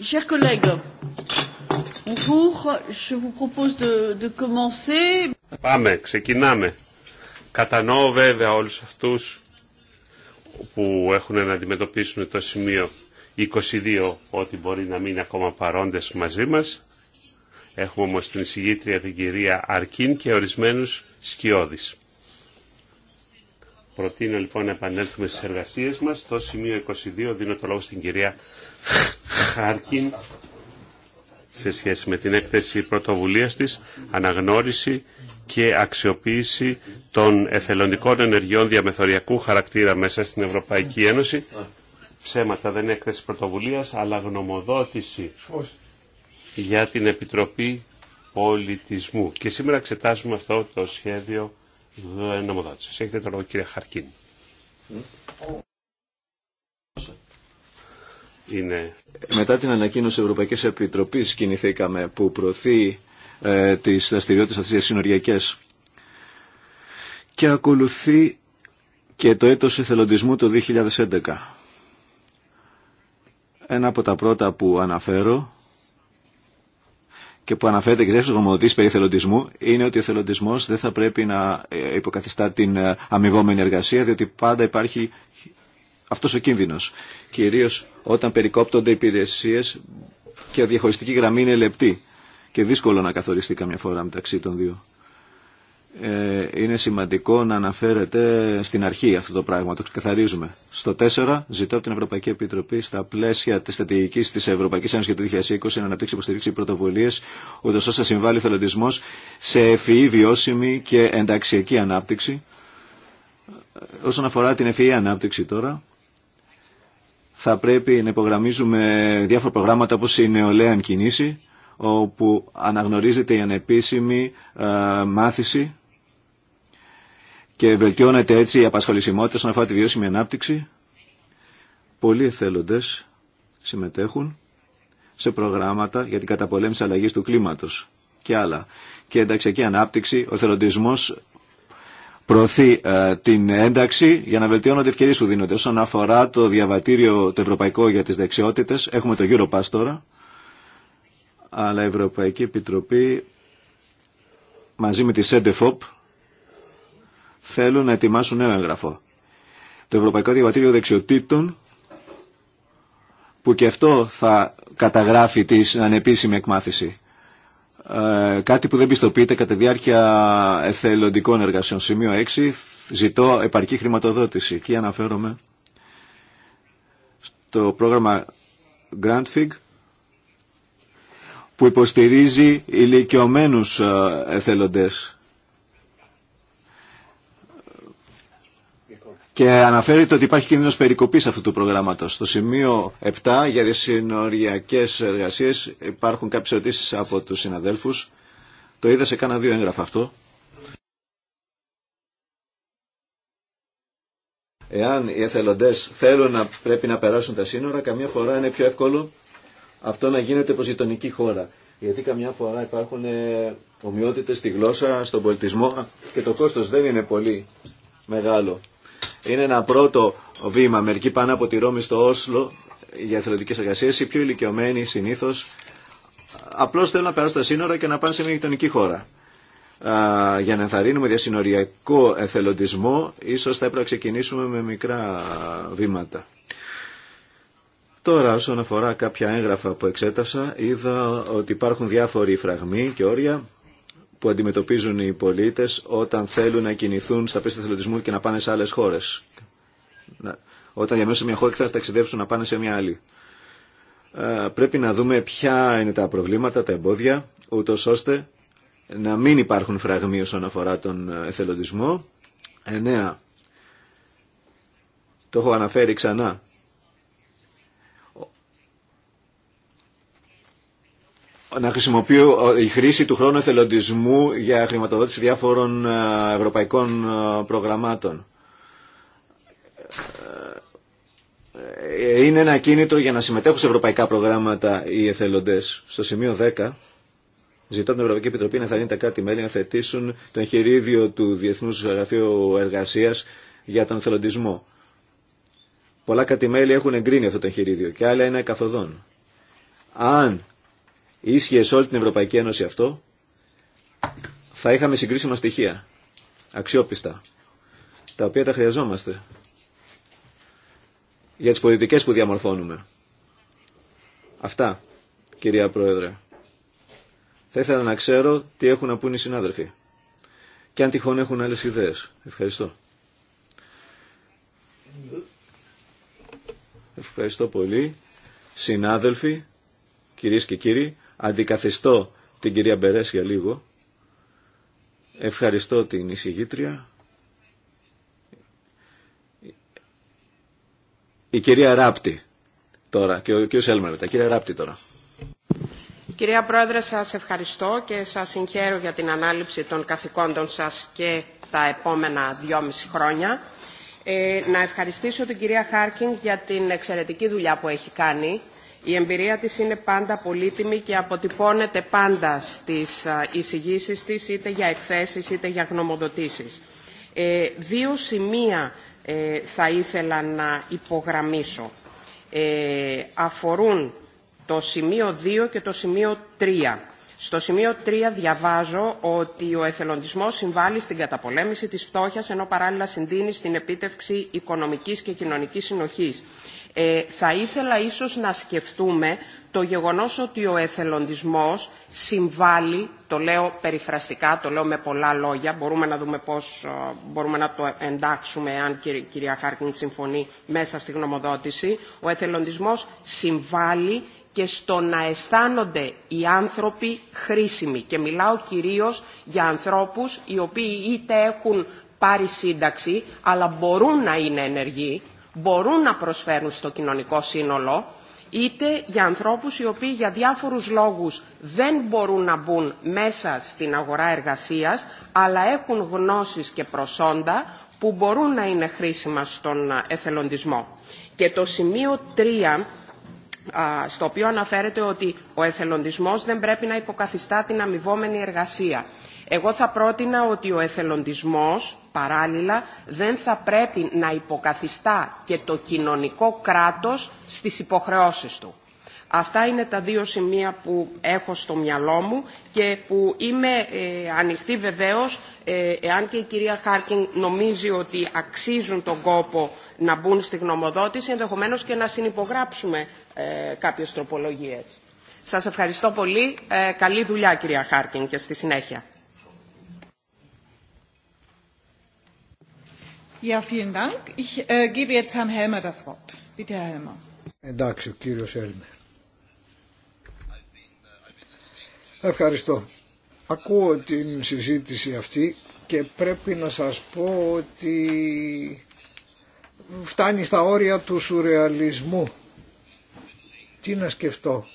Chers collègues, bonjour. Je vous propose de, de commencer. Πάμε, ξεκινάμε. Κατανοώ βέβαια όλους αυτούς που έχουν να αντιμετωπίσουν το σημείο 22 ότι μπορεί να μείνει ακόμα παρόντες μαζί μας. Έχουμε όμως την συγγήτρια την κυρία Αρκίν και ορισμένους σκιώδης. Προτείνω λοιπόν να επανέλθουμε στις εργασίες μας. Στο σημείο 22 δίνω το λόγο στην κυρία Χάρκιν σε σχέση με την έκθεση πρωτοβουλίας της «Αναγνώριση και αξιοποίηση των εθελοντικών ενεργειών διαμεθοριακού χαρακτήρα μέσα στην Ευρωπαϊκή Ένωση». Ψέματα δεν είναι έκθεση πρωτοβουλίας, αλλά γνωμοδότηση για την Επιτροπή Πολιτισμού. Και σήμερα εξετάζουμε αυτό το σχέδιο Έχετε το λόγο κύριε Χαρκίν. Είναι... Μετά την ανακοίνωση Ευρωπαϊκής Επιτροπής κινηθήκαμε που προωθεί ε, τις δραστηριότητες αυτές τις συνοριακές και ακολουθεί και το έτος εθελοντισμού το 2011. Ένα από τα πρώτα που αναφέρω και που αναφέρεται και σε αυτούς περί θελοντισμού είναι ότι ο θελοντισμός δεν θα πρέπει να ε, υποκαθιστά την ε, αμοιβόμενη εργασία διότι πάντα υπάρχει αυτός ο κίνδυνος. Κυρίως όταν περικόπτονται υπηρεσίε και η διαχωριστική γραμμή είναι λεπτή και δύσκολο να καθοριστεί καμιά φορά μεταξύ των δύο. Ε, είναι σημαντικό να αναφέρεται στην αρχή αυτό το πράγμα, το ξεκαθαρίζουμε. Στο 4, ζητώ από την Ευρωπαϊκή Επιτροπή στα πλαίσια τη στρατηγική τη Ευρωπαϊκή Ένωση για το 2020 να αναπτύξει υποστηρίξει πρωτοβουλίε, ούτω ώστε να συμβάλλει ο θελοντισμό σε ευφυή, βιώσιμη και ενταξιακή ανάπτυξη. Ε, όσον αφορά την ευφυή ανάπτυξη τώρα, θα πρέπει να υπογραμμίζουμε διάφορα προγράμματα όπως η νεολαία κινήση, όπου αναγνωρίζεται η ανεπίσημη ε, μάθηση και βελτιώνεται έτσι η απασχολησιμότητα στον αφορά τη βιώσιμη ανάπτυξη. Πολλοί εθελοντές συμμετέχουν σε προγράμματα για την καταπολέμηση αλλαγής του κλίματος και άλλα. Και ενταξιακή ανάπτυξη, ο εθελοντισμός προωθεί ε, την ένταξη για να βελτιώνονται ευκαιρίες που δίνονται. Όσον αφορά το διαβατήριο το ευρωπαϊκό για τις δεξιότητες, έχουμε το Europass τώρα, αλλά η Ευρωπαϊκή Επιτροπή μαζί με τη ΣΕΝΤΕΦΟΠ θέλουν να ετοιμάσουν νέο έγγραφο. Το Ευρωπαϊκό Διαβατήριο Δεξιοτήτων που και αυτό θα καταγράφει την ανεπίσημη εκμάθηση. Ε, κάτι που δεν πιστοποιείται κατά διάρκεια εθελοντικών εργασιών. Σημείο 6. Ζητώ επαρκή χρηματοδότηση. Εκεί αναφέρομαι στο πρόγραμμα GrantFig που υποστηρίζει ηλικιωμένους ε, εθελοντές. και αναφέρεται ότι υπάρχει κίνδυνος περικοπής αυτού του προγράμματος. Στο σημείο 7 για τις συνοριακές εργασίες υπάρχουν κάποιες ερωτήσει από τους συναδέλφους. Το είδα σε κάνα δύο έγγραφα αυτό. Εάν οι εθελοντές θέλουν να πρέπει να περάσουν τα σύνορα, καμιά φορά είναι πιο εύκολο αυτό να γίνεται προ γειτονική χώρα. Γιατί καμιά φορά υπάρχουν ε, ομοιότητες στη γλώσσα, στον πολιτισμό και το κόστος δεν είναι πολύ μεγάλο. Είναι ένα πρώτο βήμα. Μερικοί πάνε από τη Ρώμη στο Όσλο για εθελοντικέ εργασίε. Οι πιο ηλικιωμένοι συνήθω απλώ θέλουν να περάσουν τα σύνορα και να πάνε σε μια γειτονική χώρα. για να ενθαρρύνουμε διασυνοριακό εθελοντισμό, ίσω θα έπρεπε να ξεκινήσουμε με μικρά βήματα. Τώρα, όσον αφορά κάποια έγγραφα που εξέτασα, είδα ότι υπάρχουν διάφοροι φραγμοί και όρια που αντιμετωπίζουν οι πολίτες όταν θέλουν να κινηθούν στα πίστα εθελοντισμού και να πάνε σε άλλες χώρες. Όταν διαμένουν σε μια χώρα και θα ταξιδέψουν να πάνε σε μια άλλη. Ε, πρέπει να δούμε ποια είναι τα προβλήματα, τα εμπόδια, ούτω ώστε να μην υπάρχουν φραγμοί όσον αφορά τον ε, εθελοντισμό. 9. Το έχω αναφέρει ξανά να χρησιμοποιώ ε, η χρήση του χρόνου εθελοντισμού για χρηματοδότηση διάφορων ε, ευρωπαϊκών ε, προγραμμάτων. Είναι ένα κίνητρο για να συμμετέχουν σε ευρωπαϊκά προγράμματα οι εθελοντές. Στο σημείο 10 ζητώ την Ευρωπαϊκή Επιτροπή να θαρρύνει τα κράτη-μέλη να θετήσουν το εγχειρίδιο του Διεθνούς Γραφείου Εργασίας για τον εθελοντισμό. Πολλά κράτη-μέλη έχουν εγκρίνει αυτό το εγχειρίδιο και άλλα είναι καθοδόν. Αν ίσχυε σε όλη την Ευρωπαϊκή Ένωση αυτό, θα είχαμε συγκρίσιμα στοιχεία, αξιόπιστα, τα οποία τα χρειαζόμαστε για τις πολιτικές που διαμορφώνουμε. Αυτά, κυρία Πρόεδρε. Θα ήθελα να ξέρω τι έχουν να πούν οι συνάδελφοι και αν τυχόν έχουν άλλες ιδέες. Ευχαριστώ. Ευχαριστώ πολύ. Συνάδελφοι, κυρίες και κύριοι, Αντικαθιστώ την κυρία Μπερές για λίγο. Ευχαριστώ την εισηγήτρια. Η κυρία Ράπτη τώρα και ο κύριος Έλμερ Κυρία Ράπτη τώρα. Κυρία Πρόεδρε, σας ευχαριστώ και σας συγχαίρω για την ανάληψη των καθηκόντων σας και τα επόμενα δυόμιση χρόνια. Ε, να ευχαριστήσω την κυρία Χάρκινγκ για την εξαιρετική δουλειά που έχει κάνει η εμπειρία της είναι πάντα πολύτιμη και αποτυπώνεται πάντα στις εισηγήσει της, είτε για εκθέσεις είτε για γνωμοδοτήσεις. Ε, δύο σημεία ε, θα ήθελα να υπογραμμίσω. Ε, αφορούν το σημείο 2 και το σημείο 3. Στο σημείο 3 διαβάζω ότι ο εθελοντισμός συμβάλλει στην καταπολέμηση της φτώχειας, ενώ παράλληλα συντείνει στην επίτευξη οικονομικής και κοινωνικής συνοχής. Ε, θα ήθελα ίσως να σκεφτούμε το γεγονός ότι ο εθελοντισμός συμβάλλει, το λέω περιφραστικά, το λέω με πολλά λόγια, μπορούμε να δούμε πώς ε, μπορούμε να το εντάξουμε, αν η κυρία Χάρκιν συμφωνεί, μέσα στη γνωμοδότηση, ο εθελοντισμός συμβάλλει και στο να αισθάνονται οι άνθρωποι χρήσιμοι. Και μιλάω κυρίως για ανθρώπους οι οποίοι είτε έχουν πάρει σύνταξη, αλλά μπορούν να είναι ενεργοί, μπορούν να προσφέρουν στο κοινωνικό σύνολο, είτε για ανθρώπους οι οποίοι για διάφορους λόγους δεν μπορούν να μπουν μέσα στην αγορά εργασίας, αλλά έχουν γνώσεις και προσόντα που μπορούν να είναι χρήσιμα στον εθελοντισμό. Και το σημείο 3 στο οποίο αναφέρεται ότι ο εθελοντισμός δεν πρέπει να υποκαθιστά την αμοιβόμενη εργασία. Εγώ θα πρότεινα ότι ο εθελοντισμός παράλληλα δεν θα πρέπει να υποκαθιστά και το κοινωνικό κράτος στις υποχρεώσεις του. Αυτά είναι τα δύο σημεία που έχω στο μυαλό μου και που είμαι ε, ανοιχτή βεβαίως ε, εάν και η κυρία Χάρκινγκ νομίζει ότι αξίζουν τον κόπο να μπουν στη γνωμοδότηση ενδεχομένως και να συνυπογράψουμε ε, κάποιες τροπολογίες. Σας ευχαριστώ πολύ. Ε, καλή δουλειά κυρία Χάρκινγκ και στη συνέχεια. Εντάξει, Ευχαριστώ. Ακούω την συζήτηση αυτή και πρέπει να σας πω ότι φτάνει στα όρια του σουρεαλισμού. Τι να σκεφτώ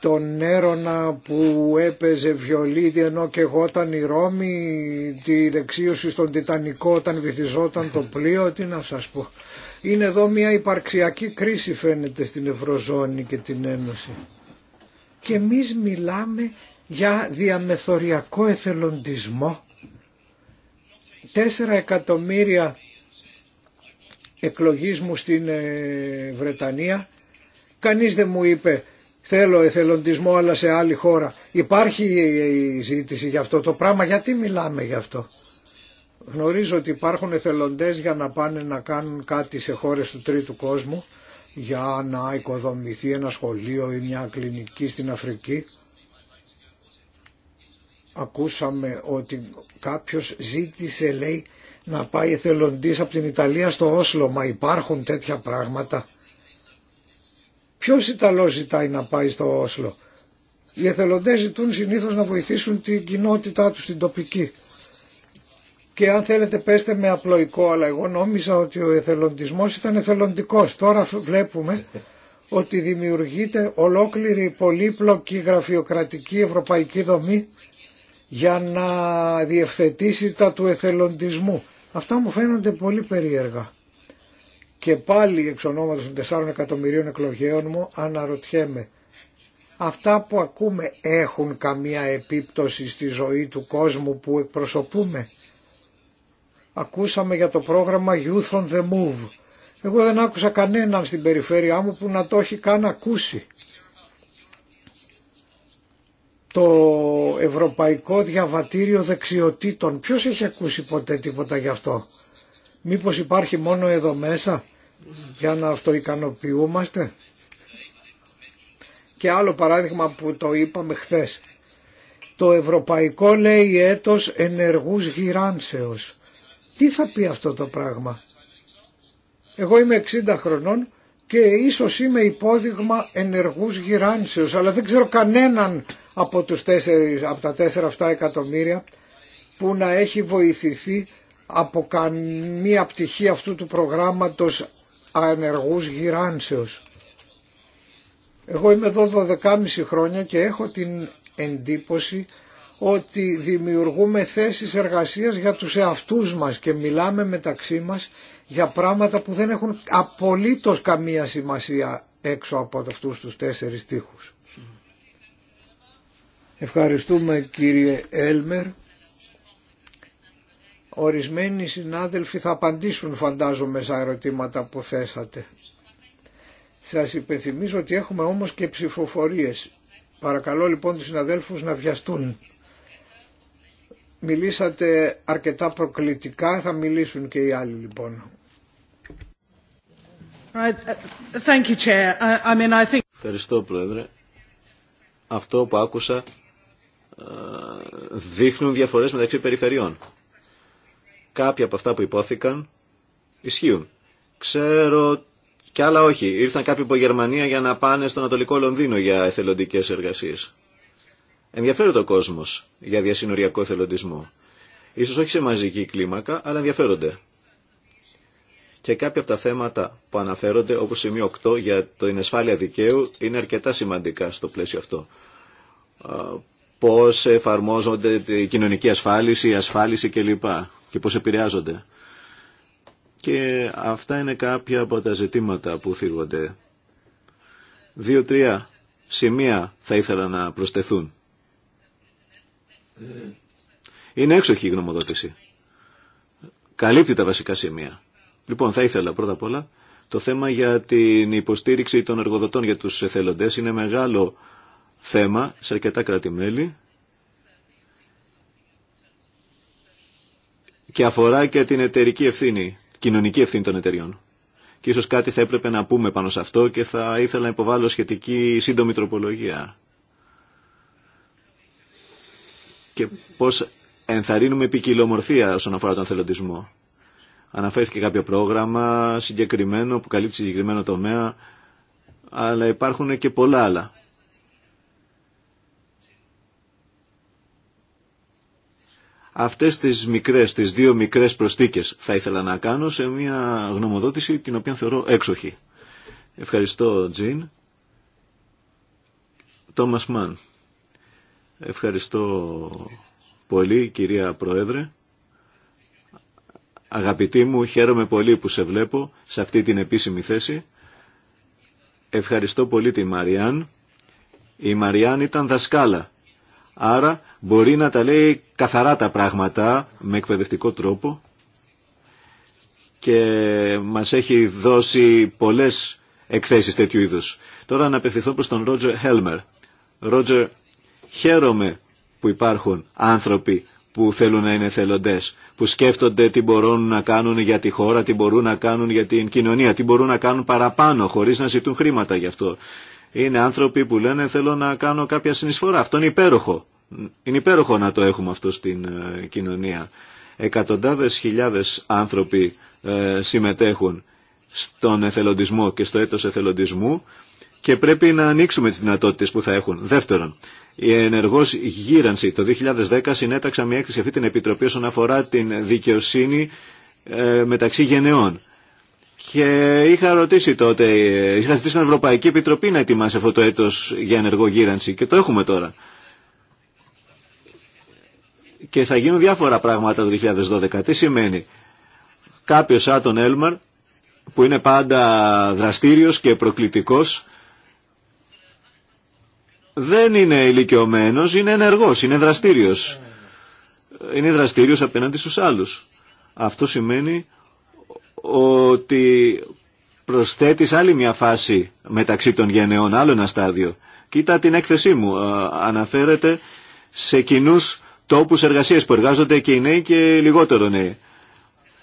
τον Έρωνα που έπαιζε βιολίδι ενώ και εγώ ήταν η Ρώμη, τη δεξίωση στον Τιτανικό όταν βυθιζόταν το πλοίο, τι να σας πω. Είναι εδώ μια υπαρξιακή κρίση φαίνεται στην Ευρωζώνη και την Ένωση. Και εμείς μιλάμε για διαμεθοριακό εθελοντισμό. Τέσσερα εκατομμύρια εκλογής μου στην ε, Βρετανία. Κανείς δεν μου είπε θέλω εθελοντισμό αλλά σε άλλη χώρα. Υπάρχει η ζήτηση για αυτό το πράγμα, γιατί μιλάμε γι' αυτό. Γνωρίζω ότι υπάρχουν εθελοντές για να πάνε να κάνουν κάτι σε χώρες του τρίτου κόσμου για να οικοδομηθεί ένα σχολείο ή μια κλινική στην Αφρική. Ακούσαμε ότι κάποιος ζήτησε λέει να πάει εθελοντής από την Ιταλία στο Όσλο. Μα υπάρχουν τέτοια πράγματα. Ποιο Ιταλό ζητάει να πάει στο Όσλο. Οι εθελοντές ζητούν συνήθως να βοηθήσουν την κοινότητά του την τοπική. Και αν θέλετε πέστε με απλοϊκό, αλλά εγώ νόμιζα ότι ο εθελοντισμός ήταν εθελοντικός. Τώρα βλέπουμε ότι δημιουργείται ολόκληρη πολύπλοκη γραφειοκρατική ευρωπαϊκή δομή για να διευθετήσει τα του εθελοντισμού. Αυτά μου φαίνονται πολύ περίεργα και πάλι εξ ονόματος των τεσσάρων εκατομμυρίων εκλογέων μου αναρωτιέμαι αυτά που ακούμε έχουν καμία επίπτωση στη ζωή του κόσμου που εκπροσωπούμε. Ακούσαμε για το πρόγραμμα Youth on the Move. Εγώ δεν άκουσα κανέναν στην περιφέρειά μου που να το έχει καν ακούσει. Το Ευρωπαϊκό Διαβατήριο Δεξιοτήτων. Ποιος έχει ακούσει ποτέ τίποτα γι' αυτό. Μήπως υπάρχει μόνο εδώ μέσα για να αυτοικανοποιούμαστε. Και άλλο παράδειγμα που το είπαμε χθες. Το ευρωπαϊκό λέει έτος ενεργούς γυράνσεως. Τι θα πει αυτό το πράγμα. Εγώ είμαι 60 χρονών και ίσως είμαι υπόδειγμα ενεργούς γυράνσεως, αλλά δεν ξέρω κανέναν από, τους 4, από τα 4 αυτά εκατομμύρια που να έχει βοηθηθεί από καμία πτυχή αυτού του προγράμματος ανεργούς γυράνσεως. Εγώ είμαι εδώ 12,5 χρόνια και έχω την εντύπωση ότι δημιουργούμε θέσεις εργασίας για τους εαυτούς μας και μιλάμε μεταξύ μας για πράγματα που δεν έχουν απολύτως καμία σημασία έξω από αυτούς τους τέσσερις τείχους. Ευχαριστούμε κύριε Έλμερ. Ορισμένοι συνάδελφοι θα απαντήσουν φαντάζομαι στα ερωτήματα που θέσατε. Σας υπενθυμίζω ότι έχουμε όμως και ψηφοφορίες. Παρακαλώ λοιπόν τους συναδέλφους να βιαστούν. Μιλήσατε αρκετά προκλητικά, θα μιλήσουν και οι άλλοι λοιπόν. Ευχαριστώ Πρόεδρε. Αυτό που άκουσα ε, δείχνουν διαφορές μεταξύ περιφερειών. Κάποια από αυτά που υπόθηκαν ισχύουν. Ξέρω και άλλα όχι. Ήρθαν κάποιοι από Γερμανία για να πάνε στο Ανατολικό Λονδίνο για εθελοντικές εργασίες. Ενδιαφέρονται ο κόσμος για διασυνοριακό εθελοντισμό. Ίσως όχι σε μαζική κλίμακα, αλλά ενδιαφέρονται. Και κάποια από τα θέματα που αναφέρονται, όπως σημείο 8 για την ασφάλεια δικαίου, είναι αρκετά σημαντικά στο πλαίσιο αυτό. Πώς εφαρμόζονται η κοινωνική ασφάλιση, η ασφάλιση κλπ και πώς επηρεάζονται. Και αυτά είναι κάποια από τα ζητήματα που θίγονται. Δύο-τρία σημεία θα ήθελα να προσθεθούν. Είναι έξοχη η γνωμοδότηση. Καλύπτει τα βασικά σημεία. Λοιπόν, θα ήθελα πρώτα απ' όλα το θέμα για την υποστήριξη των εργοδοτών για τους εθελοντές είναι μεγάλο θέμα σε αρκετά κράτη-μέλη και αφορά και την εταιρική ευθύνη, κοινωνική ευθύνη των εταιριών. Και ίσως κάτι θα έπρεπε να πούμε πάνω σε αυτό και θα ήθελα να υποβάλω σχετική σύντομη τροπολογία. Και πώς ενθαρρύνουμε ποικιλομορφία όσον αφορά τον θελοντισμό. Αναφέρθηκε κάποιο πρόγραμμα συγκεκριμένο που καλύπτει συγκεκριμένο τομέα, αλλά υπάρχουν και πολλά άλλα. αυτές τις μικρές, τις δύο μικρές προστίκες θα ήθελα να κάνω σε μια γνωμοδότηση την οποία θεωρώ έξοχη. Ευχαριστώ Τζιν. Τόμας Μαν. Ευχαριστώ πολύ κυρία Πρόεδρε. Αγαπητή μου, χαίρομαι πολύ που σε βλέπω σε αυτή την επίσημη θέση. Ευχαριστώ πολύ τη Μαριάν. Η Μαριάν ήταν δασκάλα Άρα μπορεί να τα λέει καθαρά τα πράγματα με εκπαιδευτικό τρόπο και μας έχει δώσει πολλές εκθέσεις τέτοιου είδους. Τώρα να απευθυνθώ προς τον Ρότζερ Χέλμερ. Ρότζερ, χαίρομαι που υπάρχουν άνθρωποι που θέλουν να είναι θελοντές, που σκέφτονται τι μπορούν να κάνουν για τη χώρα, τι μπορούν να κάνουν για την κοινωνία, τι μπορούν να κάνουν παραπάνω χωρίς να ζητούν χρήματα γι' αυτό. Είναι άνθρωποι που λένε θέλω να κάνω κάποια συνεισφορά. Αυτό είναι υπέροχο. Είναι υπέροχο να το έχουμε αυτό στην ε, κοινωνία. Εκατοντάδες χιλιάδες άνθρωποι ε, συμμετέχουν στον εθελοντισμό και στο έτος εθελοντισμού και πρέπει να ανοίξουμε τις δυνατότητες που θα έχουν. Δεύτερον, η ενεργός γύρανση το 2010 συνέταξα μια έκθεση αυτή την Επιτροπή όσον αφορά την δικαιοσύνη ε, μεταξύ γενεών. Και είχα ρωτήσει τότε, είχα ζητήσει την Ευρωπαϊκή Επιτροπή να ετοιμάσει αυτό το έτος για ενεργό γύρανση και το έχουμε τώρα. Και θα γίνουν διάφορα πράγματα το 2012. Τι σημαίνει. Κάποιος σαν τον Έλμαρ που είναι πάντα δραστήριος και προκλητικός δεν είναι ηλικιωμένος, είναι ενεργός, είναι δραστήριος. Είναι δραστήριος απέναντι στους άλλους. Αυτό σημαίνει ότι προσθέτει άλλη μια φάση μεταξύ των γενεών, άλλο ένα στάδιο. Κοίτα την έκθεσή μου. Αναφέρεται σε κοινού τόπους εργασίες που εργάζονται και οι νέοι και οι λιγότερο νέοι.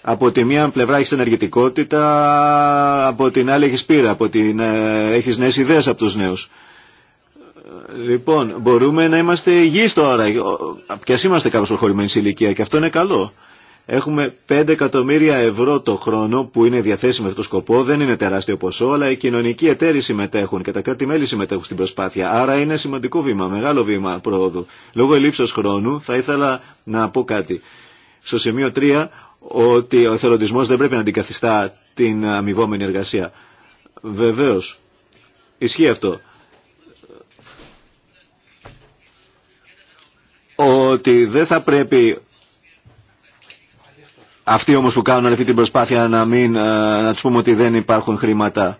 Από τη μία πλευρά έχει ενεργητικότητα, από την άλλη έχει πείρα, από την, ε, έχεις νέες ιδέες από του νέους. Λοιπόν, μπορούμε να είμαστε υγιεί τώρα, ε, κι είμαστε κάπως προχωρημένοι σε ηλικία και αυτό είναι καλό. Έχουμε 5 εκατομμύρια ευρώ το χρόνο που είναι διαθέσιμο αυτό το σκοπό. Δεν είναι τεράστιο ποσό, αλλά οι κοινωνικοί εταίροι συμμετέχουν και τα κράτη-μέλη συμμετέχουν στην προσπάθεια. Άρα είναι σημαντικό βήμα, μεγάλο βήμα πρόοδου. Λόγω ελλείψεω χρόνου θα ήθελα να πω κάτι. Στο σημείο 3 ότι ο εθελοντισμό δεν πρέπει να αντικαθιστά την αμοιβόμενη εργασία. Βεβαίω. Ισχύει αυτό. Ότι δεν θα πρέπει αυτοί όμως που κάνουν αυτή την προσπάθεια να, μην, ε, να τους πούμε ότι δεν υπάρχουν χρήματα.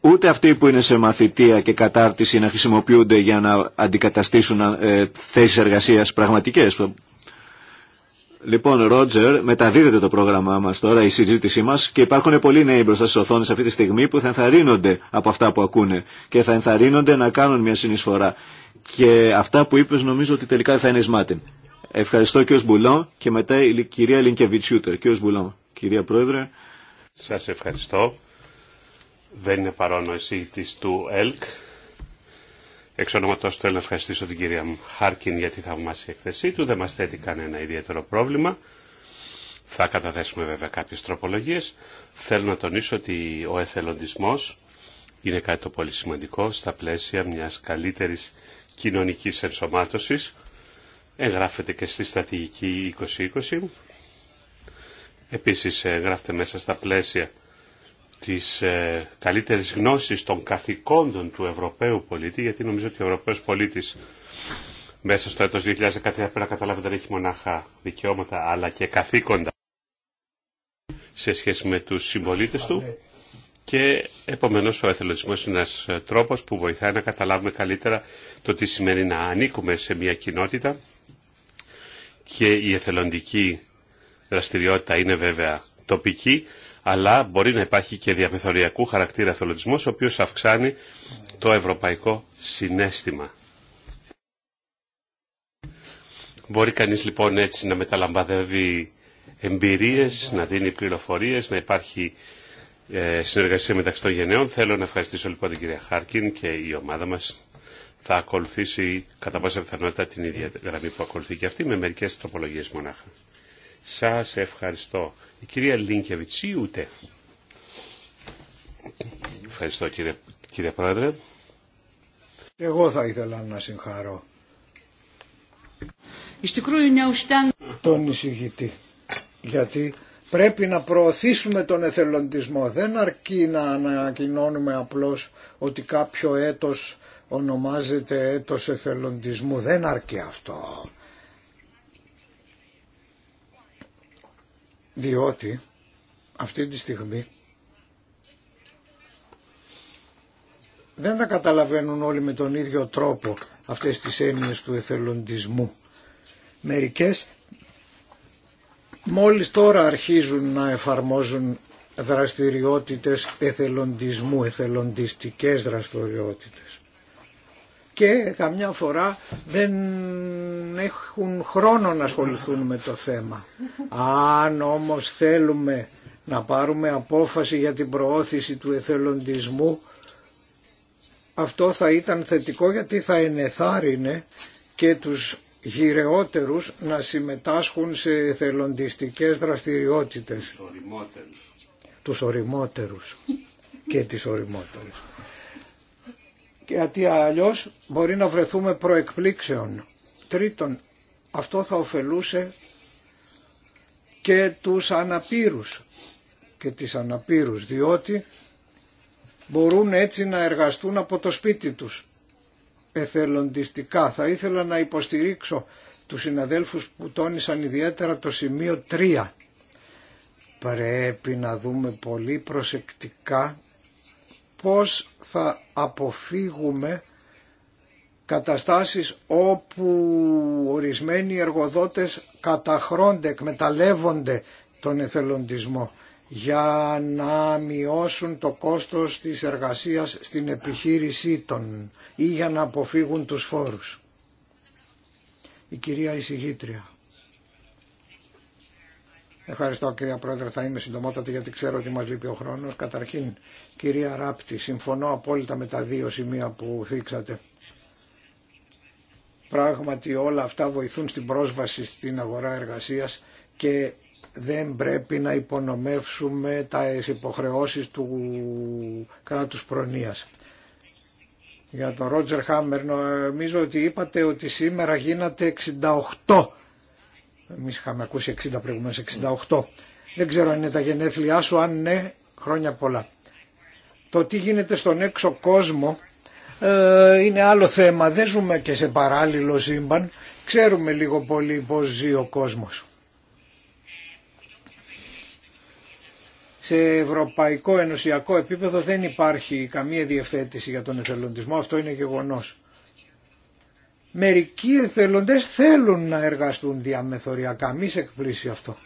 Ούτε αυτοί που είναι σε μαθητεία και κατάρτιση να χρησιμοποιούνται για να αντικαταστήσουν ε, θέσεις εργασίας πραγματικές. Λοιπόν, Ρότζερ, μεταδίδεται το πρόγραμμά μας τώρα, η συζήτησή μας και υπάρχουν πολλοί νέοι μπροστά στις οθόνες αυτή τη στιγμή που θα ενθαρρύνονται από αυτά που ακούνε και θα ενθαρρύνονται να κάνουν μια συνεισφορά. Και αυτά που είπες νομίζω ότι τελικά θα είναι Ευχαριστώ κύριο μπουλό και μετά η κυρία Λινκεβιτσιούτα. Κύριο κυρία Πρόεδρε. Σας ευχαριστώ. Δεν είναι παρόν ο εισήγητης του ΕΛΚ. Εξ ονόματος θέλω να ευχαριστήσω την κυρία Χάρκιν για τη θαυμάσια εκθεσή του. Δεν μας θέτει κανένα ιδιαίτερο πρόβλημα. Θα καταθέσουμε βέβαια κάποιες τροπολογίες. Θέλω να τονίσω ότι ο εθελοντισμός είναι κάτι το πολύ σημαντικό στα πλαίσια μιας καλύτερης κοινωνική ενσωμάτωση εγγράφεται και στη στρατηγική 2020. Επίσης εγγράφεται μέσα στα πλαίσια της ε, καλύτερης γνώσης των καθηκόντων του Ευρωπαίου πολίτη, γιατί νομίζω ότι ο Ευρωπαίος πολίτης μέσα στο έτος 2013 πρέπει να καταλάβει δεν έχει μονάχα δικαιώματα αλλά και καθήκοντα σε σχέση με τους συμπολίτε του και επομένως ο εθελοντισμός είναι ένας ε, τρόπος που βοηθάει να καταλάβουμε καλύτερα το τι σημαίνει να ανήκουμε σε μια κοινότητα και η εθελοντική δραστηριότητα είναι βέβαια τοπική, αλλά μπορεί να υπάρχει και διαμεθοριακού χαρακτήρα εθελοντισμός, ο οποίος αυξάνει το ευρωπαϊκό συνέστημα. Μπορεί κανείς λοιπόν έτσι να μεταλαμπαδεύει εμπειρίες, να δίνει πληροφορίες, να υπάρχει ε, συνεργασία μεταξύ των γενναίων. Θέλω να ευχαριστήσω λοιπόν την κυρία Χάρκιν και η ομάδα μας θα ακολουθήσει κατά πάσα πιθανότητα την ίδια γραμμή που ακολουθεί και αυτή με μερικές τροπολογίες μονάχα. Σας ευχαριστώ. Η κυρία ή ούτε. Ευχαριστώ κύριε, κύριε Πρόεδρε. Εγώ θα ήθελα να συγχαρώ. Τον εισηγητή. Γιατί πρέπει να προωθήσουμε τον εθελοντισμό. Δεν αρκεί να ανακοινώνουμε απλώς ότι κάποιο έτος ονομάζεται έτος εθελοντισμού. Δεν αρκεί αυτό. Διότι αυτή τη στιγμή δεν τα καταλαβαίνουν όλοι με τον ίδιο τρόπο αυτές τις έννοιες του εθελοντισμού. Μερικές μόλις τώρα αρχίζουν να εφαρμόζουν δραστηριότητες εθελοντισμού, εθελοντιστικές δραστηριότητες και καμιά φορά δεν έχουν χρόνο να ασχοληθούν με το θέμα. Αν όμως θέλουμε να πάρουμε απόφαση για την προώθηση του εθελοντισμού αυτό θα ήταν θετικό γιατί θα ενεθάρρυνε και τους γυρεότερους να συμμετάσχουν σε εθελοντιστικές δραστηριότητες. Τους οριμότερους. Τους οριμότερους και τις οριμότερες γιατί αλλιώς μπορεί να βρεθούμε προεκπλήξεων. Τρίτον, αυτό θα ωφελούσε και τους αναπήρους και τις αναπήρους, διότι μπορούν έτσι να εργαστούν από το σπίτι τους εθελοντιστικά. Θα ήθελα να υποστηρίξω τους συναδέλφους που τόνισαν ιδιαίτερα το σημείο 3. Πρέπει να δούμε πολύ προσεκτικά πώς θα αποφύγουμε καταστάσεις όπου ορισμένοι εργοδότες καταχρώνται, εκμεταλλεύονται τον εθελοντισμό για να μειώσουν το κόστος της εργασίας στην επιχείρησή των ή για να αποφύγουν τους φόρους. Η κυρία εισηγήτρια. Ευχαριστώ κυρία Πρόεδρε, θα είμαι συντομότατη γιατί ξέρω ότι μας λείπει ο χρόνος. Καταρχήν, κυρία Ράπτη, συμφωνώ απόλυτα με τα δύο σημεία που θίξατε. Πράγματι όλα αυτά βοηθούν στην πρόσβαση στην αγορά εργασίας και δεν πρέπει να υπονομεύσουμε τα υποχρεώσεις του κράτους προνοίας. Για τον Ρότζερ Χάμερ νομίζω ότι είπατε ότι σήμερα γίνατε 68 Εμεί είχαμε ακούσει 60 προηγουμένω, 68. Δεν ξέρω αν είναι τα γενέθλιά σου, αν ναι, χρόνια πολλά. Το τι γίνεται στον έξω κόσμο ε, είναι άλλο θέμα. Δεν ζούμε και σε παράλληλο σύμπαν. Ξέρουμε λίγο πολύ πώ ζει ο κόσμος. Σε ευρωπαϊκό ενωσιακό επίπεδο δεν υπάρχει καμία διευθέτηση για τον εθελοντισμό. Αυτό είναι γεγονός. Μερικοί εθελοντές θέλουν να εργαστούν διαμεθοριακά, μη σε εκπλήσει αυτό.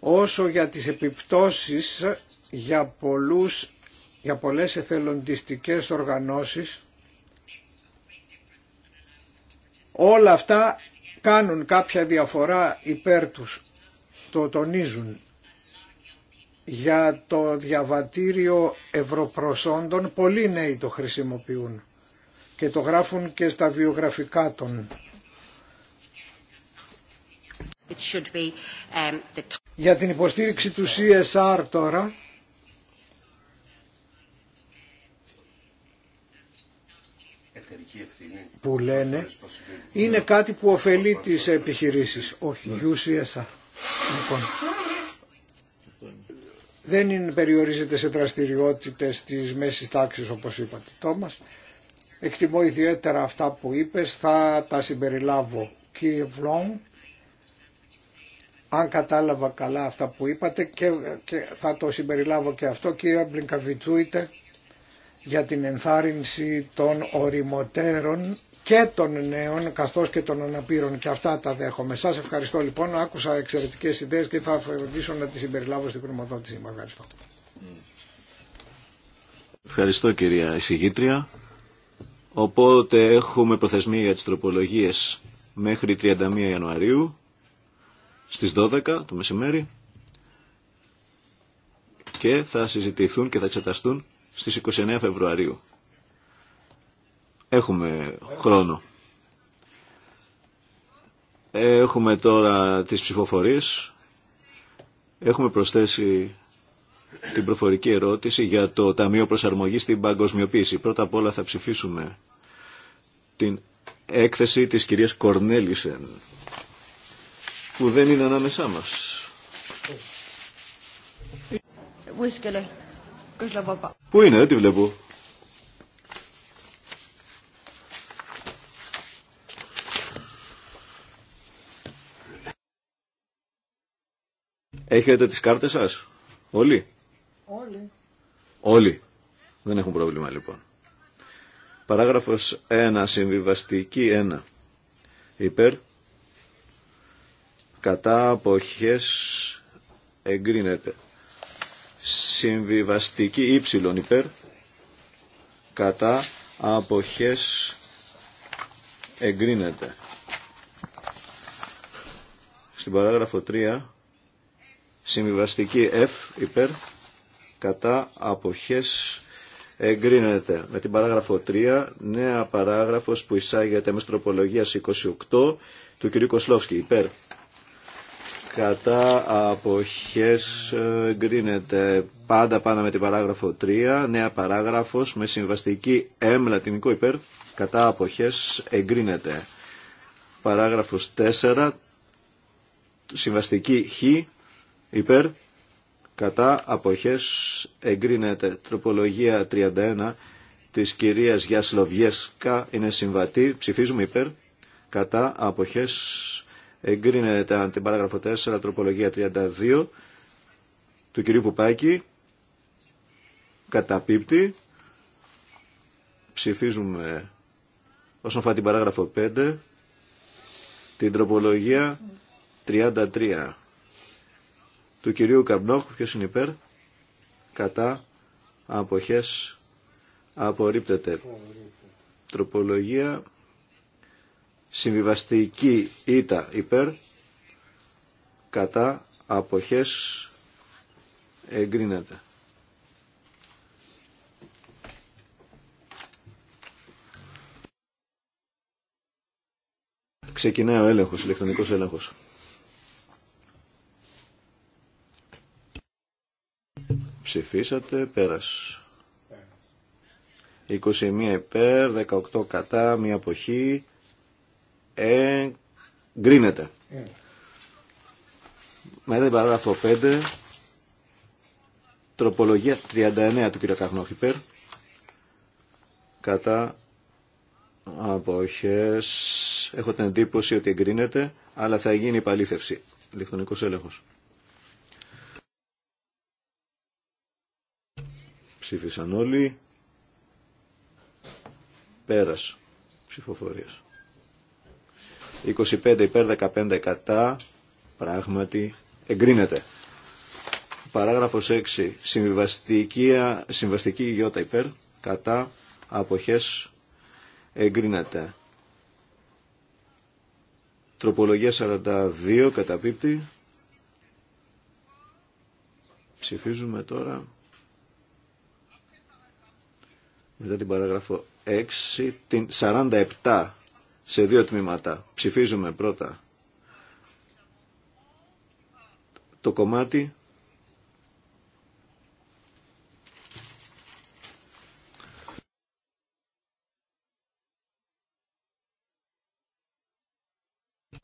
Όσο για τις επιπτώσεις για, πολλούς, για πολλές εθελοντιστικές οργανώσεις, όλα αυτά κάνουν κάποια διαφορά υπέρ τους, το τονίζουν. Για το διαβατήριο ευρωπροσόντων πολλοί νέοι το χρησιμοποιούν και το γράφουν και στα βιογραφικά των. Um, Για την υποστήριξη του CSR τώρα, που λένε είναι κάτι που ωφελεί τις επιχειρήσεις. Όχι, UCSA. Ναι. Λοιπόν, δεν είναι, περιορίζεται σε δραστηριότητες της μέσης τάξης όπως είπατε, Τόμας. Εκτιμώ ιδιαίτερα αυτά που είπες, θα τα συμπεριλάβω. Κύριε Βλόν, αν κατάλαβα καλά αυτά που είπατε και, και θα το συμπεριλάβω και αυτό, κύριε Μπλινκαβιτσούιτε, για την ενθάρρυνση των οριμοτέρων και των νέων καθώς και των αναπήρων και αυτά τα δέχομαι. Σας ευχαριστώ λοιπόν, άκουσα εξαιρετικές ιδέες και θα φροντίσω να τις συμπεριλάβω στην χρηματοδότηση. Ευχαριστώ. Ευχαριστώ κυρία εισηγήτρια. Οπότε έχουμε προθεσμία για τις τροπολογίες μέχρι 31 Ιανουαρίου στις 12 το μεσημέρι και θα συζητηθούν και θα εξεταστούν στις 29 Φεβρουαρίου. Έχουμε χρόνο. Έχουμε τώρα τις ψηφοφορίες. Έχουμε προσθέσει την προφορική ερώτηση για το Ταμείο Προσαρμογής στην Παγκοσμιοποίηση. Πρώτα απ' όλα θα ψηφίσουμε την έκθεση της κυρίας Κορνέλισεν, που δεν είναι ανάμεσά μας. Πού είναι, δεν τη βλέπω. Έχετε τις κάρτες σας, όλοι. Όλοι. Όλοι. Δεν έχουν πρόβλημα λοιπόν. Παράγραφος 1. Συμβιβαστική 1. Υπέρ. Κατά αποχές εγκρίνεται. Συμβιβαστική ύψιλον υπέρ. Κατά αποχές εγκρίνεται. Στην παράγραφο 3. Συμβιβαστική F υπέρ κατά αποχές εγκρίνεται. Με την παράγραφο 3, νέα παράγραφος που εισάγεται με τροπολογίας 28 του κ. Κοσλόφσκι, υπέρ. Κατά αποχές εγκρίνεται. Πάντα πάνω με την παράγραφο 3, νέα παράγραφος με συμβαστική M λατινικό υπέρ. Κατά αποχές εγκρίνεται. Παράγραφος 4, συμβαστική Χ υπέρ κατά αποχές εγκρίνεται τροπολογία 31 της κυρίας Γιασλοβιέσκα είναι συμβατή, ψηφίζουμε υπέρ, κατά αποχές εγκρίνεται την παράγραφο 4 τροπολογία 32 του κυρίου Πουπάκη καταπίπτει ψηφίζουμε όσον αφορά την παράγραφο 5 την τροπολογία 33 του κυρίου Καμπνόχου, ποιος είναι υπέρ, κατά, αποχές, απορρίπτεται. Τροπολογία, συμβιβαστική ήττα υπέρ, κατά, αποχές, εγκρίνεται. Ξεκινάει ο έλεγχος, ηλεκτρονικός έλεγχος. Ψηφίσατε, πέρας. 21 υπέρ, 18 κατά, μία αποχή. Ε, γκρίνεται. Ε. Μετά την παράγραφο 5, τροπολογία 39 του κ. Καχνόχ κατά αποχές. Έχω την εντύπωση ότι εγκρίνεται, αλλά θα γίνει υπαλήθευση. Λιχτονικός έλεγχος. Ψήφισαν όλοι. Πέρας ψηφοφορίας. 25 υπέρ 15 κατά. Πράγματι εγκρίνεται. Παράγραφος 6. Συμβαστική, συμβαστική γιώτα υπέρ κατά αποχές εγκρίνεται. Τροπολογία 42 καταπίπτει. Ψηφίζουμε τώρα μετά την παράγραφο 6, την 47 σε δύο τμήματα. Ψηφίζουμε πρώτα το κομμάτι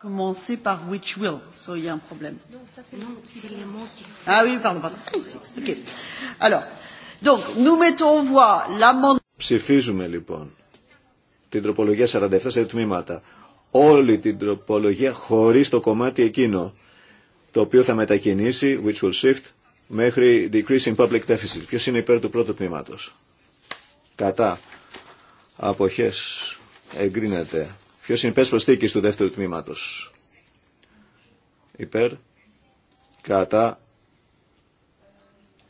commencer par which will, so il y a un problème. Non, ça c'est les mots qui... Ah oui, pardon, pardon. Ok. Alors, donc, nous mettons en voie l'amendement. Ψηφίζουμε λοιπόν την τροπολογία 47 σε τμήματα. Όλη την τροπολογία χωρίς το κομμάτι εκείνο το οποίο θα μετακινήσει, which will shift, μέχρι decreasing public deficit. Ποιος είναι υπέρ του πρώτου τμήματος. Κατά. Αποχές. Εγκρίνεται. Ποιος είναι υπέρ προσθήκης του δεύτερου τμήματος. Υπέρ. Κατά.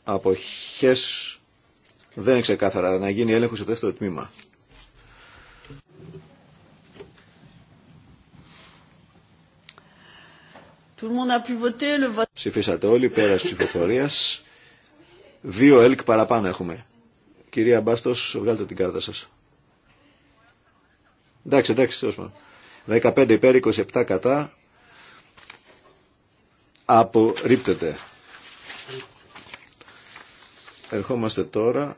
Αποχές. Δεν είναι ξεκάθαρα να γίνει έλεγχο στο δεύτερο τμήμα. Ψηφίσατε όλοι πέρα ψηφοφορία. Δύο ΕΛΚ παραπάνω έχουμε. Κυρία Μπάστο, βγάλτε την κάρτα σα. Εντάξει, εντάξει, τέλο πάντων. 15 υπέρ, 27 κατά. Απορρίπτεται. Ερχόμαστε τώρα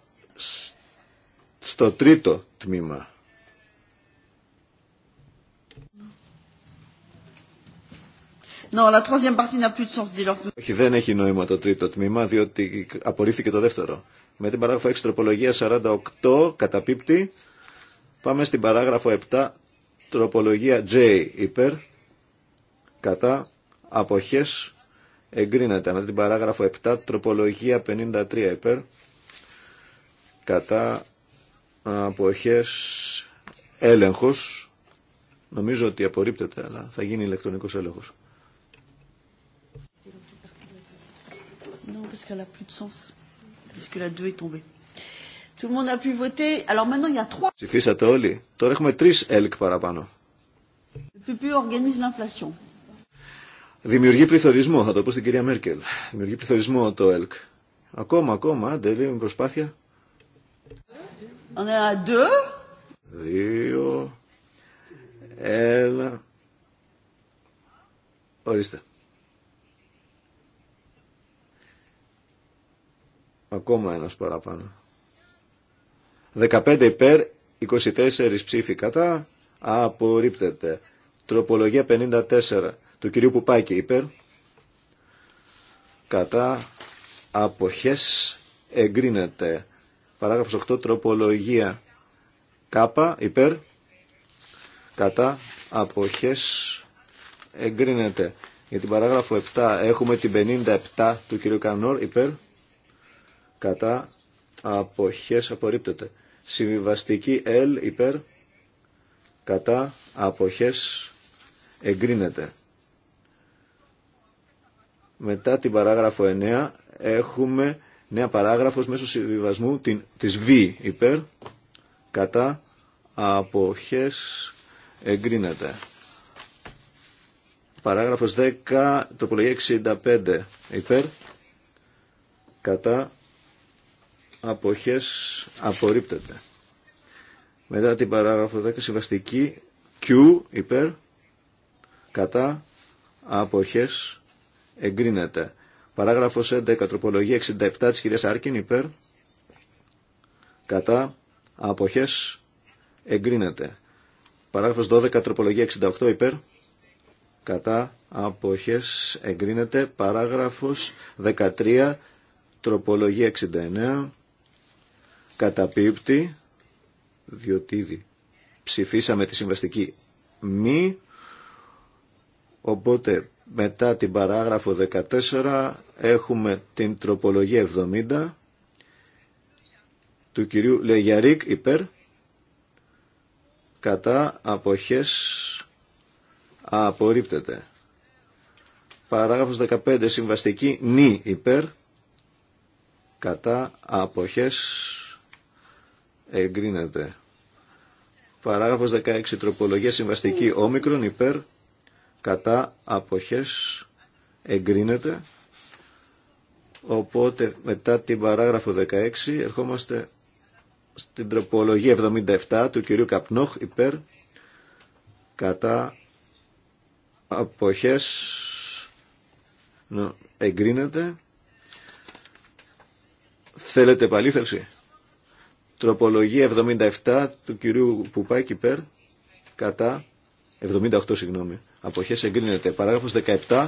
στο τρίτο τμήμα. Όχι, δεν έχει νόημα το τρίτο τμήμα, διότι απορρίφθηκε το δεύτερο. Με την παράγραφο 6 τροπολογία 48 καταπίπτει. Πάμε στην παράγραφο 7 τροπολογία J υπέρ κατά αποχές εγκρίνεται. Με την παράγραφο 7 τροπολογία 53 υπέρ κατά αποχές έλεγχος νομίζω ότι απορρίπτεται αλλά θα γίνει ηλεκτρονικός έλεγχος Ψηφίσατε όλοι. Τώρα έχουμε τρεις ΕΛΚ παραπάνω. E Δημιουργεί πληθωρισμό, θα το πω στην κυρία Μέρκελ. Δημιουργεί πληθωρισμό το ΕΛΚ. Ακόμα, ακόμα, δεν προσπάθεια. Δύο. Ένα. Ορίστε. Ακόμα ένα παραπάνω. 15 υπέρ, 24 ψήφοι κατά, απορρίπτεται. Τροπολογία 54 του κυρίου Πουπάκη υπέρ, κατά αποχές εγκρίνεται. Παράγραφος 8 τροπολογία κάπα υπέρ κατά αποχές εγκρίνεται. Για την παράγραφο 7 έχουμε την 57 του κ. Κανόρ υπέρ κατά αποχές απορρίπτεται. Συμβιβαστική L υπέρ κατά αποχές εγκρίνεται. Μετά την παράγραφο 9 έχουμε νέα παράγραφος μέσω συμβιβασμού της Β υπέρ κατά αποχές εγκρίνεται. Παράγραφος 10, τροπολογία 65 υπέρ κατά αποχές απορρίπτεται. Μετά την παράγραφο 10 συμβαστική Q υπέρ κατά αποχές εγκρίνεται. Παράγραφος 11, τροπολογία 67 τη κυρία Άρκιν, υπέρ, κατά, αποχές, εγκρίνεται. Παράγραφος 12, τροπολογία 68, υπέρ, κατά, απόχέ. εγκρίνεται. Παράγραφος 13, τροπολογία 69, καταπίπτει, διότι ήδη ψηφίσαμε τη συμβαστική μη, οπότε μετά την παράγραφο 14 έχουμε την τροπολογία 70 του κυρίου Λεγιαρίκ υπέρ κατά αποχές απορρίπτεται. Παράγραφος 15 συμβαστική νη υπέρ κατά αποχές εγκρίνεται. Παράγραφος 16 τροπολογία συμβαστική όμικρον υπέρ κατά αποχές εγκρίνεται. Οπότε μετά την παράγραφο 16 ερχόμαστε στην τροπολογία 77 του κυρίου Καπνόχ υπέρ κατά αποχές εγκρίνεται. Θέλετε επαλήθευση. Τροπολογία 77 του κυρίου Πουπάκη υπέρ κατά 78 συγγνώμη αποχές εγκρίνεται. Παράγραφος 17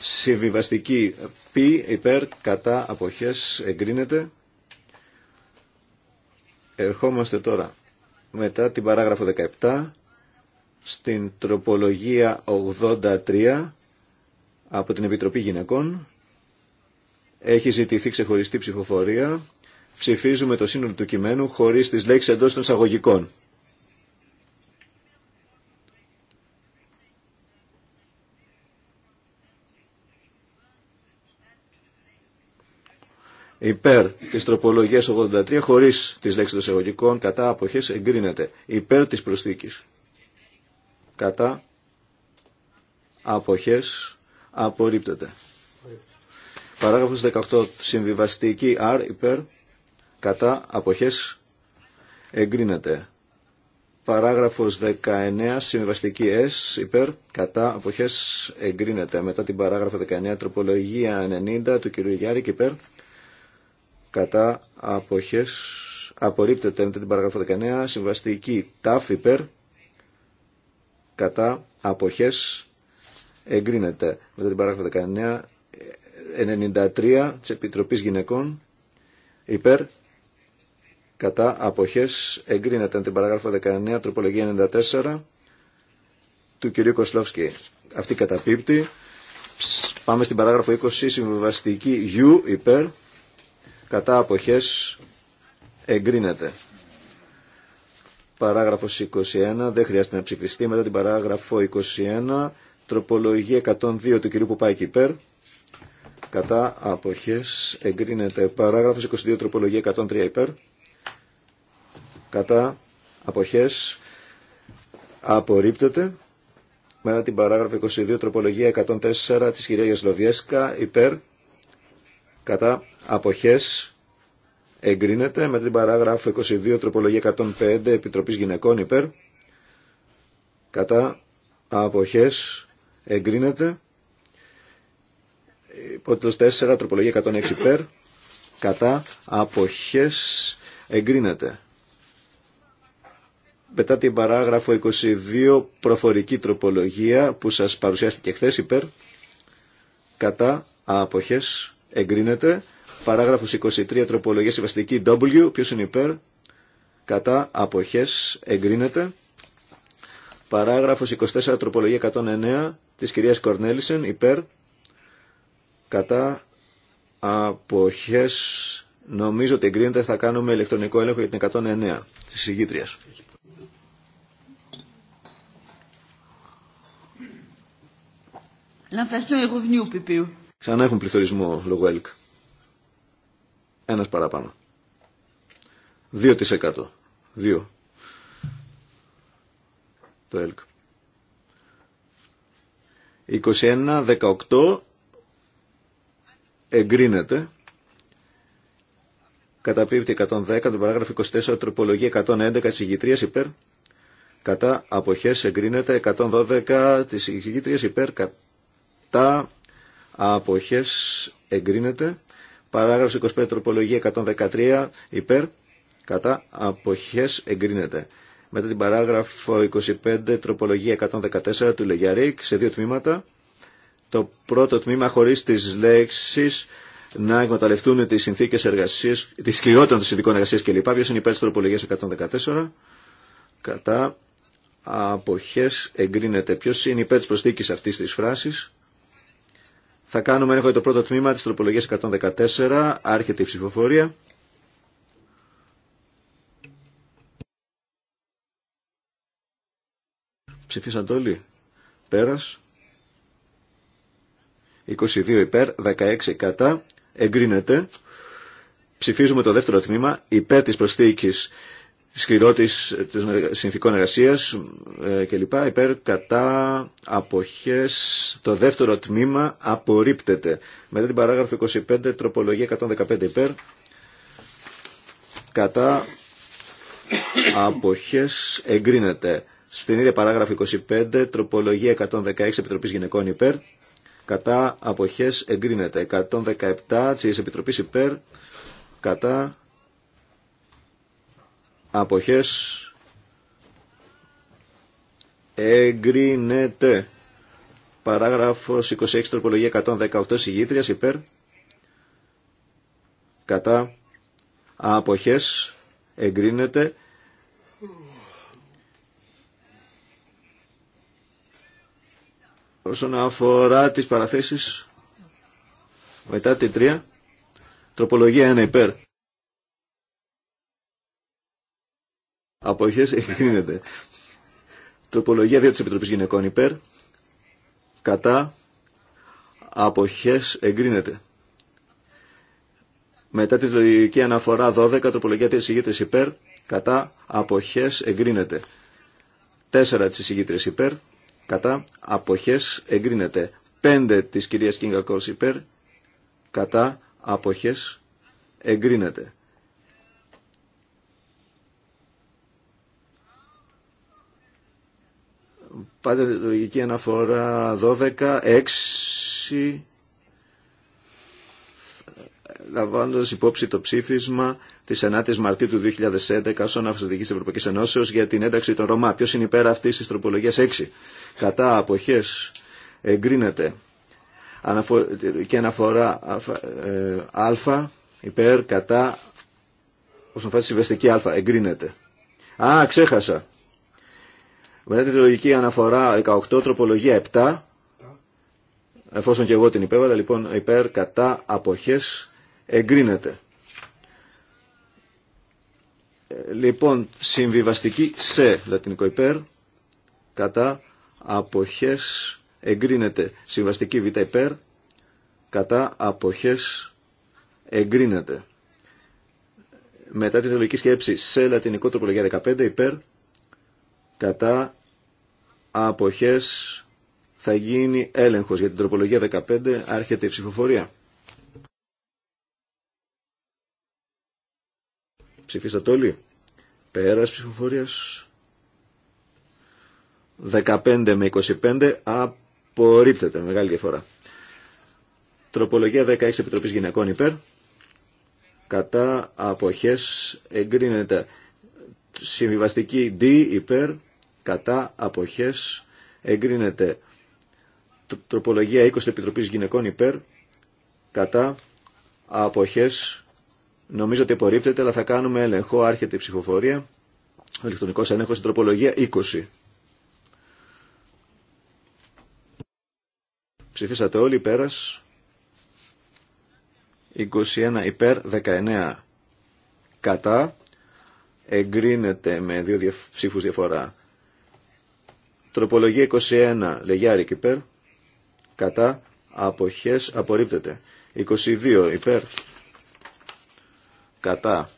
συμβιβαστική π υπέρ κατά αποχές εγκρίνεται. Ερχόμαστε τώρα μετά την παράγραφο 17 στην τροπολογία 83 από την Επιτροπή Γυναικών. Έχει ζητηθεί ξεχωριστή ψηφοφορία. Ψηφίζουμε το σύνολο του κειμένου χωρίς τις λέξεις εντός των εισαγωγικών. Υπέρ της τροπολογίας 83 χωρίς τις λέξεις των εισαγωγικών κατά αποχές εγκρίνεται. Υπέρ της προσθήκης. Κατά αποχές απορρίπτεται. Παράγραφος 18. Συμβιβαστική R υπέρ κατά αποχές εγκρίνεται. Παράγραφος 19. Συμβιβαστική S υπέρ κατά αποχές εγκρίνεται. Μετά την παράγραφο 19. Τροπολογία 90 του κ. Γιάρη υπέρ κατά αποχές απορρίπτεται μετά την παραγραφό 19 συμβαστική τάφ υπέρ κατά αποχές εγκρίνεται μετά την παράγραφο 19 93 της Επιτροπής Γυναικών υπέρ κατά αποχές εγκρίνεται την παράγραφο 19 τροπολογία 94 του κυρίου Κοσλόφσκη αυτή καταπίπτει Πάμε στην παράγραφο 20, συμβαστική U υπέρ κατά αποχές εγκρίνεται. Παράγραφος 21, δεν χρειάζεται να ψηφιστεί. Μετά την παράγραφο 21, τροπολογία 102 του κυρίου που πάει Κατά αποχές εγκρίνεται. Παράγραφος 22, τροπολογία 103 υπέρ. Κατά αποχές απορρίπτεται. Μετά την παράγραφο 22, τροπολογία 104 της κυρίας Γεσλοβιέσκα υπέρ. Κατά αποχές εγκρίνεται με την παράγραφο 22 τροπολογία 105 Επιτροπής Γυναικών υπέρ κατά αποχές εγκρίνεται υπότιτλος 4 τροπολογία 106 υπέρ κατά αποχές εγκρίνεται μετά την παράγραφο 22 προφορική τροπολογία που σας παρουσιάστηκε χθες υπέρ κατά αποχές εγκρίνεται Παράγραφος 23, τροπολογία συμβαστική W, ποιος είναι υπέρ, κατά αποχές εγκρίνεται. Παράγραφος 24, τροπολογία 109 της κυρίας Κορνέλισεν, υπέρ, κατά αποχές νομίζω ότι εγκρίνεται θα κάνουμε ηλεκτρονικό έλεγχο για την 109 της ηγήτριας. L'inflation Ξανά έχουν πληθωρισμό λόγω ΕΛΚ. Ένας παραπάνω. 2%. 2. Το ΕΛΚ. 21, 18 εγκρίνεται. Καταπίπτει 110, του παράγραφο 24, τροπολογία 111 της ηγητρίας υπέρ. Κατά αποχές εγκρίνεται 112 της ηγητρίας υπέρ. Κατά αποχές εγκρίνεται Παράγραφος 25 τροπολογία 113 υπέρ κατά αποχές εγκρίνεται. Μετά την παράγραφο 25 τροπολογία 114 του Λεγιαρίκ σε δύο τμήματα. Το πρώτο τμήμα χωρίς τις λέξεις να εκμεταλλευτούν τις συνθήκες εργασίας, τη σκληρότητα των συνδικών εργασίας κλπ. Ποιος είναι υπέρ της τροπολογίας 114 κατά αποχές εγκρίνεται. Ποιος είναι υπέρ της προσθήκης αυτής της φράσης θα κάνουμε έλεγχο το πρώτο τμήμα της τροπολογίας 114. Άρχεται η ψηφοφορία. Ψηφίσαν όλοι. Πέρας. 22 υπέρ, 16 κατά. Εγκρίνεται. Ψηφίζουμε το δεύτερο τμήμα υπέρ της προσθήκης σκληρότης των συνθήκων εργασίας ε, λοιπά Υπέρ κατά αποχές το δεύτερο τμήμα απορρίπτεται. Μετά την παράγραφο 25 τροπολογία 115 υπέρ κατά αποχές εγκρίνεται. Στην ίδια παράγραφο 25 τροπολογία 116 Επιτροπής Γυναικών υπέρ κατά αποχές εγκρίνεται. 117 της Επιτροπής υπέρ κατά αποχές εγκρίνεται. Παράγραφος 26 τροπολογία 118 συγγήτριας υπέρ κατά αποχές εγκρίνεται όσον αφορά τις παραθέσεις μετά την 3 τροπολογία 1 υπέρ Αποχές εγκρίνεται. Τροπολογία 2 της Επιτροπής Γυναικών υπέρ. Κατά. Αποχές εγκρίνεται. Μετά τη λογική αναφορά 12, τροπολογία 3 της υπέρ. Κατά. Αποχές εγκρίνεται. 4 της ηγήτρες υπέρ. Κατά. Αποχές εγκρίνεται. 5 της κυρίας Κίνγκα Κόλς υπέρ. Κατά. Αποχές εγκρίνεται. λογική αναφορά 12, 6, λαμβάνοντα υπόψη το ψήφισμα τη 9η Μαρτίου του 2011 όσον αφορά τη Ευρωπαϊκή Ενώσεω για την ένταξη των Ρωμά. Ποιο είναι υπέρ αυτή τη τροπολογία 6. Κατά αποχέ εγκρίνεται και αναφορά ε, α, υπέρ, κατά, όσον αφορά τη συμβεστική α, εγκρίνεται. Α, ξέχασα. Μετά τη λογική αναφορά 18 τροπολογία 7, εφόσον και εγώ την υπέβαλα, λοιπόν υπέρ κατά αποχές εγκρίνεται. Λοιπόν, συμβιβαστική σε λατινικό υπέρ, κατά αποχές εγκρίνεται. Συμβαστική β υπέρ, κατά αποχές εγκρίνεται. Μετά τη θεολογική σκέψη σε λατινικό τροπολογία 15 υπέρ, κατά αποχές θα γίνει έλεγχος για την τροπολογία 15 άρχεται η ψηφοφορία. Ψηφίσατε όλοι. Πέρας ψηφοφορίας. 15 με 25 απορρίπτεται. Μεγάλη διαφορά. Τροπολογία 16 Επιτροπής Γυναικών υπέρ. Κατά αποχές εγκρίνεται. Συμβιβαστική D υπέρ κατά αποχές εγκρίνεται τροπολογία 20 Επιτροπής Γυναικών υπέρ κατά αποχές νομίζω ότι απορρίπτεται αλλά θα κάνουμε έλεγχο άρχεται η ψηφοφορία ο ηλεκτρονικός έλεγχος στην τροπολογία 20 ψηφίσατε όλοι πέρας 21 υπέρ 19 κατά εγκρίνεται με δύο ψήφους διαφορά Τροπολογία 21, Λεγιάρικ υπέρ, κατά, αποχές, απορρίπτεται. 22, υπέρ, κατά,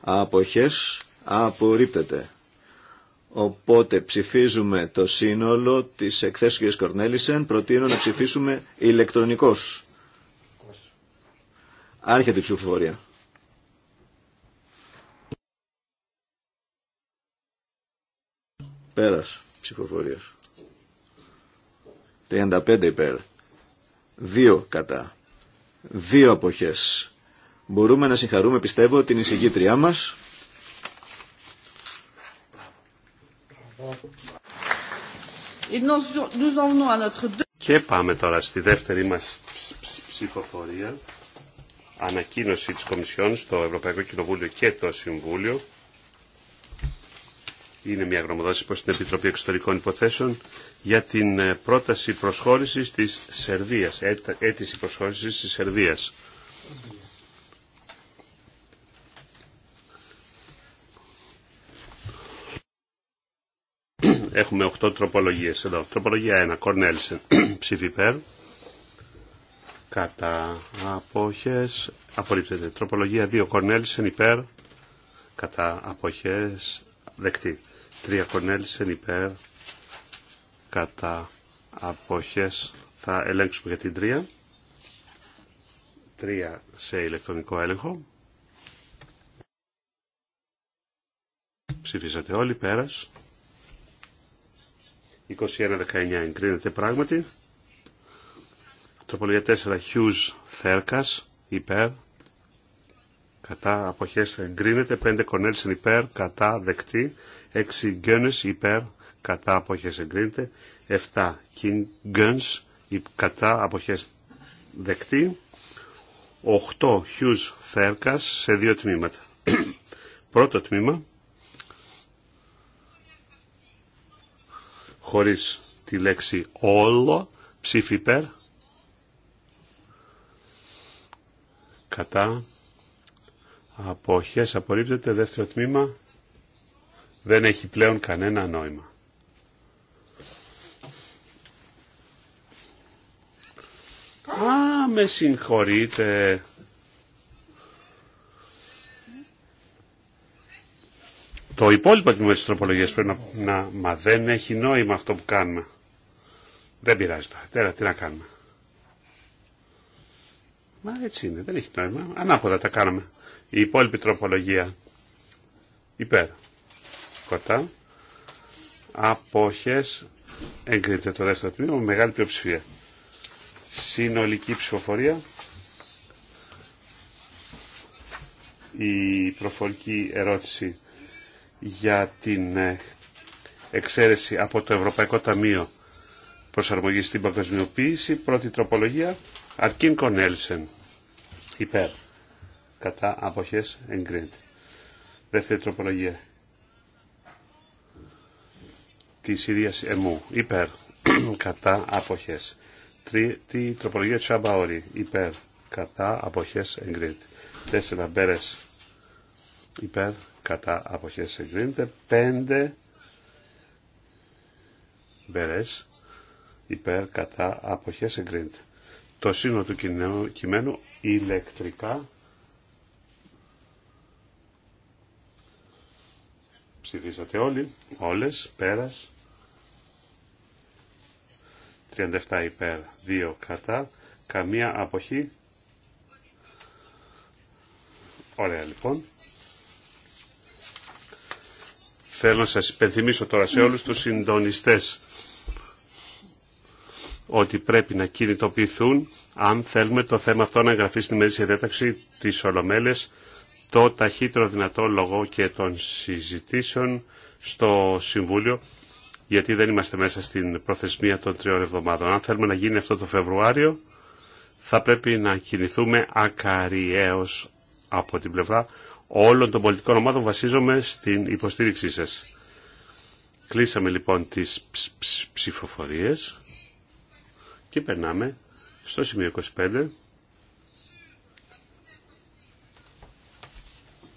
αποχές, απορρίπτεται. Οπότε ψηφίζουμε το σύνολο της εκθέσεως κ. Κορνέλησεν. Προτείνω να ψηφίσουμε ηλεκτρονικός. Άρχεται η ψηφοφορία. Πέρας ψηφοφορίας. 35 υπέρ. 2 κατά. 2 αποχές. Μπορούμε να συγχαρούμε, πιστεύω, την εισηγήτριά μας. Και πάμε τώρα στη δεύτερη μας ψηφοφορία. Ανακοίνωση της Κομισιόν στο Ευρωπαϊκό Κοινοβούλιο και το Συμβούλιο είναι μια γνωμοδότηση προς την Επιτροπή Εξωτερικών Υποθέσεων για την ε, πρόταση προσχώρησης της Σερβίας, αίτηση προσχώρησης της Σερβίας. Έχουμε 8 τροπολογίες εδώ. Τροπολογία 1, Κορνέλσεν, ψήφι Κατά απόχες, απορρίπτεται. Τροπολογία 2, Κορνέλσεν, υπέρ. Κατά απόχες, δεκτή. Τρία κονέλισεν υπέρ κατά αποχές θα ελέγξουμε για την τρία. Τρία σε ηλεκτρονικό έλεγχο. Ψηφίσατε όλοι, πέρας. 21-19 εγκρίνεται πράγματι. Τροπολογία 4, Hughes Θέρκας, υπέρ κατά αποχές εγκρίνεται, 5 Κονέλσεν υπέρ, κατά δεκτή, 6 Γκένες υπέρ, κατά αποχές εγκρίνεται, 7 κινγκένς κατά αποχές δεκτή, 8 Χιούς θέρκας σε δύο τμήματα. Πρώτο τμήμα, χωρίς τη λέξη όλο, ψήφι υπέρ, κατά Αποχές απορρίπτεται. Δεύτερο τμήμα δεν έχει πλέον κανένα νόημα. Α, με συγχωρείτε. Το υπόλοιπο τμήμα της τροπολογίας πρέπει να, να... Μα δεν έχει νόημα αυτό που κάνουμε. Δεν πειράζει τώρα. Τέρα, τι να κάνουμε. Μα έτσι είναι. Δεν έχει νόημα. Ανάποδα τα κάναμε. Η υπόλοιπη τροπολογία υπέρ. Κοτά. Αποχές εγκρίνεται το δεύτερο τμήμα με μεγάλη πλειοψηφία. Συνολική ψηφοφορία. Η προφορική ερώτηση για την ε, εξαίρεση από το Ευρωπαϊκό Ταμείο Προσαρμογής στην Παγκοσμιοποίηση. Πρώτη τροπολογία. Αρκίν Κονέλσεν. Υπέρ κατά αποχές εγκρίνεται. Δεύτερη τροπολογία Τη Συρίας Εμού υπέρ κατά αποχές. Τρίτη τροπολογία Τσαμπάορι. υπέρ κατά αποχές εγκρίνεται. Τέσσερα μπέρες υπέρ κατά αποχές εγκρίνεται. Πέντε μπέρες υπέρ κατά αποχές εγκρίνεται. Το σύνολο του κειμένου ηλεκτρικά Ψηφίσατε όλοι, όλες, πέρας. 37 υπέρ, 2 κατά, καμία αποχή. Ωραία λοιπόν. Θέλω να σας υπενθυμίσω τώρα σε όλους τους συντονιστές ότι πρέπει να κινητοποιηθούν αν θέλουμε το θέμα αυτό να εγγραφεί στη μέση διάταξη της Ολομέλες το ταχύτερο δυνατό λόγο και των συζητήσεων στο Συμβούλιο, γιατί δεν είμαστε μέσα στην προθεσμία των τριών εβδομάδων. Αν θέλουμε να γίνει αυτό το Φεβρουάριο, θα πρέπει να κινηθούμε ακαριέως από την πλευρά όλων των πολιτικών ομάδων βασίζομαι στην υποστήριξή σας. Κλείσαμε λοιπόν τις ψ, ψηφοφορίες και περνάμε στο σημείο 25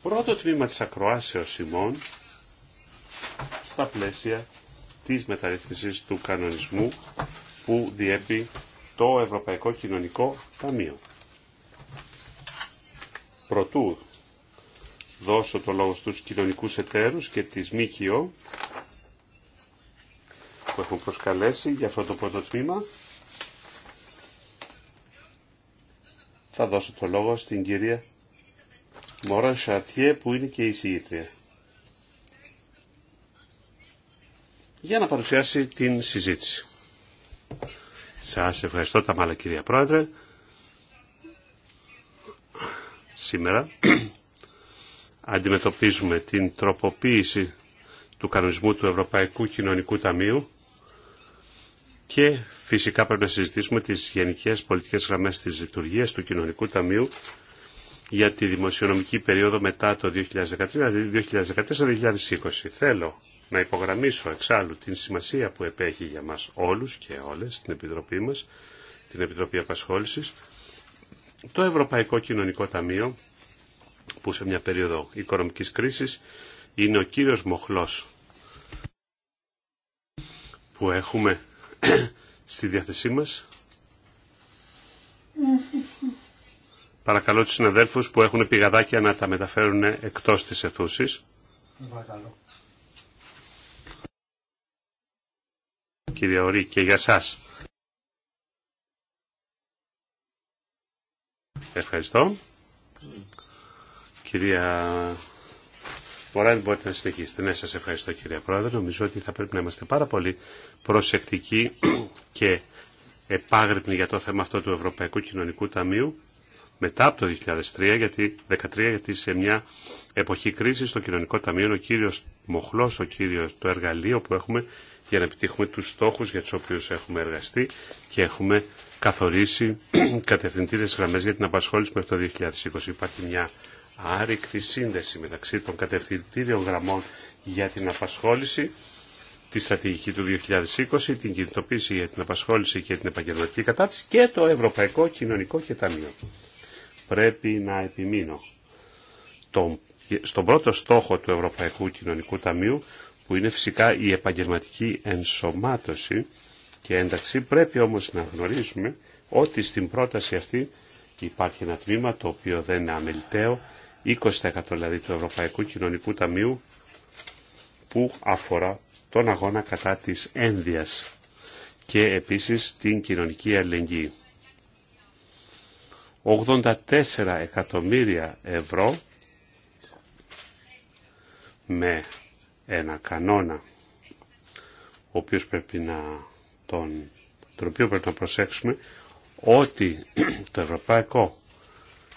πρώτο τμήμα της ακροάσεως ημών στα πλαίσια της μεταρρύθμισης του κανονισμού που διέπει το Ευρωπαϊκό Κοινωνικό Ταμείο. Πρωτού δώσω το λόγο στους κοινωνικούς εταίρους και τις ΜΚΟ που έχουν προσκαλέσει για αυτό το πρώτο τμήμα. Θα δώσω το λόγο στην κυρία Μωράν Σαρτιέ που είναι και η συγήτρια. Για να παρουσιάσει την συζήτηση. Σας ευχαριστώ τα μάλα κυρία Πρόεδρε. Σήμερα αντιμετωπίζουμε την τροποποίηση του κανονισμού του Ευρωπαϊκού Κοινωνικού Ταμείου και φυσικά πρέπει να συζητήσουμε τις γενικές πολιτικές γραμμές της λειτουργίας του Κοινωνικού Ταμείου για τη δημοσιονομική περίοδο μετά το 2013-2014-2020. Θέλω να υπογραμμίσω εξάλλου την σημασία που επέχει για μας όλους και όλες την Επιτροπή μας, την Επιτροπή Απασχόλησης, το Ευρωπαϊκό Κοινωνικό Ταμείο που σε μια περίοδο οικονομικής κρίσης είναι ο κύριος μοχλός που έχουμε στη διάθεσή μας. Mm. Παρακαλώ τους συναδέλφους που έχουν πηγαδάκια να τα μεταφέρουν εκτός της αιθούσης. Παρακαλώ. Κύριε Ορή, και για σας. Ευχαριστώ. Κυρία Μωράν, μπορείτε να συνεχίσετε. Ναι, σας ευχαριστώ κυρία Πρόεδρε. Νομίζω ότι θα πρέπει να είμαστε πάρα πολύ προσεκτικοί και επάγρυπνοι για το θέμα αυτό του Ευρωπαϊκού Κοινωνικού Ταμείου μετά από το 2003 γιατί, 13, γιατί σε μια εποχή κρίση στο κοινωνικό ταμείο ο κύριο Μοχλό, ο κύριο το εργαλείο που έχουμε για να επιτύχουμε του στόχου για του οποίου έχουμε εργαστεί και έχουμε καθορίσει κατευθυντήρε γραμμέ για την απασχόληση μέχρι το 2020. Υπάρχει μια άρρηκτη σύνδεση μεταξύ των κατευθυντήριων γραμμών για την απασχόληση τη στρατηγική του 2020, την κινητοποίηση για την απασχόληση και την επαγγελματική κατάρτιση και το Ευρωπαϊκό Κοινωνικό και Ταμείο πρέπει να επιμείνω στον πρώτο στόχο του Ευρωπαϊκού Κοινωνικού Ταμείου που είναι φυσικά η επαγγελματική ενσωμάτωση και ένταξη. Πρέπει όμως να γνωρίζουμε ότι στην πρόταση αυτή υπάρχει ένα τμήμα το οποίο δεν είναι αμεληταίο, 20% δηλαδή του Ευρωπαϊκού Κοινωνικού Ταμείου που αφορά τον αγώνα κατά της ένδυας και επίσης την κοινωνική αλληλεγγύη. 84 εκατομμύρια ευρώ με ένα κανόνα ο πρέπει να τον, οποίο πρέπει να προσέξουμε ότι το Ευρωπαϊκό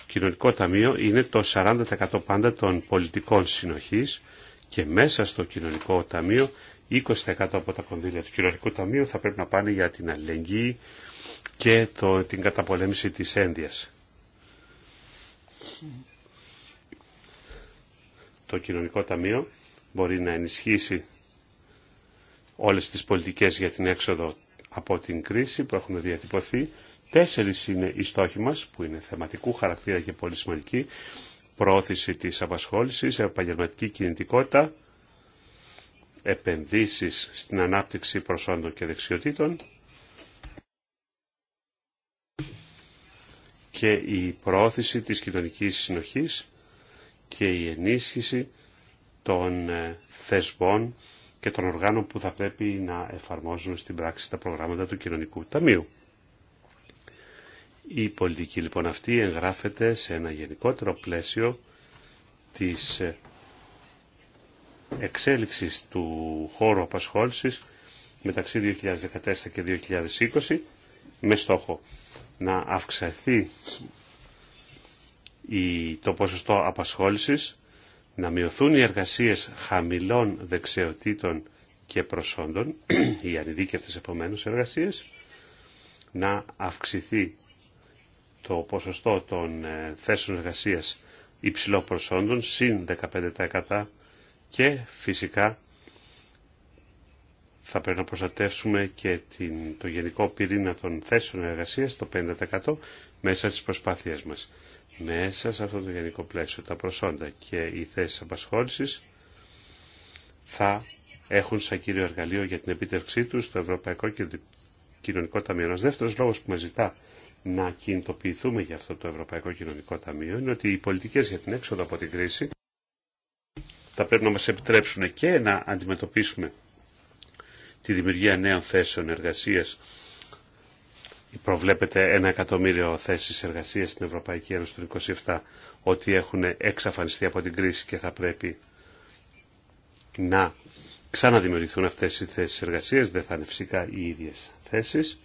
Κοινωνικό Ταμείο είναι το 40% πάντα των πολιτικών συνοχής και μέσα στο Κοινωνικό Ταμείο 20% από τα κονδύλια του Κοινωνικού Ταμείου θα πρέπει να πάνε για την αλληλεγγύη και το, την καταπολέμηση της ένδυας. Το κοινωνικό ταμείο μπορεί να ενισχύσει όλες τις πολιτικές για την έξοδο από την κρίση που έχουν διατυπωθεί. Τέσσερις είναι οι στόχοι μας, που είναι θεματικού χαρακτήρα και πολύ σημαντικοί. Πρόθεση της απασχόλησης, επαγγελματική κινητικότητα, επενδύσεις στην ανάπτυξη προσόντων και δεξιοτήτων και η προώθηση της κοινωνικής συνοχής και η ενίσχυση των ε, θεσμών και των οργάνων που θα πρέπει να εφαρμόζουν στην πράξη τα προγράμματα του Κοινωνικού Ταμείου. Η πολιτική λοιπόν αυτή εγγράφεται σε ένα γενικότερο πλαίσιο της ε, εξέλιξης του χώρου απασχόλησης μεταξύ 2014 και 2020 με στόχο να αυξηθεί η, το ποσοστό απασχόλησης, να μειωθούν οι εργασίες χαμηλών δεξιοτήτων και προσόντων, οι ανειδίκευτες επομένως εργασίες, να αυξηθεί το ποσοστό των ε, θέσεων εργασίας υψηλών προσόντων, συν 15% και φυσικά θα πρέπει να προστατεύσουμε και την, το γενικό πυρήνα των θέσεων εργασίας, το 50% μέσα στις προσπάθειές μας. Μέσα σε αυτό το γενικό πλαίσιο τα προσόντα και οι θέσεις απασχόλησης θα έχουν σαν κύριο εργαλείο για την επίτευξή του το Ευρωπαϊκό Κοινωνικό Ταμείο. Ένα δεύτερο λόγο που με ζητά να κινητοποιηθούμε για αυτό το Ευρωπαϊκό Κοινωνικό Ταμείο είναι ότι οι πολιτικέ για την έξοδο από την κρίση θα πρέπει να μας επιτρέψουν και να αντιμετωπίσουμε τη δημιουργία νέων θέσεων εργασίας. Προβλέπεται ένα εκατομμύριο θέσεις εργασίας στην Ευρωπαϊκή Ένωση του 27 ότι έχουν εξαφανιστεί από την κρίση και θα πρέπει να ξαναδημιουργηθούν αυτές οι θέσεις εργασίας. Δεν θα είναι φυσικά οι ίδιες θέσεις.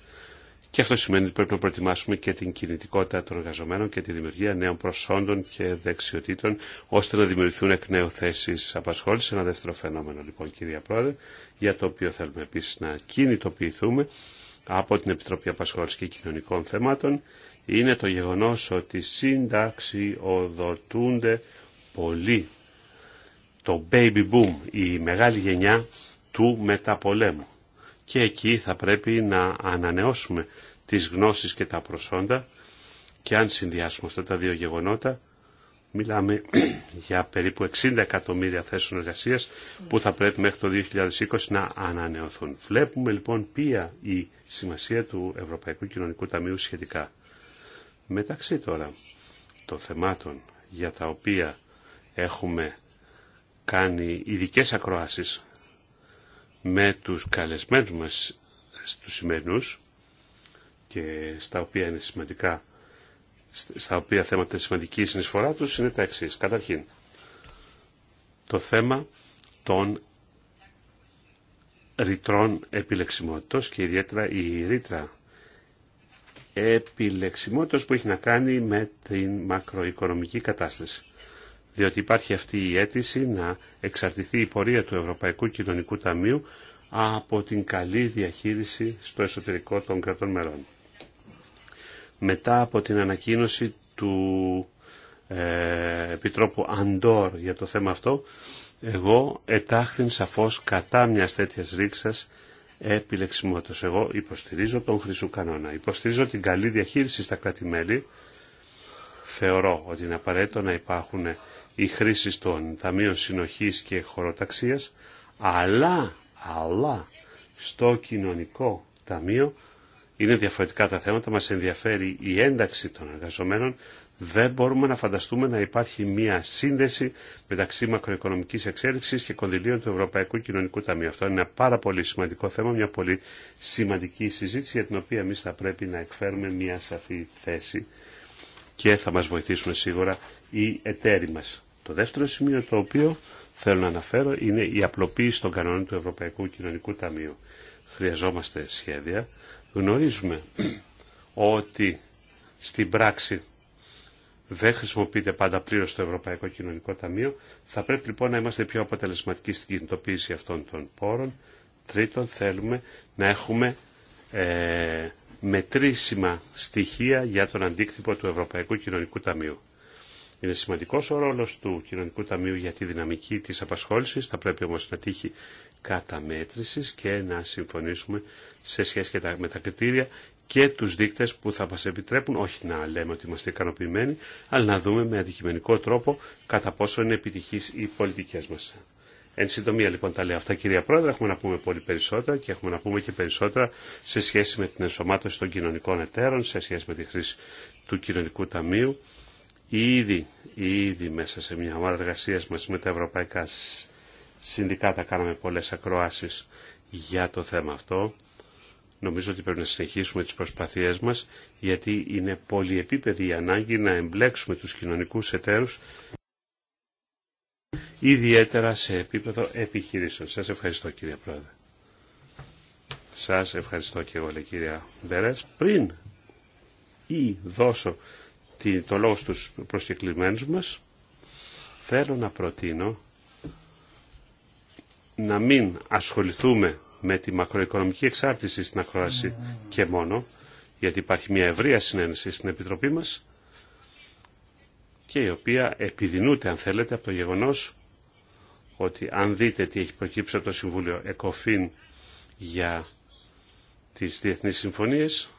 Και αυτό σημαίνει ότι πρέπει να προετοιμάσουμε και την κινητικότητα των εργαζομένων και τη δημιουργία νέων προσόντων και δεξιοτήτων, ώστε να δημιουργηθούν εκ νέου θέσει απασχόληση. Ένα δεύτερο φαινόμενο, λοιπόν, κυρία Πρόεδρε, για το οποίο θέλουμε επίση να κινητοποιηθούμε από την Επιτροπή Απασχόληση και Κοινωνικών Θεμάτων, είναι το γεγονό ότι οδοτούνται πολύ. Το baby boom, η μεγάλη γενιά του μεταπολέμου και εκεί θα πρέπει να ανανεώσουμε τις γνώσεις και τα προσόντα και αν συνδυάσουμε αυτά τα δύο γεγονότα μιλάμε για περίπου 60 εκατομμύρια θέσεων εργασίας που θα πρέπει μέχρι το 2020 να ανανεωθούν. Βλέπουμε λοιπόν ποια η σημασία του Ευρωπαϊκού Κοινωνικού Ταμείου σχετικά. Μεταξύ τώρα των θεμάτων για τα οποία έχουμε κάνει ειδικέ ακροάσεις με τους καλεσμένους μας στους σημερινούς και στα οποία είναι σημαντικά στα οποία θέματα σημαντική συνεισφορά τους είναι τα εξής. Καταρχήν, το θέμα των ρητρών επιλεξιμότητος και ιδιαίτερα η ρήτρα επιλεξιμότητος που έχει να κάνει με την μακροοικονομική κατάσταση διότι υπάρχει αυτή η αίτηση να εξαρτηθεί η πορεία του Ευρωπαϊκού Κοινωνικού Ταμείου από την καλή διαχείριση στο εσωτερικό των κρατών μερών. Μετά από την ανακοίνωση του ε, Επιτρόπου Αντόρ για το θέμα αυτό, εγώ ετάχθην σαφώς κατά μια τέτοια ρήξας επιλεξιμότητας. Εγώ υποστηρίζω τον χρυσού κανόνα. Υποστηρίζω την καλή διαχείριση στα κράτη-μέλη. Θεωρώ ότι είναι απαραίτητο να υπάρχουν η χρήση των Ταμείων Συνοχής και Χωροταξίας, αλλά, αλλά στο Κοινωνικό Ταμείο είναι διαφορετικά τα θέματα, μας ενδιαφέρει η ένταξη των εργαζομένων, δεν μπορούμε να φανταστούμε να υπάρχει μία σύνδεση μεταξύ μακροοικονομικής εξέλιξης και κονδυλίων του Ευρωπαϊκού Κοινωνικού Ταμείου. Αυτό είναι ένα πάρα πολύ σημαντικό θέμα, μια πολύ σημαντική συζήτηση για την οποία εμεί θα πρέπει να εκφέρουμε μία σαφή θέση και θα μας βοηθήσουν σίγουρα οι εταίροι μας. Το δεύτερο σημείο το οποίο θέλω να αναφέρω είναι η απλοποίηση των κανόνων του Ευρωπαϊκού Κοινωνικού Ταμείου. Χρειαζόμαστε σχέδια. Γνωρίζουμε ότι στην πράξη δεν χρησιμοποιείται πάντα πλήρω το Ευρωπαϊκό Κοινωνικό Ταμείο. Θα πρέπει λοιπόν να είμαστε πιο αποτελεσματικοί στην κινητοποίηση αυτών των πόρων. Τρίτον, θέλουμε να έχουμε ε, μετρήσιμα στοιχεία για τον αντίκτυπο του Ευρωπαϊκού Κοινωνικού Ταμείου. Είναι σημαντικό ο ρόλος του Κοινωνικού Ταμείου για τη δυναμική τη απασχόληση. θα πρέπει όμω να τύχει καταμέτρηση και να συμφωνήσουμε σε σχέση με τα κριτήρια και τους δείκτες που θα μας επιτρέπουν, όχι να λέμε ότι είμαστε ικανοποιημένοι, αλλά να δούμε με αντικειμενικό τρόπο κατά πόσο είναι επιτυχής οι πολιτικές μας. Εν συντομία λοιπόν τα λέω αυτά κυρία Πρόεδρε, έχουμε να πούμε πολύ περισσότερα και έχουμε να πούμε και περισσότερα σε σχέση με την ενσωμάτωση των κοινωνικών εταίρων, σε σχέση με τη χρήση του κοινωνικού ταμείου Ήδη, ήδη μέσα σε μια ομάδα εργασία μας με τα ευρωπαϊκά συνδικάτα κάναμε πολλές ακροάσεις για το θέμα αυτό. Νομίζω ότι πρέπει να συνεχίσουμε τις προσπαθίες μας γιατί είναι πολυεπίπεδη η ανάγκη να εμπλέξουμε τους κοινωνικούς εταίρους ιδιαίτερα σε επίπεδο επιχειρήσεων. Σας ευχαριστώ κύριε Πρόεδρε. Σας ευχαριστώ και εγώ λέει κυρία Μπερές. Πριν ή δώσω το λόγο στους προσκεκλημένους μας, θέλω να προτείνω να μην ασχοληθούμε με τη μακροοικονομική εξάρτηση στην ακρόαση και μόνο, γιατί υπάρχει μια ευρεία συνένεση στην Επιτροπή μας και η οποία επιδεινούται, αν θέλετε, από το γεγονός ότι αν δείτε τι έχει προκύψει από το Συμβούλιο ΕΚΟΦΗΝ για τις διεθνείς συμφωνίες,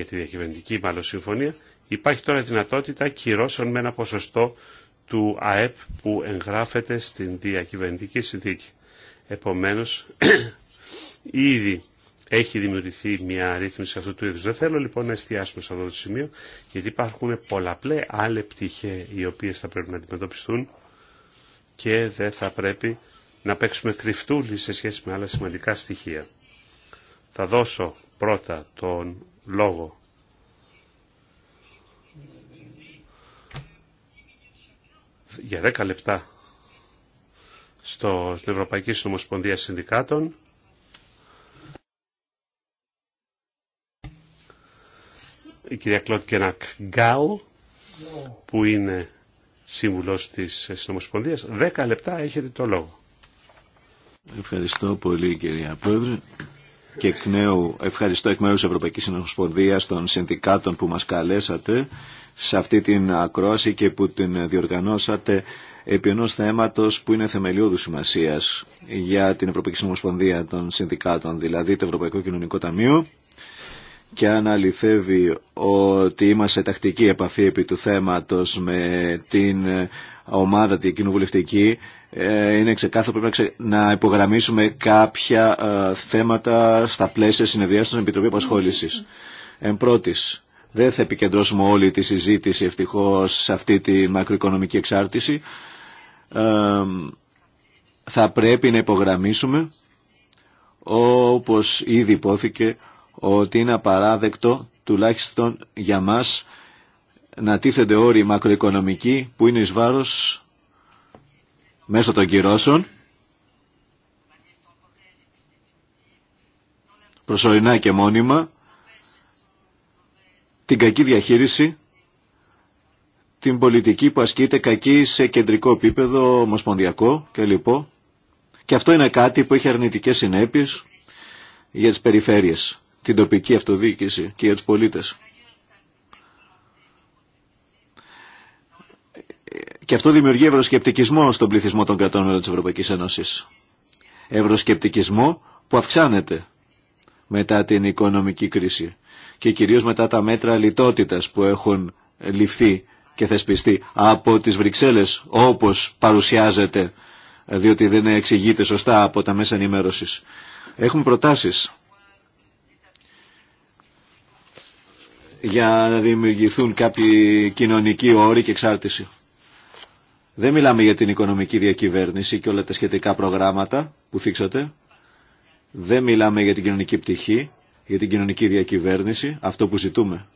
για τη διακυβερνητική μάλλον συμφωνία, υπάρχει τώρα δυνατότητα κυρώσεων με ένα ποσοστό του ΑΕΠ που εγγράφεται στην διακυβερνητική συνθήκη. Επομένως, ήδη έχει δημιουργηθεί μια ρύθμιση αυτού του είδους. Δεν θέλω λοιπόν να εστιάσουμε σε αυτό το σημείο, γιατί υπάρχουν πολλαπλέ άλλε πτυχέ οι οποίες θα πρέπει να αντιμετωπιστούν και δεν θα πρέπει να παίξουμε κρυφτούλη σε σχέση με άλλα σημαντικά στοιχεία. Θα δώσω πρώτα τον λόγο. Για 10 λεπτά στο, στην Ευρωπαϊκή Συνομοσπονδία Συνδικάτων η κυρία Κλοντ Κενακ Γκάου που είναι σύμβουλος της Συνομοσπονδίας. 10 λεπτά έχετε το λόγο. Ευχαριστώ πολύ κυρία Πρόεδρε και εκ νέου ευχαριστώ εκ μέρους της Ευρωπαϊκής Συνομοσπονδίας των συνδικάτων που μας καλέσατε σε αυτή την ακρόαση και που την διοργανώσατε επί ενός θέματος που είναι θεμελιώδου σημασίας για την Ευρωπαϊκή Συνομοσπονδία των Συνδικάτων, δηλαδή το Ευρωπαϊκό Κοινωνικό Ταμείο και αν αληθεύει ότι είμαστε τακτική επαφή επί του θέματος με την ομάδα την κοινοβουλευτική ε, είναι ξεκάθαρο πρέπει να, ξε... υπογραμμίσουμε κάποια ε, θέματα στα πλαίσια συνεδριάσεων των Επιτροπή Απασχόλησης. Εν πρώτης, δεν θα επικεντρώσουμε όλη τη συζήτηση ευτυχώς σε αυτή τη μακροοικονομική εξάρτηση. Ε, θα πρέπει να υπογραμμίσουμε, όπως ήδη υπόθηκε, ότι είναι απαράδεκτο, τουλάχιστον για μας, να τίθενται όροι μακροοικονομικοί που είναι εις βάρος μέσω των κυρώσεων προσωρινά και μόνιμα την κακή διαχείριση την πολιτική που ασκείται κακή σε κεντρικό επίπεδο, ομοσπονδιακό κλπ. Και αυτό είναι κάτι που έχει αρνητικές συνέπειες για τις περιφέρειες, την τοπική αυτοδιοίκηση και για τους πολίτες. Και αυτό δημιουργεί ευρωσκεπτικισμό στον πληθυσμό των κρατών μέλων της Ευρωπαϊκής Ένωσης. Ευρωσκεπτικισμό που αυξάνεται μετά την οικονομική κρίση και κυρίως μετά τα μέτρα λιτότητας που έχουν ληφθεί και θεσπιστεί από τις Βρυξέλλες όπως παρουσιάζεται διότι δεν εξηγείται σωστά από τα μέσα ενημέρωσης. Έχουμε προτάσεις για να δημιουργηθούν κάποιοι κοινωνικοί όροι και εξάρτηση. Δεν μιλάμε για την οικονομική διακυβέρνηση και όλα τα σχετικά προγράμματα που θίξατε. Δεν μιλάμε για την κοινωνική πτυχή, για την κοινωνική διακυβέρνηση, αυτό που ζητούμε.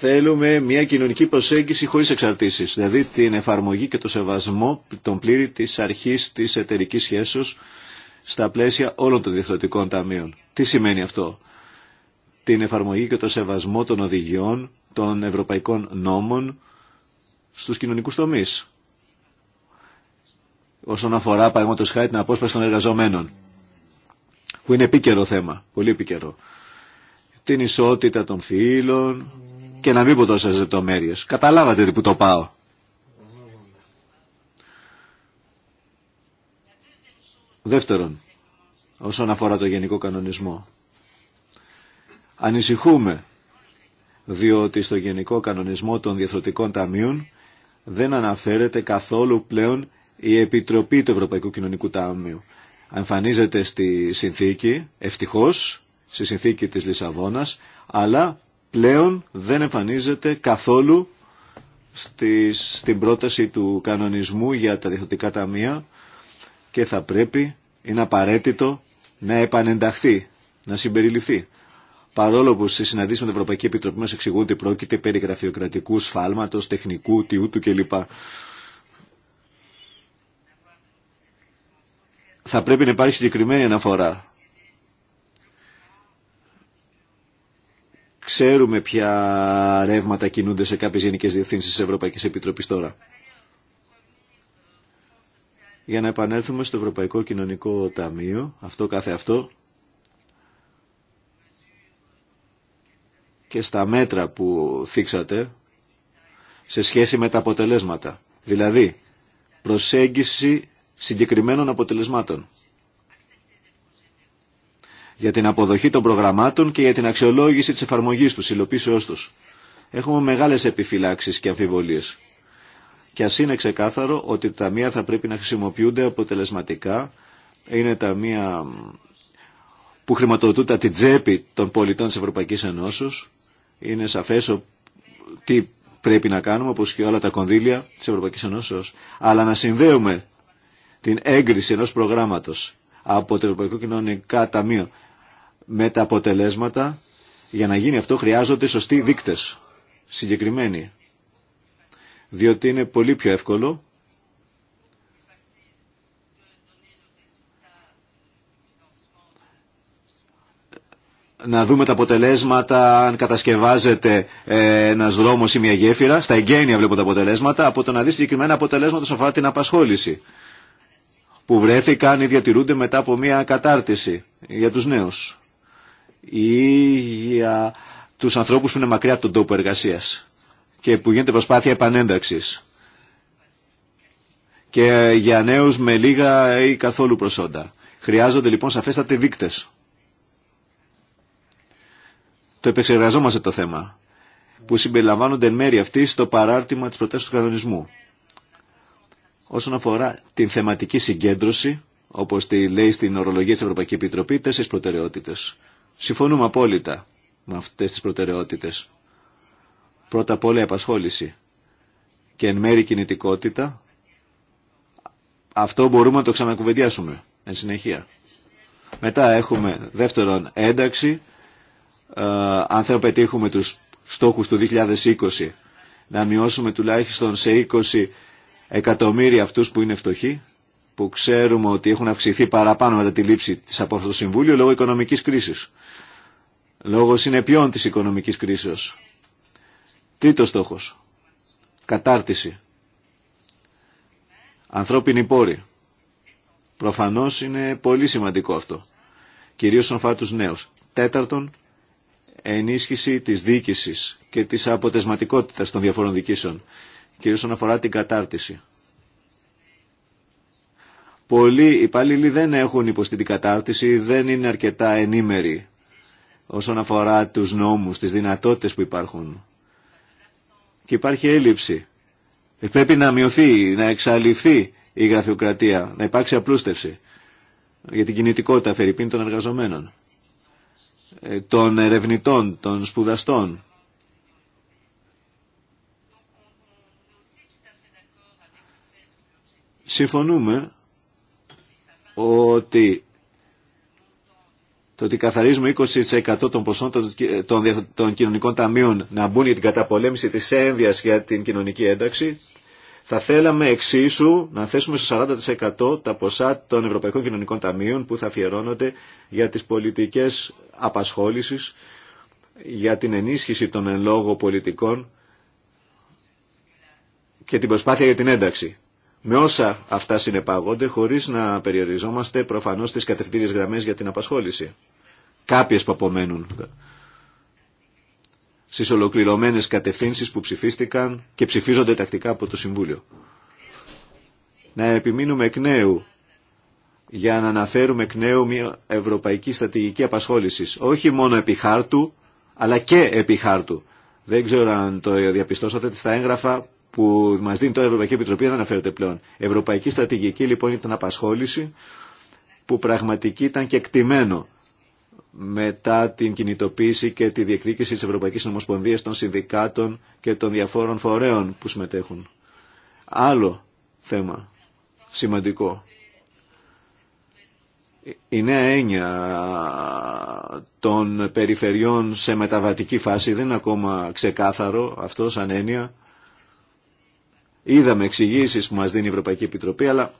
Θέλουμε μια κοινωνική προσέγγιση χωρίς εξαρτήσεις, δηλαδή την εφαρμογή και το σεβασμό των πλήρη της αρχής της εταιρική σχέσεως στα πλαίσια όλων των διευθυντικών ταμείων. Τι σημαίνει αυτό. Την εφαρμογή και το σεβασμό των οδηγιών των ευρωπαϊκών νόμων στους κοινωνικούς τομείς. Όσον αφορά, παραδείγματος χάρη, την απόσπαση των εργαζομένων, που είναι επίκαιρο θέμα, πολύ επίκαιρο. Την ισότητα των φύλων και να μην πω τόσες λεπτομέρειες. Καταλάβατε που το πάω. Δεύτερον, όσον αφορά το γενικό κανονισμό. Ανησυχούμε διότι στο Γενικό Κανονισμό των Διεθνωτικών Ταμείων δεν αναφέρεται καθόλου πλέον η Επιτροπή του Ευρωπαϊκού Κοινωνικού Ταμείου. Εμφανίζεται στη συνθήκη, ευτυχώς, στη συνθήκη της Λισαβόνας, αλλά πλέον δεν εμφανίζεται καθόλου στην πρόταση του κανονισμού για τα διεθνωτικά ταμεία και θα πρέπει, είναι απαραίτητο, να επανενταχθεί, να συμπεριληφθεί. Παρόλο που σε συναντήσει με την Ευρωπαϊκή Επιτροπή μα εξηγούν ότι πρόκειται περί γραφειοκρατικού σφάλματο, τεχνικού, τιούτου κλπ. Θα πρέπει να υπάρχει συγκεκριμένη αναφορά. Ξέρουμε ποια ρεύματα κινούνται σε κάποιες γενικές διευθύνσεις της Ευρωπαϊκής Επιτροπής τώρα. Για να επανέλθουμε στο Ευρωπαϊκό Κοινωνικό Ταμείο, αυτό κάθε αυτό, και στα μέτρα που θίξατε σε σχέση με τα αποτελέσματα. Δηλαδή, προσέγγιση συγκεκριμένων αποτελεσμάτων για την αποδοχή των προγραμμάτων και για την αξιολόγηση της εφαρμογής τους, υλοποίησεώς τους. Έχουμε μεγάλες επιφυλάξεις και αμφιβολίες. Και ας είναι ξεκάθαρο ότι τα μία θα πρέπει να χρησιμοποιούνται αποτελεσματικά, είναι τα μία που χρηματοδοτούν τα τσέπη των πολιτών της Ευρωπαϊκής Ενώσεως είναι σαφές τι πρέπει να κάνουμε, όπως και όλα τα κονδύλια της Ευρωπαϊκής Ενώσεω, αλλά να συνδέουμε την έγκριση ενός προγράμματος από το Ευρωπαϊκό Κοινωνικά Ταμείο με τα αποτελέσματα, για να γίνει αυτό χρειάζονται σωστοί δείκτες, συγκεκριμένοι. Διότι είναι πολύ πιο εύκολο να δούμε τα αποτελέσματα αν κατασκευάζεται ε, ένας δρόμος ή μια γέφυρα. Στα εγγένεια βλέπω τα αποτελέσματα από το να δει συγκεκριμένα αποτελέσματα σε αφορά την απασχόληση που βρέθηκαν ή διατηρούνται μετά από μια κατάρτιση για τους νέους ή για τους ανθρώπους που είναι μακριά από τον τόπο εργασίας και που γίνεται προσπάθεια επανένταξης και για νέους με λίγα ή καθόλου προσόντα. Χρειάζονται λοιπόν σαφέστατε δείκτες. Το επεξεργαζόμαστε το θέμα που συμπεριλαμβάνονται εν μέρη αυτή στο παράρτημα της προτάσεως του κανονισμού. Όσον αφορά την θεματική συγκέντρωση, όπως τη λέει στην ορολογία της Ευρωπαϊκής Επιτροπής τέσσερις προτεραιότητες. Συμφωνούμε απόλυτα με αυτές τις προτεραιότητες. Πρώτα απ' όλα η απασχόληση και εν μέρη κινητικότητα. Αυτό μπορούμε να το ξανακουβεντιάσουμε εν συνεχεία. Μετά έχουμε δεύτερον ένταξη ε, αν θα πετύχουμε τους στόχους του 2020, να μειώσουμε τουλάχιστον σε 20 εκατομμύρια αυτούς που είναι φτωχοί, που ξέρουμε ότι έχουν αυξηθεί παραπάνω μετά τη λήψη της από το Συμβούλιο λόγω οικονομικής κρίσης, λόγω συνεπιών της οικονομικής κρίσης. Τρίτος στόχος, κατάρτιση. Ανθρώπινη πόρη. Προφανώς είναι πολύ σημαντικό αυτό. Κυρίως στον αφορά τους νέους. Τέταρτον, ενίσχυση της διοίκησης και της αποτεσματικότητας των διαφορών διοικήσεων, και όσον αφορά την κατάρτιση. Πολλοί υπάλληλοι δεν έχουν υποστεί την κατάρτιση, δεν είναι αρκετά ενήμεροι όσον αφορά τους νόμους, τις δυνατότητες που υπάρχουν. Και υπάρχει έλλειψη. Ε, πρέπει να μειωθεί, να εξαλειφθεί η γραφειοκρατία, να υπάρξει απλούστευση για την κινητικότητα φερειπίν των εργαζομένων. Ε, των ερευνητών, των σπουδαστών. Συμφωνούμε ότι το ότι καθαρίζουμε 20% των ποσών των, κοινωνικών ταμείων να μπουν για την καταπολέμηση της ένδυας για την κοινωνική ένταξη, θα θέλαμε εξίσου να θέσουμε στο 40% τα ποσά των Ευρωπαϊκών Κοινωνικών Ταμείων που θα αφιερώνονται για τις πολιτικές απασχόλησης για την ενίσχυση των εν λόγω πολιτικών και την προσπάθεια για την ένταξη. Με όσα αυτά συνεπάγονται, χωρίς να περιοριζόμαστε προφανώς τις κατευθύνες γραμμές για την απασχόληση. Κάποιες που απομένουν στις ολοκληρωμένες κατευθύνσεις που ψηφίστηκαν και ψηφίζονται τακτικά από το Συμβούλιο. Να επιμείνουμε εκ νέου για να αναφέρουμε εκ νέου μια ευρωπαϊκή στρατηγική απασχόληση. Όχι μόνο επί χάρτου, αλλά και επί χάρτου. Δεν ξέρω αν το διαπιστώσατε στα έγγραφα που μα δίνει τώρα η Ευρωπαϊκή Επιτροπή δεν αναφέρεται πλέον. Ευρωπαϊκή στρατηγική λοιπόν ήταν απασχόληση που πραγματική ήταν και εκτιμένο μετά την κινητοποίηση και τη διεκδίκηση της Ευρωπαϊκής Νομοσπονδίας των συνδικάτων και των διαφόρων φορέων που συμμετέχουν. Άλλο θέμα σημαντικό η νέα έννοια των περιφερειών σε μεταβατική φάση δεν είναι ακόμα ξεκάθαρο αυτό σαν έννοια. Είδαμε εξηγήσει που μας δίνει η Ευρωπαϊκή Επιτροπή, αλλά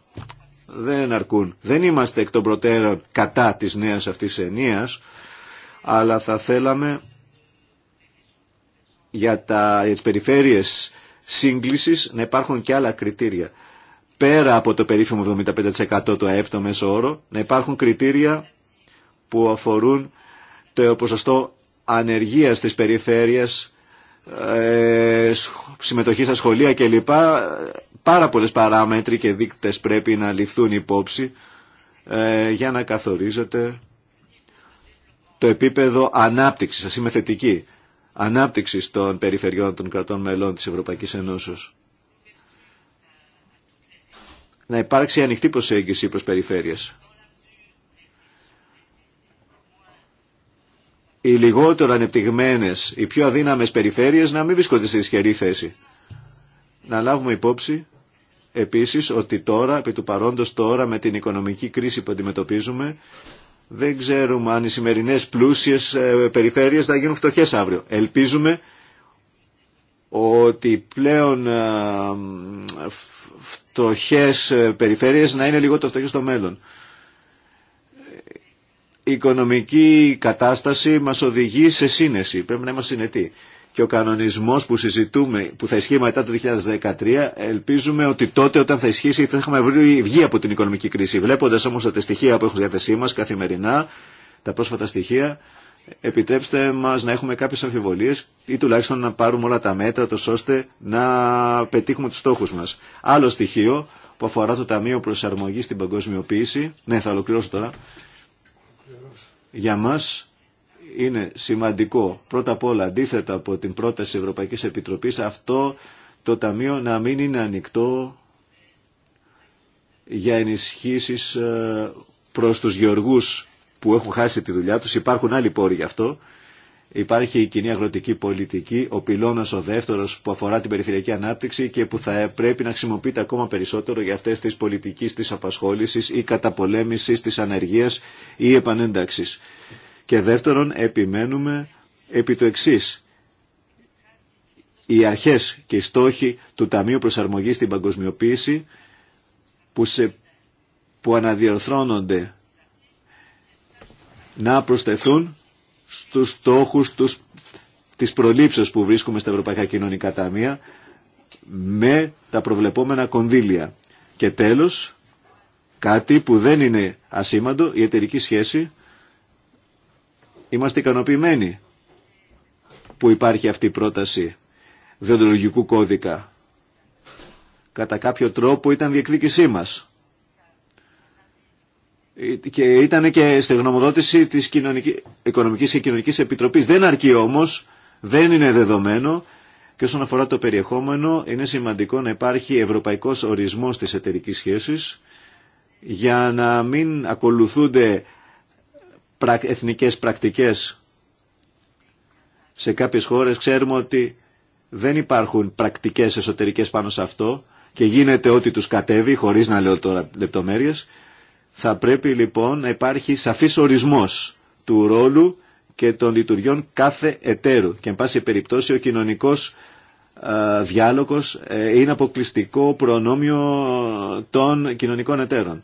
δεν αρκούν. Δεν είμαστε εκ των προτέρων κατά της νέας αυτής ενίας, αλλά θα θέλαμε για, τα, για τις περιφέρειες σύγκλησης να υπάρχουν και άλλα κριτήρια πέρα από το περίφημο 75% το ΑΕΠ το μέσο όρο, να υπάρχουν κριτήρια που αφορούν το ποσοστό ανεργίας της περιφέρειας, ε, συμμετοχή στα σχολεία κλπ. Πάρα πολλές παράμετροι και δείκτες πρέπει να ληφθούν υπόψη ε, για να καθορίζεται το επίπεδο ανάπτυξης, ας είμαι θετική, ανάπτυξης των περιφερειών των κρατών μελών της Ευρωπαϊκής Ενώσεως να υπάρξει ανοιχτή προσέγγιση προς περιφέρειες. Οι λιγότερο ανεπτυγμένες, οι πιο αδύναμες περιφέρειες να μην βρίσκονται σε ισχυρή θέση. Να λάβουμε υπόψη επίσης ότι τώρα, επί του παρόντος τώρα με την οικονομική κρίση που αντιμετωπίζουμε, δεν ξέρουμε αν οι σημερινές πλούσιες ε, περιφέρειες θα γίνουν φτωχές αύριο. Ελπίζουμε ότι πλέον ε, φτωχές ε, περιφέρειες να είναι λιγότερο φτωχές στο μέλλον. Η οικονομική κατάσταση μας οδηγεί σε σύνεση, πρέπει να είμαστε συνετοί. Και ο κανονισμός που συζητούμε, που θα ισχύει μετά το 2013, ελπίζουμε ότι τότε όταν θα ισχύσει θα έχουμε βγει από την οικονομική κρίση. Βλέποντας όμως τα στοιχεία που έχουν διάθεσή μας καθημερινά, τα πρόσφατα στοιχεία, επιτρέψτε μας να έχουμε κάποιες αμφιβολίες ή τουλάχιστον να πάρουμε όλα τα μέτρα τόσο ώστε να πετύχουμε τους στόχους μας. Άλλο στοιχείο που αφορά το Ταμείο Προσαρμογής στην Παγκοσμιοποίηση, ναι θα ολοκληρώσω τώρα, για μας είναι σημαντικό πρώτα απ' όλα αντίθετα από την πρόταση Ευρωπαϊκής Επιτροπής αυτό το Ταμείο να μην είναι ανοιχτό για ενισχύσεις ε, προς τους γεωργούς που έχουν χάσει τη δουλειά τους. Υπάρχουν άλλοι πόροι γι' αυτό. Υπάρχει η κοινή αγροτική πολιτική, ο πυλώνας ο δεύτερος που αφορά την περιφερειακή ανάπτυξη και που θα πρέπει να χρησιμοποιείται ακόμα περισσότερο για αυτές τις πολιτικές της απασχόλησης ή καταπολέμησης της ανεργίας ή επανένταξης. Και δεύτερον, επιμένουμε επί το εξή. Οι αρχές και οι στόχοι του Ταμείου Προσαρμογής στην Παγκοσμιοποίηση που, σε, που αναδιορθώνονται να προσθεθούν στους στόχους τους, της προλήψεως που βρίσκουμε στα Ευρωπαϊκά Κοινωνικά Ταμεία με τα προβλεπόμενα κονδύλια. Και τέλος, κάτι που δεν είναι ασήμαντο, η εταιρική σχέση, είμαστε ικανοποιημένοι που υπάρχει αυτή η πρόταση διοντολογικού κώδικα. Κατά κάποιο τρόπο ήταν διεκδίκησή μας και ήταν και στη γνωμοδότηση της οικονομική Οικονομικής και Κοινωνικής Επιτροπής. Δεν αρκεί όμως, δεν είναι δεδομένο και όσον αφορά το περιεχόμενο είναι σημαντικό να υπάρχει ευρωπαϊκός ορισμός της εταιρικής σχέσης για να μην ακολουθούνται εθνικές πρακτικές σε κάποιες χώρες. Ξέρουμε ότι δεν υπάρχουν πρακτικές εσωτερικές πάνω σε αυτό και γίνεται ό,τι τους κατέβει, χωρίς να λέω τώρα λεπτομέρειες. Θα πρέπει λοιπόν να υπάρχει σαφής ορισμός του ρόλου και των λειτουργιών κάθε εταίρου. Και εν πάση περιπτώσει ο κοινωνικός διάλογος ε, είναι αποκλειστικό προνόμιο των κοινωνικών εταίρων.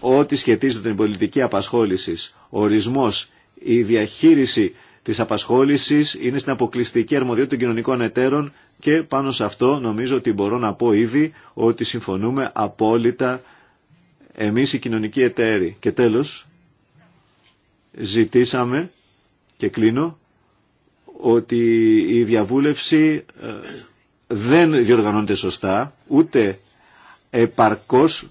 Ό,τι σχετίζεται με την πολιτική απασχόληση, ορισμός, η διαχείριση της απασχόλησης είναι στην αποκλειστική αρμοδιότητα των κοινωνικών εταίρων και πάνω σε αυτό νομίζω ότι μπορώ να πω ήδη ότι συμφωνούμε απόλυτα εμείς οι κοινωνικοί εταίροι. Και τέλος, ζητήσαμε και κλείνω ότι η διαβούλευση ε, δεν διοργανώνεται σωστά, ούτε επαρκώς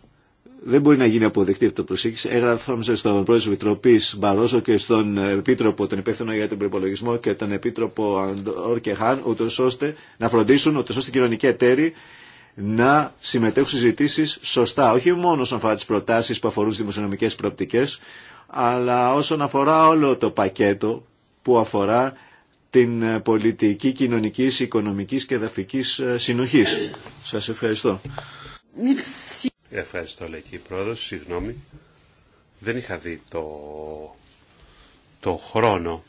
δεν μπορεί να γίνει αποδεκτή αυτή η προσήκηση. Έγραφαμε στον πρόεδρο τη Επιτροπή Μπαρόσο και στον επίτροπο, τον υπεύθυνο για τον προπολογισμό και τον επίτροπο Αντόρ και Χάν, ούτω ώστε να φροντίσουν, ούτω ώστε οι κοινωνικοί εταίροι να συμμετέχουν ζητήσει σωστά, όχι μόνο όσον αφορά τι προτάσει που αφορούν τις δημοσιονομικέ προοπτικέ, αλλά όσον αφορά όλο το πακέτο που αφορά την ε, πολιτική κοινωνική, οικονομική και εδαφική ε, συνοχή. Σας ευχαριστώ. Ευχαριστώ, λέει και Συγγνώμη, δεν είχα δει το χρόνο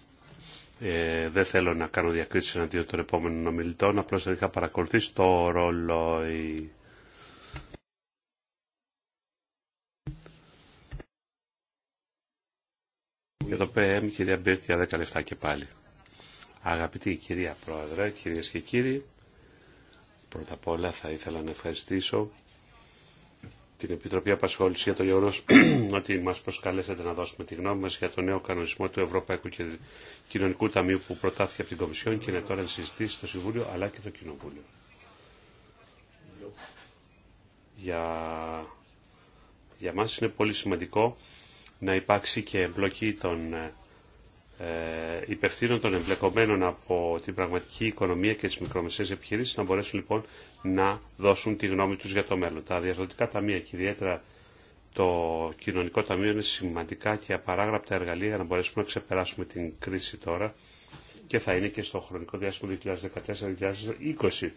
ε, δεν θέλω να κάνω διακρίσεις εναντίον των επόμενων ομιλητών, απλώς δεν είχα παρακολουθήσει το ρολόι. Για το ΠΕΜ, κυρία για 10 λεφτά και πάλι. Αγαπητή κυρία Πρόεδρε, κυρίες και κύριοι, πρώτα απ' όλα θα ήθελα να ευχαριστήσω την Επιτροπή Απασχόληση για το γεγονό ότι μα προσκαλέσατε να δώσουμε τη γνώμη μα για το νέο κανονισμό του Ευρωπαϊκού Κοινωνικού Ταμείου που προτάθηκε από την Κομισιόν και είναι τώρα να συζητήσει στο Συμβούλιο αλλά και το Κοινοβούλιο. Για, για μας είναι πολύ σημαντικό να υπάρξει και εμπλοκή των ε, ε, υπευθύνων των εμπλεκομένων από την πραγματική οικονομία και τις μικρομεσαίες επιχειρήσεις να μπορέσουν λοιπόν να δώσουν τη γνώμη τους για το μέλλον. Τα διαδοτικά ταμεία και ιδιαίτερα το κοινωνικό ταμείο είναι σημαντικά και απαράγραπτα εργαλεία για να μπορέσουμε να ξεπεράσουμε την κρίση τώρα και θα είναι και στο χρονικό διάστημα 2014-2020.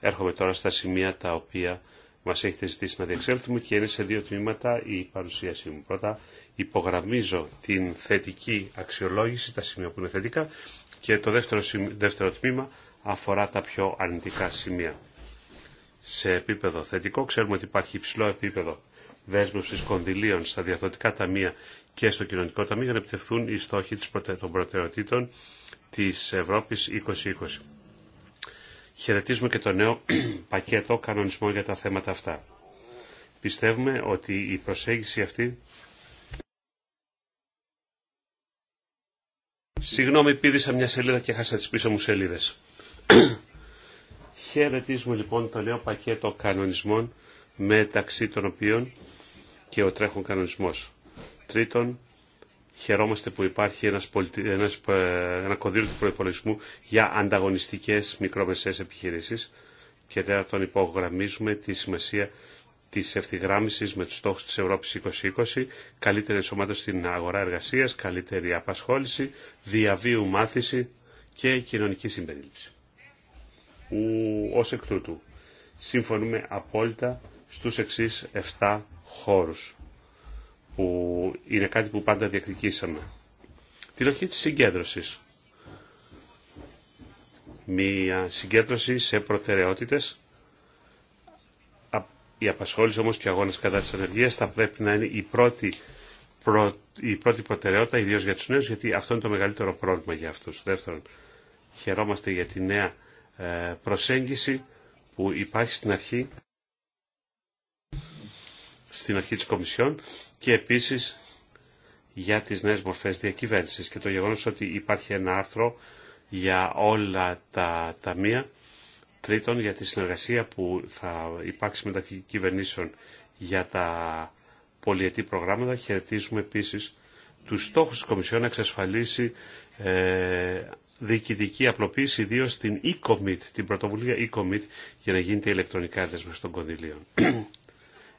Έρχομαι τώρα στα σημεία τα οποία Μα έχετε ζητήσει να διεξέλθουμε και είναι σε δύο τμήματα η παρουσίασή μου. Πρώτα υπογραμμίζω την θετική αξιολόγηση, τα σημεία που είναι θετικά και το δεύτερο, δεύτερο τμήμα αφορά τα πιο αρνητικά σημεία. Σε επίπεδο θετικό ξέρουμε ότι υπάρχει υψηλό επίπεδο δέσμευση κονδυλίων στα διαδοτικά ταμεία και στο κοινωνικό ταμείο για να επιτευχθούν οι στόχοι των προτεραιοτήτων της Ευρώπης 2020. Χαιρετίζουμε και το νέο πακέτο κανονισμών για τα θέματα αυτά. Πιστεύουμε ότι η προσέγγιση αυτή... Συγγνώμη, πήδησα μια σελίδα και χάσα τις πίσω μου σελίδες. Χαιρετίζουμε λοιπόν το νέο πακέτο κανονισμών μεταξύ των οποίων και ο τρέχον κανονισμός. Τρίτον, Χαιρόμαστε που υπάρχει ένας πολιτι... ένας... Ε, ένα κονδύλιο του προπολογισμού για ανταγωνιστικές μικρομεσαίες επιχειρήσεις και θα τον υπογραμμίζουμε τη σημασία της ευθυγράμμισης με τους στόχους της Ευρώπης 2020, καλύτερη ενσωμάτωση στην αγορά εργασίας, καλύτερη απασχόληση, διαβίου μάθηση και κοινωνική συμπερίληψη. Ω εκ τούτου, συμφωνούμε απόλυτα στους εξής 7 χώρους που είναι κάτι που πάντα διεκδικήσαμε. Την αρχή της συγκέντρωσης. Μία συγκέντρωση σε προτεραιότητες. Η απασχόληση όμως και ο αγώνας κατά της ανεργίας θα πρέπει να είναι η πρώτη, η πρώτη προτεραιότητα, ιδίως για τους νέους, γιατί αυτό είναι το μεγαλύτερο πρόβλημα για αυτούς. Δεύτερον, χαιρόμαστε για τη νέα ε, προσέγγιση που υπάρχει στην αρχή στην αρχή της Κομισιόν και επίσης για τις νέες μορφές διακυβέρνησης και το γεγονός ότι υπάρχει ένα άρθρο για όλα τα ταμεία. Τρίτον, για τη συνεργασία που θα υπάρξει μεταξύ κυβερνήσεων για τα πολιετή προγράμματα. Χαιρετίζουμε επίσης τους στόχους της Κομισιόν να εξασφαλίσει ε, διοικητική απλοποίηση, ιδίω στην e την πρωτοβουλία e-commit, για να γίνεται ηλεκτρονικά δέσμευση των κονδυλίων.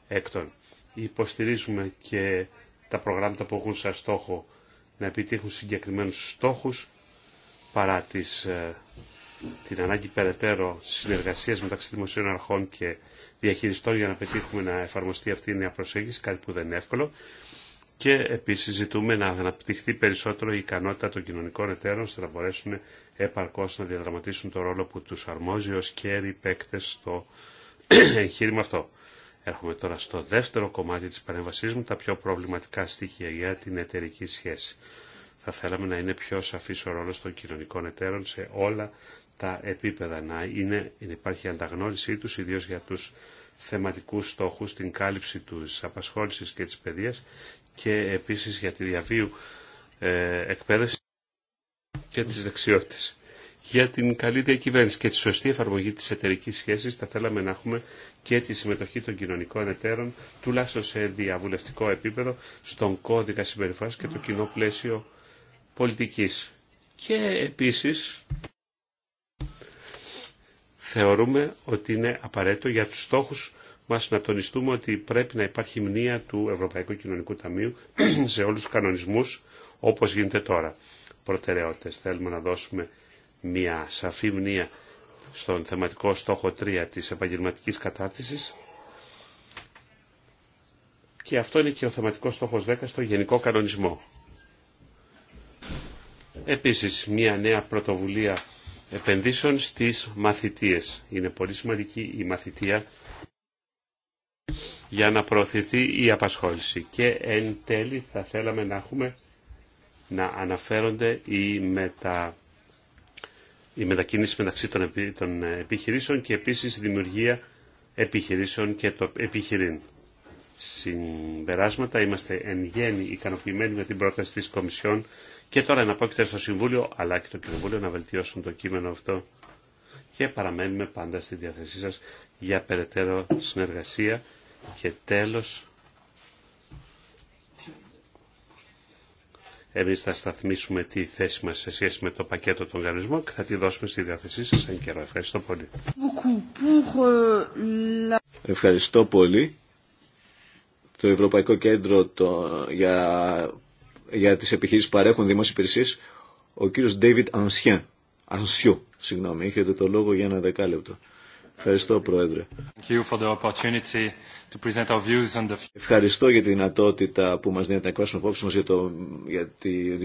Έκτον, υποστηρίζουμε και τα προγράμματα που έχουν σαν στόχο να επιτύχουν συγκεκριμένους στόχους παρά τις, ε, την ανάγκη περαιτέρω συνεργασίας μεταξύ δημοσίων αρχών και διαχειριστών για να πετύχουμε να εφαρμοστεί αυτή η νέα προσέγγιση, κάτι που δεν είναι εύκολο. Και επίσης ζητούμε να αναπτυχθεί περισσότερο η ικανότητα των κοινωνικών εταίρων ώστε να μπορέσουν επαρκώς να διαδραματίσουν το ρόλο που τους αρμόζει ως κέρι παίκτες στο εγχείρημα αυτό. Έρχομαι τώρα στο δεύτερο κομμάτι της παρέμβασής μου, τα πιο προβληματικά στοιχεία για την εταιρική σχέση. Θα θέλαμε να είναι πιο σαφής ο ρόλος των κοινωνικών εταίρων σε όλα τα επίπεδα, να είναι, υπάρχει ανταγνώρισή τους, ιδίως για τους θεματικούς στόχους, την κάλυψη της απασχόλησης και της παιδείας και επίσης για τη διαβίου ε, εκπαίδευση και τις δεξιότητες για την καλή διακυβέρνηση και τη σωστή εφαρμογή της εταιρική σχέση θα θέλαμε να έχουμε και τη συμμετοχή των κοινωνικών εταίρων τουλάχιστον σε διαβουλευτικό επίπεδο στον κώδικα συμπεριφοράς και το κοινό πλαίσιο πολιτικής. Και επίσης θεωρούμε ότι είναι απαραίτητο για τους στόχους μας να τονιστούμε ότι πρέπει να υπάρχει μνήα του Ευρωπαϊκού Κοινωνικού Ταμείου σε όλους τους κανονισμούς όπως γίνεται τώρα. Προτεραιότητες θέλουμε να δώσουμε μια σαφή μνήμα στον θεματικό στόχο 3 της επαγγελματικής κατάρτισης και αυτό είναι και ο θεματικός στόχος 10 στο γενικό κανονισμό. Επίσης, μια νέα πρωτοβουλία επενδύσεων στις μαθητείες. Είναι πολύ σημαντική η μαθητεία για να προωθηθεί η απασχόληση. Και εν τέλει θα θέλαμε να έχουμε να αναφέρονται οι τα η μετακίνηση μεταξύ των, ε, επιχειρήσεων και επίσης η δημιουργία επιχειρήσεων και το επιχειρήν. Συμπεράσματα είμαστε εν γέννη ικανοποιημένοι με την πρόταση της Κομισιόν και τώρα εναπόκειται στο Συμβούλιο αλλά και το Κοινοβούλιο να βελτιώσουν το κείμενο αυτό και παραμένουμε πάντα στη διάθεσή σας για περαιτέρω συνεργασία και τέλος Εμείς θα σταθμίσουμε τη θέση μας σε σχέση με το πακέτο των οργανισμών και θα τη δώσουμε στη διάθεσή σας εν καιρό. Ευχαριστώ πολύ. Ευχαριστώ πολύ. Το Ευρωπαϊκό Κέντρο το, για, για τις επιχειρήσεις που παρέχουν δημόσιες υπηρεσίες, ο κύριος David Ancien, Ancien, συγγνώμη, έχετε το λόγο για ένα δεκάλεπτο. Ευχαριστώ, Πρόεδρε. Ευχαριστώ για τη δυνατότητα που μας δίνεται να εκφράσουμε απόψη μας για το, για,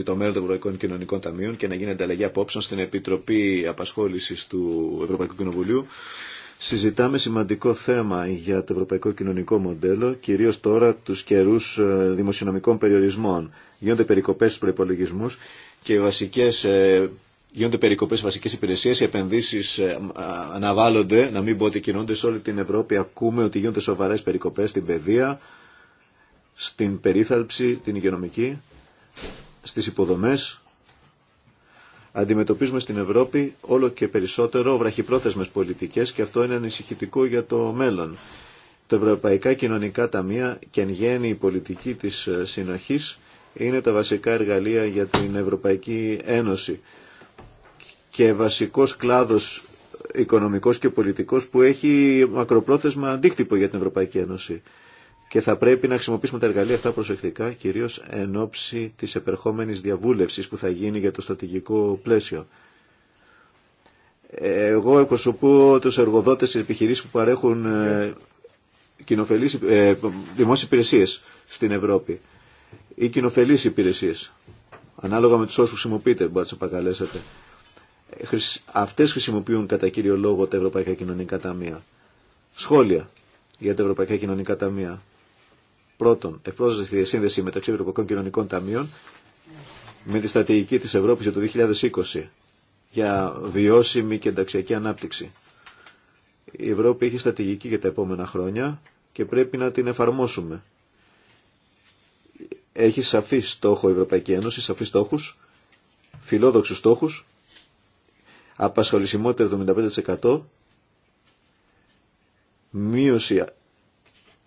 το μέλλον των Ευρωπαϊκών Κοινωνικών Ταμείων και να γίνει ανταλλαγή απόψεων στην Επιτροπή Απασχόλησης του Ευρωπαϊκού Κοινοβουλίου. Συζητάμε σημαντικό θέμα για το ευρωπαϊκό κοινωνικό μοντέλο, κυρίως τώρα τους καιρούς ε, δημοσιονομικών περιορισμών. Γίνονται περικοπές στους προπολογισμού και οι βασικές ε, γίνονται περικοπές στις βασικές υπηρεσίες, οι επενδύσει ε, αναβάλλονται, να μην πω ότι κινούνται σε όλη την Ευρώπη, ακούμε ότι γίνονται σοβαρέ περικοπέ στην παιδεία, στην περίθαλψη, την υγειονομική, στι υποδομέ. Αντιμετωπίζουμε στην Ευρώπη όλο και περισσότερο βραχυπρόθεσμες πολιτικές και αυτό είναι ανησυχητικό για το μέλλον. Τα Ευρωπαϊκά Κοινωνικά Ταμεία και εν γέννη η πολιτική της ε, συνοχής είναι τα βασικά εργαλεία για την Ευρωπαϊκή Ένωση και βασικός κλάδος οικονομικός και πολιτικός που έχει μακροπρόθεσμα αντίκτυπο για την Ευρωπαϊκή Ένωση. Και θα πρέπει να χρησιμοποιήσουμε τα εργαλεία αυτά προσεκτικά, κυρίως εν ώψη της επερχόμενης διαβούλευσης που θα γίνει για το στρατηγικό πλαίσιο. Εγώ εκπροσωπώ τους εργοδότες της επιχειρήσεις που παρέχουν ε, ε, δημόσιες υπηρεσίες στην Ευρώπη ή κοινοφελείς υπηρεσίες. Ανάλογα με τους όσους χρησιμοποιείτε, μπορείτε να καλέσετε. Αυτές χρησιμοποιούν κατά κύριο λόγο τα Ευρωπαϊκά Κοινωνικά Ταμεία. Σχόλια για τα Ευρωπαϊκά Κοινωνικά Ταμεία. Πρώτον, ευπρόσδεκτη διασύνδεση μεταξύ Ευρωπαϊκών Κοινωνικών Ταμείων με τη στρατηγική της Ευρώπης για το 2020 για βιώσιμη και ενταξιακή ανάπτυξη. Η Ευρώπη έχει στρατηγική για τα επόμενα χρόνια και πρέπει να την εφαρμόσουμε. Έχει σαφή στόχο η Ευρωπαϊκή Ένωση, σαφή στόχους, φιλόδοξους στόχους απασχολησιμότητα 75%, μείωση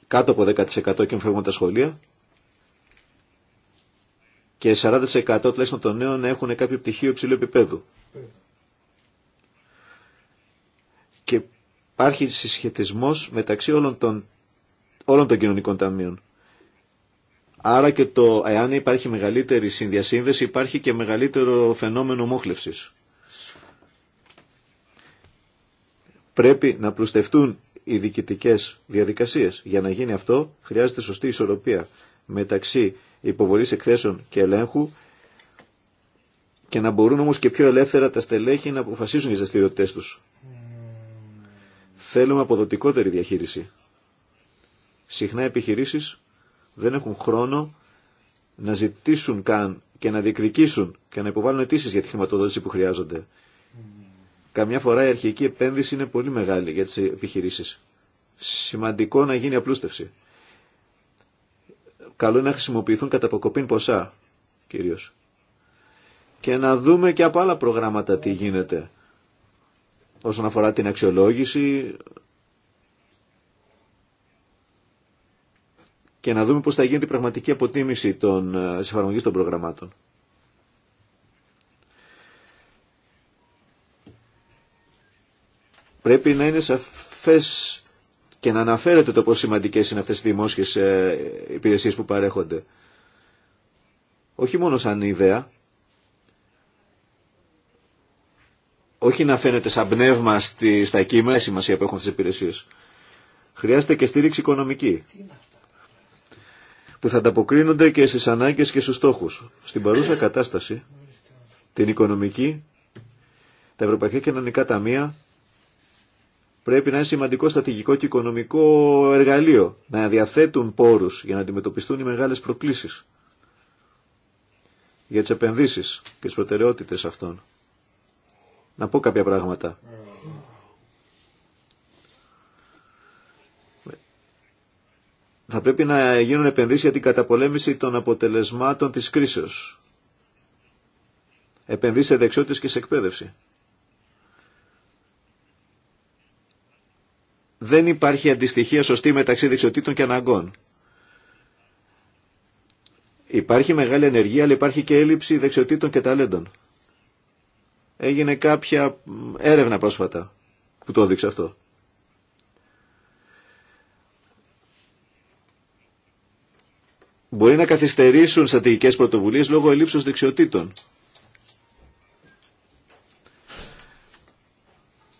κάτω από 10% και φεύγουν τα σχολεία και 40% τουλάχιστον των νέων να έχουν κάποιο πτυχίο υψηλού επίπεδου. Και υπάρχει συσχετισμός μεταξύ όλων των, όλων των κοινωνικών ταμείων. Άρα και το, εάν υπάρχει μεγαλύτερη συνδιασύνδεση, υπάρχει και μεγαλύτερο φαινόμενο μόχλευσης. Πρέπει να πλουστευτούν οι διοικητικέ διαδικασίε. Για να γίνει αυτό, χρειάζεται σωστή ισορροπία μεταξύ υποβολή εκθέσεων και ελέγχου και να μπορούν όμω και πιο ελεύθερα τα στελέχη να αποφασίζουν για τις δραστηριότητέ του. Θέλουμε αποδοτικότερη διαχείριση. Συχνά επιχειρήσει δεν έχουν χρόνο να ζητήσουν καν και να διεκδικήσουν και να υποβάλουν αιτήσει για τη χρηματοδότηση που χρειάζονται. Καμιά φορά η αρχική επένδυση είναι πολύ μεγάλη για τις επιχειρήσεις. Σημαντικό να γίνει απλούστευση. Καλό είναι να χρησιμοποιηθούν κατά αποκοπήν ποσά, κυρίως. Και να δούμε και από άλλα προγράμματα τι γίνεται. Όσον αφορά την αξιολόγηση, και να δούμε πώς θα γίνεται η πραγματική αποτίμηση των ε, εφαρμογή των προγραμμάτων. Πρέπει να είναι σαφές και να αναφέρεται το πόσο σημαντικές είναι αυτές οι δημόσιες ε, υπηρεσίες που παρέχονται. Όχι μόνο σαν ιδέα, όχι να φαίνεται σαν πνεύμα στη, στα κείμενα σημασία που έχουν τις υπηρεσίες. Χρειάζεται και στήριξη οικονομική που θα ανταποκρίνονται και στις ανάγκες και στους στόχους. Στην παρούσα κατάσταση, την οικονομική, τα ευρωπαϊκά κοινωνικά ταμεία πρέπει να είναι σημαντικό στρατηγικό και οικονομικό εργαλείο, να διαθέτουν πόρους για να αντιμετωπιστούν οι μεγάλες προκλήσεις για τις επενδύσεις και τις προτεραιότητες αυτών. Να πω κάποια πράγματα. Θα πρέπει να γίνουν επενδύσεις για την καταπολέμηση των αποτελεσμάτων της κρίσεως. Επενδύσεις σε δεξιότητες και σε εκπαίδευση. δεν υπάρχει αντιστοιχία σωστή μεταξύ δεξιοτήτων και αναγκών. Υπάρχει μεγάλη ενεργία, αλλά υπάρχει και έλλειψη δεξιοτήτων και ταλέντων. Έγινε κάποια έρευνα πρόσφατα που το έδειξε αυτό. Μπορεί να καθυστερήσουν στρατηγικές πρωτοβουλίες λόγω ελλείψεως δεξιοτήτων.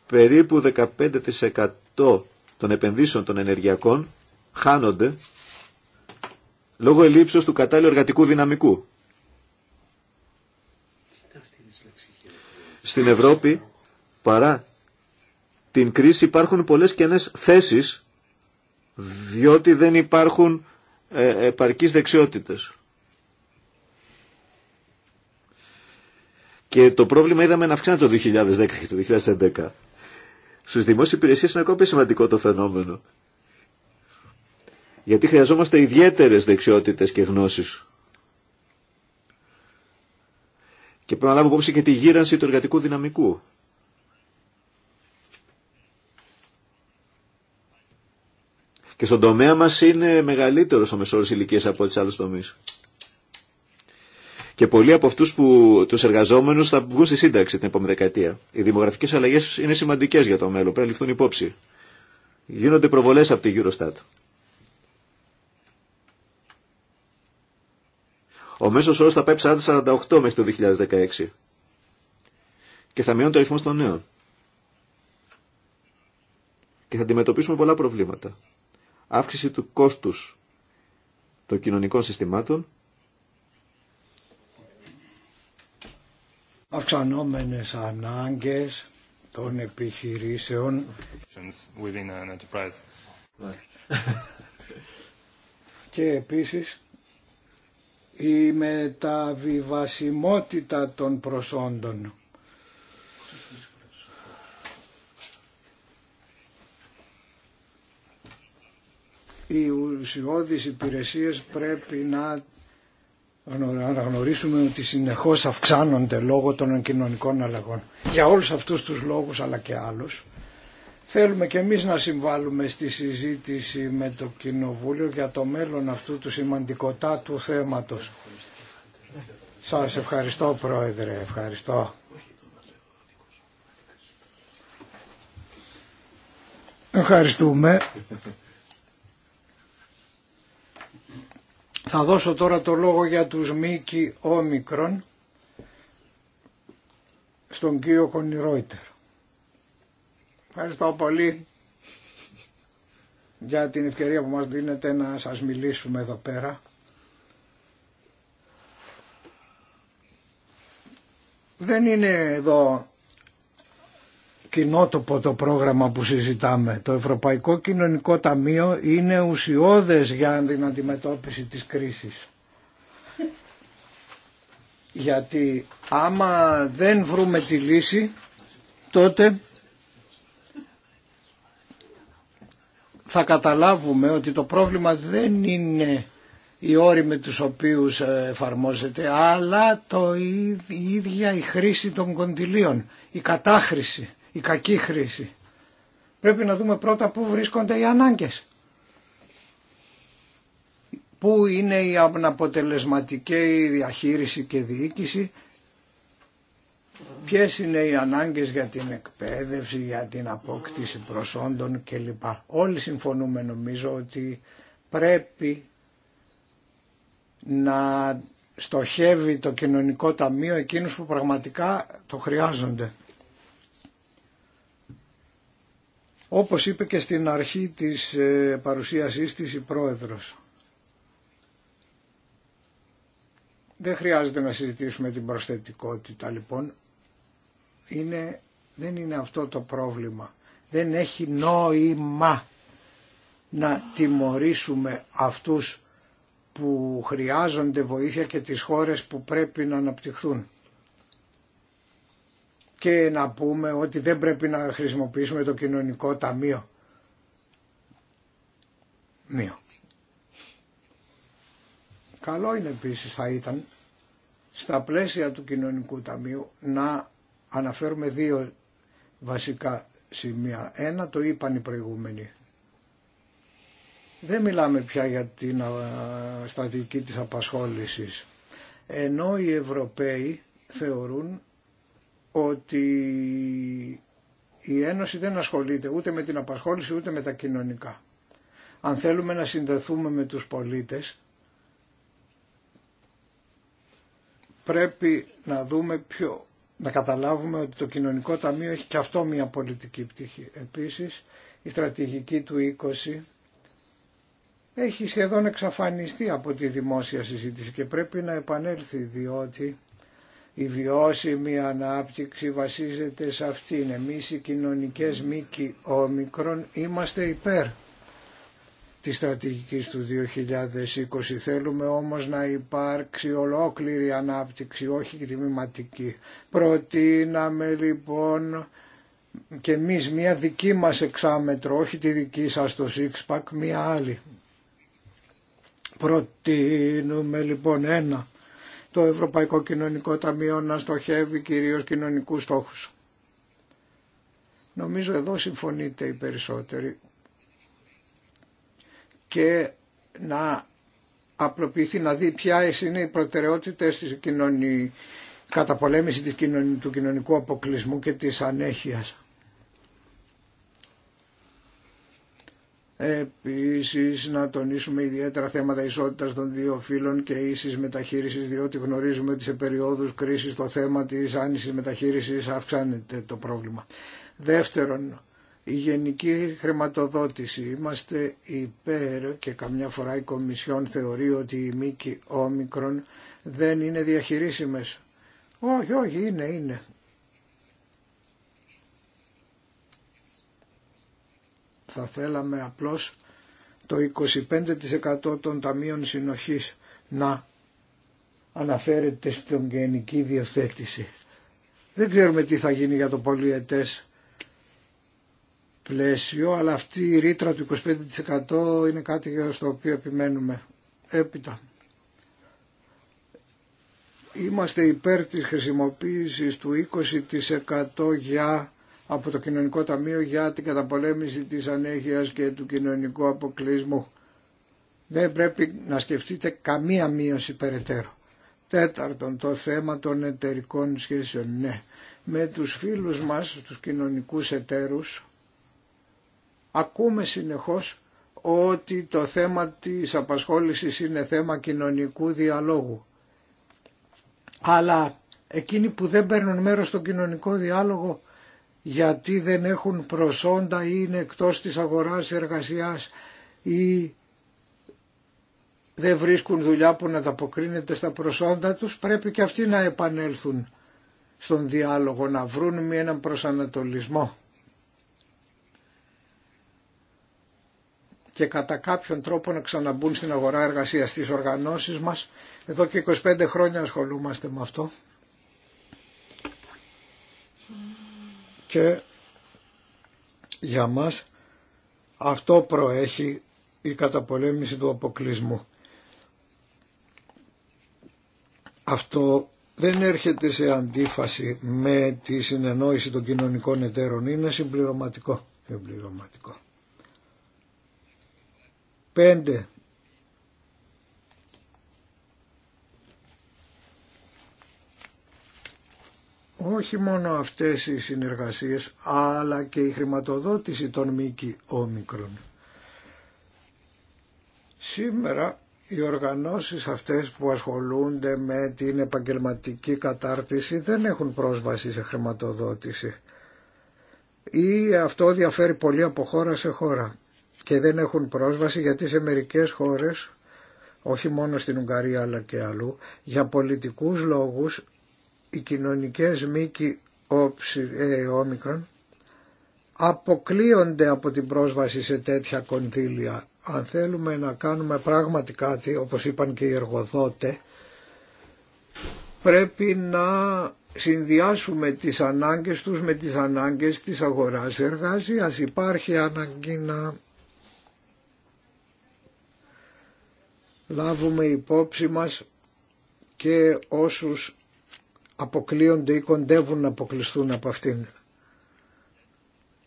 Περίπου 15% των επενδύσεων των ενεργειακών χάνονται λόγω ελλείψεως του κατάλληλου εργατικού δυναμικού. Στην Ευρώπη, παρά την κρίση, υπάρχουν πολλές καινές θέσεις, διότι δεν υπάρχουν ε, επαρκείς δεξιότητες. Και το πρόβλημα είδαμε να αυξάνεται το 2010 και το 2011. Στι δημόσιε υπηρεσίε είναι ακόμα σημαντικό το φαινόμενο. Γιατί χρειαζόμαστε ιδιαίτερε δεξιότητες και γνώσεις. Και πρέπει να λάβουμε υπόψη και τη γύρανση του εργατικού δυναμικού. Και στον τομέα μας είναι μεγαλύτερος ο μεσόρος ηλικίας από τις άλλες τομείς. Και πολλοί από αυτού που του εργαζόμενου θα βγουν στη σύνταξη την επόμενη δεκαετία. Οι δημογραφικέ αλλαγέ είναι σημαντικέ για το μέλλον, πρέπει να ληφθούν υπόψη. Γίνονται προβολέ από τη Eurostat. Ο μέσο όρο θα παει 40-48 μέχρι το 2016. Και θα μειώνει το αριθμό των νέων. Και θα αντιμετωπίσουμε πολλά προβλήματα. Αύξηση του κόστου των κοινωνικών συστημάτων αυξανόμενες ανάγκες των επιχειρήσεων και επίσης η μεταβιβασιμότητα των προσόντων. Οι ουσιώδεις υπηρεσίες πρέπει να αναγνωρίσουμε ότι συνεχώς αυξάνονται λόγω των κοινωνικών αλλαγών. Για όλους αυτούς τους λόγους αλλά και άλλους θέλουμε και εμείς να συμβάλλουμε στη συζήτηση με το Κοινοβούλιο για το μέλλον αυτού του σημαντικοτάτου θέματος. Σας ευχαριστώ Πρόεδρε, ευχαριστώ. Ευχαριστούμε. Θα δώσω τώρα το λόγο για τους μήκη όμικρον στον κύριο Κονιρόιτερ. Ευχαριστώ πολύ για την ευκαιρία που μας δίνετε να σας μιλήσουμε εδώ πέρα. Δεν είναι εδώ κοινότοπο το πρόγραμμα που συζητάμε. Το Ευρωπαϊκό Κοινωνικό Ταμείο είναι ουσιώδες για την αντιμετώπιση της κρίσης. Γιατί άμα δεν βρούμε τη λύση τότε θα καταλάβουμε ότι το πρόβλημα δεν είναι οι όροι με τους οποίους ε, εφαρμόζεται, αλλά το, η ίδια η χρήση των κοντιλίων, η κατάχρηση η κακή χρήση. Πρέπει να δούμε πρώτα πού βρίσκονται οι ανάγκες. Πού είναι η αναποτελεσματική διαχείριση και διοίκηση. Ποιες είναι οι ανάγκες για την εκπαίδευση, για την απόκτηση προσόντων κλπ. Όλοι συμφωνούμε νομίζω ότι πρέπει να στοχεύει το κοινωνικό ταμείο εκείνους που πραγματικά το χρειάζονται. Όπως είπε και στην αρχή της ε, παρουσίασής της η Πρόεδρος. Δεν χρειάζεται να συζητήσουμε την προσθετικότητα λοιπόν. Είναι, δεν είναι αυτό το πρόβλημα. Δεν έχει νόημα να τιμωρήσουμε αυτούς που χρειάζονται βοήθεια και τις χώρες που πρέπει να αναπτυχθούν και να πούμε ότι δεν πρέπει να χρησιμοποιήσουμε το κοινωνικό ταμείο. Μείο. Καλό είναι επίσης θα ήταν στα πλαίσια του κοινωνικού ταμείου να αναφέρουμε δύο βασικά σημεία. Ένα το είπαν οι προηγούμενοι. Δεν μιλάμε πια για την στατική της απασχόλησης. Ενώ οι Ευρωπαίοι θεωρούν ότι η Ένωση δεν ασχολείται ούτε με την απασχόληση ούτε με τα κοινωνικά. Αν θέλουμε να συνδεθούμε με τους πολίτες πρέπει να δούμε να καταλάβουμε ότι το κοινωνικό ταμείο έχει και αυτό μια πολιτική πτυχή. Επίσης η στρατηγική του 20 έχει σχεδόν εξαφανιστεί από τη δημόσια συζήτηση και πρέπει να επανέλθει διότι η βιώσιμη ανάπτυξη βασίζεται σε αυτήν. Εμείς οι κοινωνικές μήκοι όμικρον είμαστε υπέρ της στρατηγικής του 2020. Θέλουμε όμως να υπάρξει ολόκληρη ανάπτυξη, όχι τμήματική. Προτείναμε λοιπόν και εμεί, μία δική μας εξάμετρο, όχι τη δική σας το six μία άλλη. Προτείνουμε λοιπόν ένα το Ευρωπαϊκό Κοινωνικό Ταμείο να στοχεύει κυρίως κοινωνικούς στόχους. Νομίζω εδώ συμφωνείτε οι περισσότεροι και να απλοποιηθεί, να δει ποια είναι οι προτεραιότητες της κοινωνικής καταπολέμηση του κοινωνικού αποκλεισμού και της ανέχειας. Επίσης να τονίσουμε ιδιαίτερα θέματα ισότητας των δύο φύλων και ίσης μεταχείρισης διότι γνωρίζουμε ότι σε περιόδους κρίσης το θέμα της άνησης μεταχείρισης αυξάνεται το πρόβλημα. Δεύτερον, η γενική χρηματοδότηση. Είμαστε υπέρ και καμιά φορά η Κομισιόν θεωρεί ότι οι μήκοι όμικρον δεν είναι διαχειρίσιμες. Όχι, όχι, είναι, είναι. Θα θέλαμε απλώς το 25% των ταμείων συνοχής να αναφέρεται στην γενική διευθέτηση. Δεν ξέρουμε τι θα γίνει για το πολυετές πλαίσιο, αλλά αυτή η ρήτρα του 25% είναι κάτι στο οποίο επιμένουμε έπειτα. Είμαστε υπέρ της χρησιμοποίησης του 20% για από το Κοινωνικό Ταμείο για την καταπολέμηση της ανέχειας και του κοινωνικού αποκλεισμού. Δεν πρέπει να σκεφτείτε καμία μείωση περαιτέρω. Τέταρτον, το θέμα των εταιρικών σχέσεων. Ναι, με τους φίλους μας, τους κοινωνικούς εταίρους, ακούμε συνεχώς ότι το θέμα της απασχόλησης είναι θέμα κοινωνικού διαλόγου. Αλλά εκείνοι που δεν παίρνουν μέρος στο κοινωνικό διάλογο γιατί δεν έχουν προσόντα ή είναι εκτός της αγοράς εργασιάς ή δεν βρίσκουν δουλειά που να αποκρίνεται στα προσόντα τους, πρέπει και αυτοί να επανέλθουν στον διάλογο, να βρουν μία έναν προσανατολισμό. και κατά κάποιον τρόπο να ξαναμπούν στην αγορά εργασίας στις οργανώσεις μας. Εδώ και 25 χρόνια ασχολούμαστε με αυτό. και για μας αυτό προέχει η καταπολέμηση του αποκλεισμού. Αυτό δεν έρχεται σε αντίφαση με τη συνεννόηση των κοινωνικών εταίρων, είναι συμπληρωματικό. συμπληρωματικό. όχι μόνο αυτές οι συνεργασίες αλλά και η χρηματοδότηση των μήκη όμικρων. Σήμερα οι οργανώσεις αυτές που ασχολούνται με την επαγγελματική κατάρτιση δεν έχουν πρόσβαση σε χρηματοδότηση ή αυτό διαφέρει πολύ από χώρα σε χώρα και δεν έχουν πρόσβαση γιατί σε μερικές χώρες όχι μόνο στην Ουγγαρία αλλά και αλλού, για πολιτικούς λόγους οι κοινωνικές μήκη ε, όμικρον αποκλείονται από την πρόσβαση σε τέτοια κονδύλια. Αν θέλουμε να κάνουμε πράγματι κάτι, όπως είπαν και οι εργοδότε, πρέπει να συνδυάσουμε τις ανάγκες τους με τις ανάγκες της αγοράς εργασίας. Υπάρχει ανάγκη να λάβουμε υπόψη μας και όσους αποκλείονται ή κοντεύουν να αποκλειστούν από αυτήν.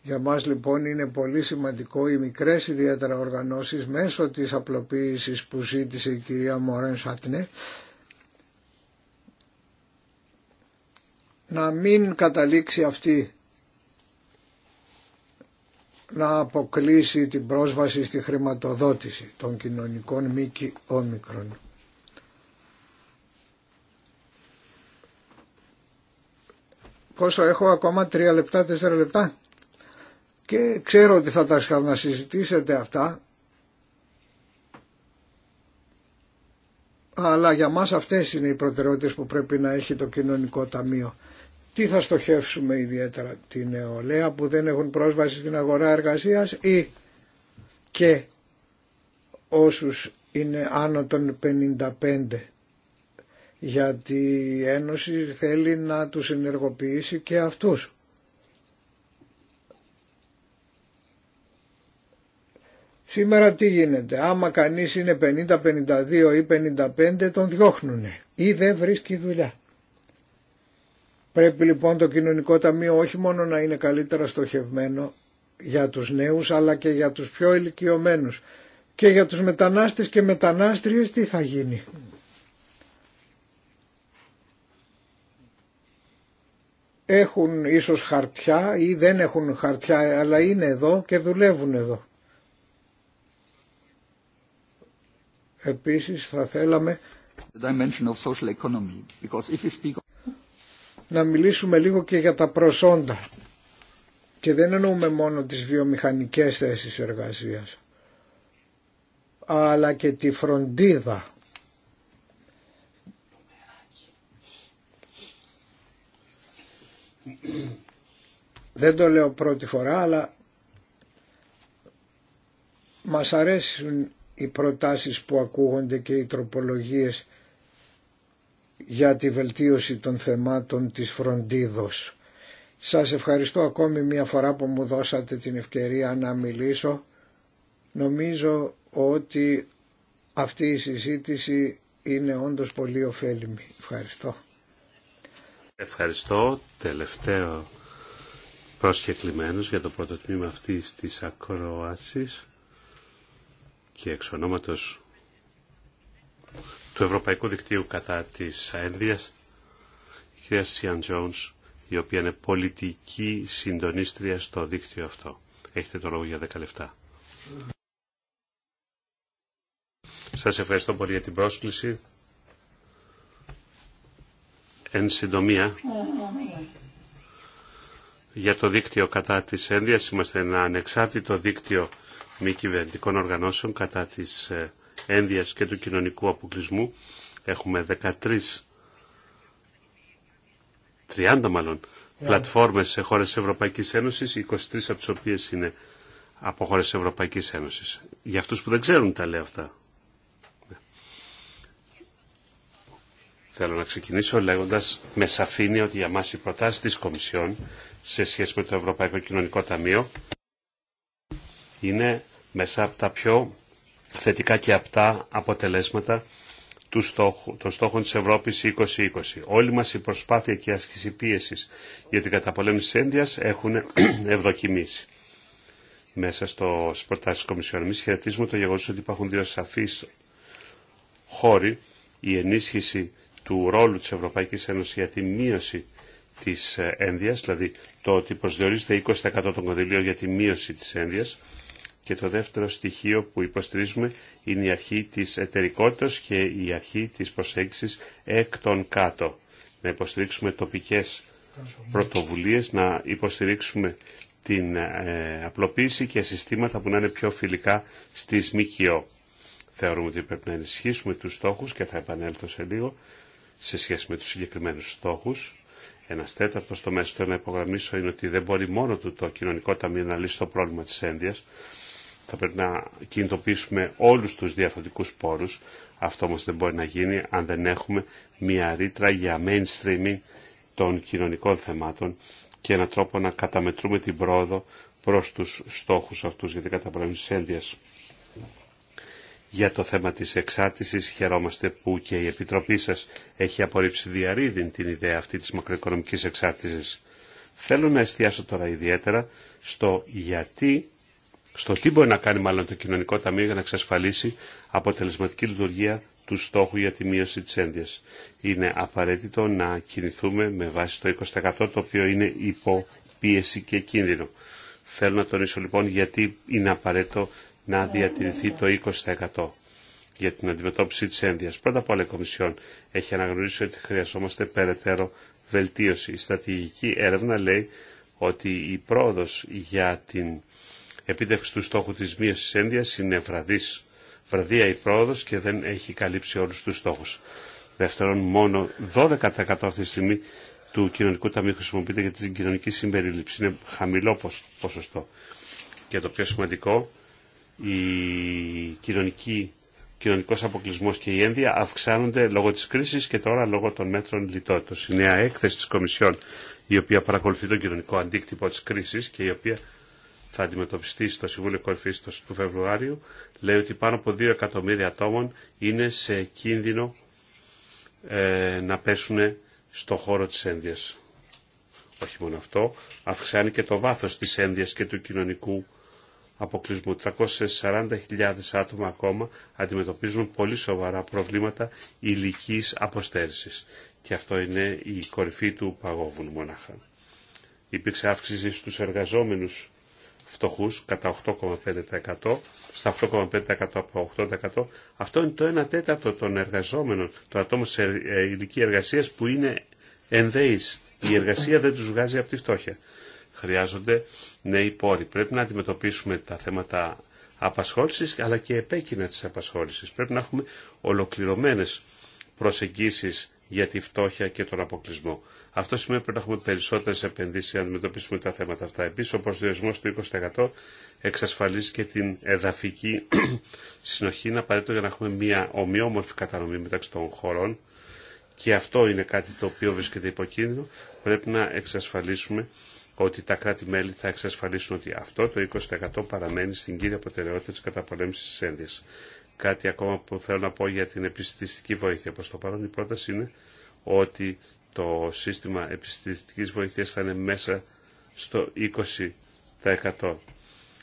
Για μας λοιπόν είναι πολύ σημαντικό οι μικρές ιδιαίτερα οργανώσεις μέσω της απλοποίησης που ζήτησε η κυρία Μωρέν Σατνέ να μην καταλήξει αυτή να αποκλείσει την πρόσβαση στη χρηματοδότηση των κοινωνικών μήκη όμικρων. Πόσο έχω ακόμα, τρία λεπτά, τέσσερα λεπτά. Και ξέρω ότι θα τα να συζητήσετε αυτά, αλλά για μας αυτές είναι οι προτεραιότητες που πρέπει να έχει το κοινωνικό ταμείο. Τι θα στοχεύσουμε ιδιαίτερα, τη νεολαία που δεν έχουν πρόσβαση στην αγορά εργασίας ή και όσους είναι άνω των 55 γιατί η Ένωση θέλει να τους ενεργοποιήσει και αυτούς. Σήμερα τι γίνεται, άμα κανείς είναι 50, 52 ή 55 τον διώχνουνε ή δεν βρίσκει δουλειά. Πρέπει λοιπόν το κοινωνικό ταμείο όχι μόνο να είναι καλύτερα στοχευμένο για τους νέους αλλά και για τους πιο ηλικιωμένους και για τους μετανάστες και μετανάστριες τι θα γίνει. έχουν ίσως χαρτιά ή δεν έχουν χαρτιά αλλά είναι εδώ και δουλεύουν εδώ. Επίσης θα θέλαμε να μιλήσουμε λίγο και για τα προσόντα και δεν εννοούμε μόνο τις βιομηχανικές θέσεις εργασίας αλλά και τη φροντίδα Δεν το λέω πρώτη φορά, αλλά μας αρέσουν οι προτάσεις που ακούγονται και οι τροπολογίες για τη βελτίωση των θεμάτων της φροντίδος. Σας ευχαριστώ ακόμη μία φορά που μου δώσατε την ευκαιρία να μιλήσω. Νομίζω ότι αυτή η συζήτηση είναι όντως πολύ ωφέλιμη. Ευχαριστώ. Ευχαριστώ. Τελευταίο προσκεκλημένος για το πρώτο τμήμα αυτής της ακροάσης και εξ του Ευρωπαϊκού Δικτύου κατά της Αένδιας, η κυρία Σιαν Τζόνς, η οποία είναι πολιτική συντονίστρια στο δίκτυο αυτό. Έχετε το λόγο για 10 λεπτά. Σας ευχαριστώ πολύ για την πρόσκληση εν συντομία για το δίκτυο κατά της ένδυας. Είμαστε ένα ανεξάρτητο δίκτυο μη κυβερνητικών οργανώσεων κατά της ε, ένδυας και του κοινωνικού αποκλεισμού. Έχουμε 13, 30 μάλλον, yeah. Ναι. πλατφόρμες σε χώρες Ευρωπαϊκής Ένωσης, 23 από τις οποίες είναι από χώρες Ευρωπαϊκής Ένωσης. Για αυτούς που δεν ξέρουν τα λέω αυτά. Θέλω να ξεκινήσω λέγοντας με σαφήνεια ότι για μας οι προτάσει τη Κομισιόν σε σχέση με το Ευρωπαϊκό Κοινωνικό Ταμείο είναι μέσα από τα πιο θετικά και απτά αποτελέσματα του στόχου, των στόχων της Ευρώπης 2020. Όλη μας η προσπάθεια και η άσκηση πίεσης για την καταπολέμηση της έχουν ευδοκιμήσει. Μέσα στο προτάσεις της Κομισιόν εμείς χαιρετίζουμε το γεγονός ότι υπάρχουν δύο σαφείς χώροι, η ενίσχυση του ρόλου της Ευρωπαϊκής Ένωσης για τη μείωση της ε, ένδειας, δηλαδή το ότι προσδιορίζεται 20% των κονδυλίων για τη μείωση της ένδειας Και το δεύτερο στοιχείο που υποστηρίζουμε είναι η αρχή της εταιρικότητας και η αρχή της προσέγγισης εκ των κάτω. Να υποστηρίξουμε τοπικές πρωτοβουλίες, να υποστηρίξουμε την ε, απλοποίηση και συστήματα που να είναι πιο φιλικά στις ΜΚΟ. Θεωρούμε ότι πρέπει να ενισχύσουμε τους στόχους και θα επανέλθω σε λίγο σε σχέση με τους συγκεκριμένους στόχους. Ένα τέταρτο στο μέσο θέλω να υπογραμμίσω είναι ότι δεν μπορεί μόνο του το κοινωνικό ταμείο να λύσει το πρόβλημα της ένδυας. Θα πρέπει να κινητοποιήσουμε όλους τους διαφορετικούς πόρους. Αυτό όμως δεν μπορεί να γίνει αν δεν έχουμε μια ρήτρα για mainstreaming των κοινωνικών θεμάτων και έναν τρόπο να καταμετρούμε την πρόοδο προς τους στόχους αυτούς για την καταπολέμηση της για το θέμα της εξάρτησης. Χαιρόμαστε που και η Επιτροπή σας έχει απορρίψει διαρρήδην την ιδέα αυτή της μακροοικονομικής εξάρτησης. Θέλω να εστιάσω τώρα ιδιαίτερα στο γιατί, στο τι μπορεί να κάνει μάλλον το Κοινωνικό Ταμείο για να εξασφαλίσει αποτελεσματική λειτουργία του στόχου για τη μείωση της ένδυας. Είναι απαραίτητο να κινηθούμε με βάση το 20% το οποίο είναι υπό πίεση και κίνδυνο. Θέλω να τονίσω λοιπόν γιατί είναι απαραίτητο να διατηρηθεί το 20% για την αντιμετώπιση της ένδυας. Πρώτα απ' όλα η Κομισιόν έχει αναγνωρίσει ότι χρειαζόμαστε περαιτέρω βελτίωση. Η στρατηγική έρευνα λέει ότι η πρόοδος για την επίτευξη του στόχου της μείωσης ένδυας είναι βραδής. Βραδία η πρόοδος και δεν έχει καλύψει όλους τους στόχους. Δεύτερον, μόνο 12% αυτή τη στιγμή του κοινωνικού ταμείου χρησιμοποιείται για την κοινωνική συμπερίληψη. Είναι χαμηλό ποσοστό. Και το πιο σημαντικό η κοινωνική, κοινωνικός αποκλεισμός και η ένδια αυξάνονται λόγω της κρίσης και τώρα λόγω των μέτρων λιτότητας. Η νέα έκθεση της Κομισιόν η οποία παρακολουθεί τον κοινωνικό αντίκτυπο της κρίσης και η οποία θα αντιμετωπιστεί στο Συμβούλιο Κορυφής του Φεβρουάριου λέει ότι πάνω από 2 εκατομμύρια ατόμων είναι σε κίνδυνο ε, να πέσουν στο χώρο της ένδυας. Όχι μόνο αυτό, αυξάνει και το βάθος της ένδυας και του κοινωνικού αποκλεισμού. 340.000 άτομα ακόμα αντιμετωπίζουν πολύ σοβαρά προβλήματα υλικής αποστέρησης. Και αυτό είναι η κορυφή του παγόβουνου μονάχα. Υπήρξε αύξηση στους εργαζόμενους φτωχούς κατά 8,5% στα 8,5% από 8%. Αυτό είναι το 1 τέταρτο των εργαζόμενων, των ατόμων σε ε, ηλική εργασίας που είναι ενδέης. Η εργασία δεν τους βγάζει από τη φτώχεια. Χρειάζονται νέοι πόροι. Πρέπει να αντιμετωπίσουμε τα θέματα απασχόλησης αλλά και επέκεινα της απασχόλησης. Πρέπει να έχουμε ολοκληρωμένες προσεγγίσεις για τη φτώχεια και τον αποκλεισμό. Αυτό σημαίνει πρέπει να έχουμε περισσότερε επενδύσει για να αντιμετωπίσουμε τα θέματα αυτά. Επίση, ο προσδιορισμό του 20% εξασφαλίζει και την εδαφική συνοχή. Είναι απαραίτητο για να έχουμε μια ομοιόμορφη κατανομή μεταξύ των χωρών και αυτό είναι κάτι το οποίο βρίσκεται υποκίνδυνο. Πρέπει να εξασφαλίσουμε ότι τα κράτη-μέλη θα εξασφαλίσουν ότι αυτό το 20% παραμένει στην κύρια προτεραιότητα της καταπολέμησης της ένδυας. Κάτι ακόμα που θέλω να πω για την επιστημιστική βοήθεια. Προς το παρόν η πρόταση είναι ότι το σύστημα επιστημιστικής βοήθειας θα είναι μέσα στο 20%.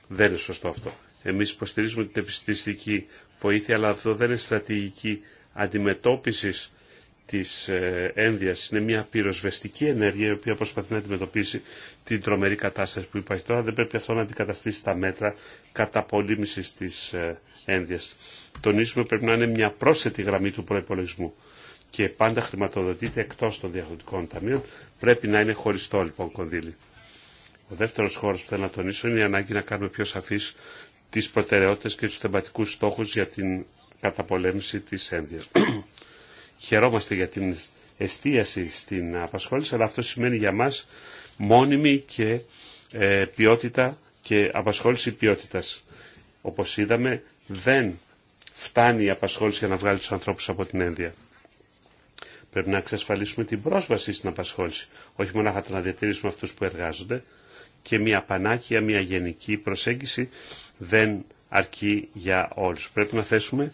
Δεν είναι σωστό αυτό. Εμείς υποστηρίζουμε την επιστημιστική βοήθεια, αλλά αυτό δεν είναι στρατηγική αντιμετώπισης της ε, ένδυας. Είναι μια πυροσβεστική ενέργεια η οποία προσπαθεί να αντιμετωπίσει την τρομερή κατάσταση που υπάρχει τώρα. Δεν πρέπει αυτό να αντικαταστήσει τα μέτρα πολίμησης της ε, ένδυας. Τονίζουμε πρέπει να είναι μια πρόσθετη γραμμή του προπολογισμού και πάντα χρηματοδοτείται εκτός των διαχρονικών ταμείων. Πρέπει να είναι χωριστό λοιπόν κονδύλι. Ο δεύτερος χώρος που θέλω να τονίσω είναι η ανάγκη να κάνουμε πιο σαφείς τις προτεραιότητε και τους θεματικού στόχους για την καταπολέμηση τη ένδυα. Χαιρόμαστε για την εστίαση στην απασχόληση, αλλά αυτό σημαίνει για μας μόνιμη και ε, ποιότητα και απασχόληση ποιότητας. Όπως είδαμε, δεν φτάνει η απασχόληση για να βγάλει τους ανθρώπους από την ένδια. Πρέπει να εξασφαλίσουμε την πρόσβαση στην απασχόληση, όχι μόνο το να διατηρήσουμε αυτούς που εργάζονται και μια πανάκια, μια γενική προσέγγιση δεν αρκεί για όλους. Πρέπει να θέσουμε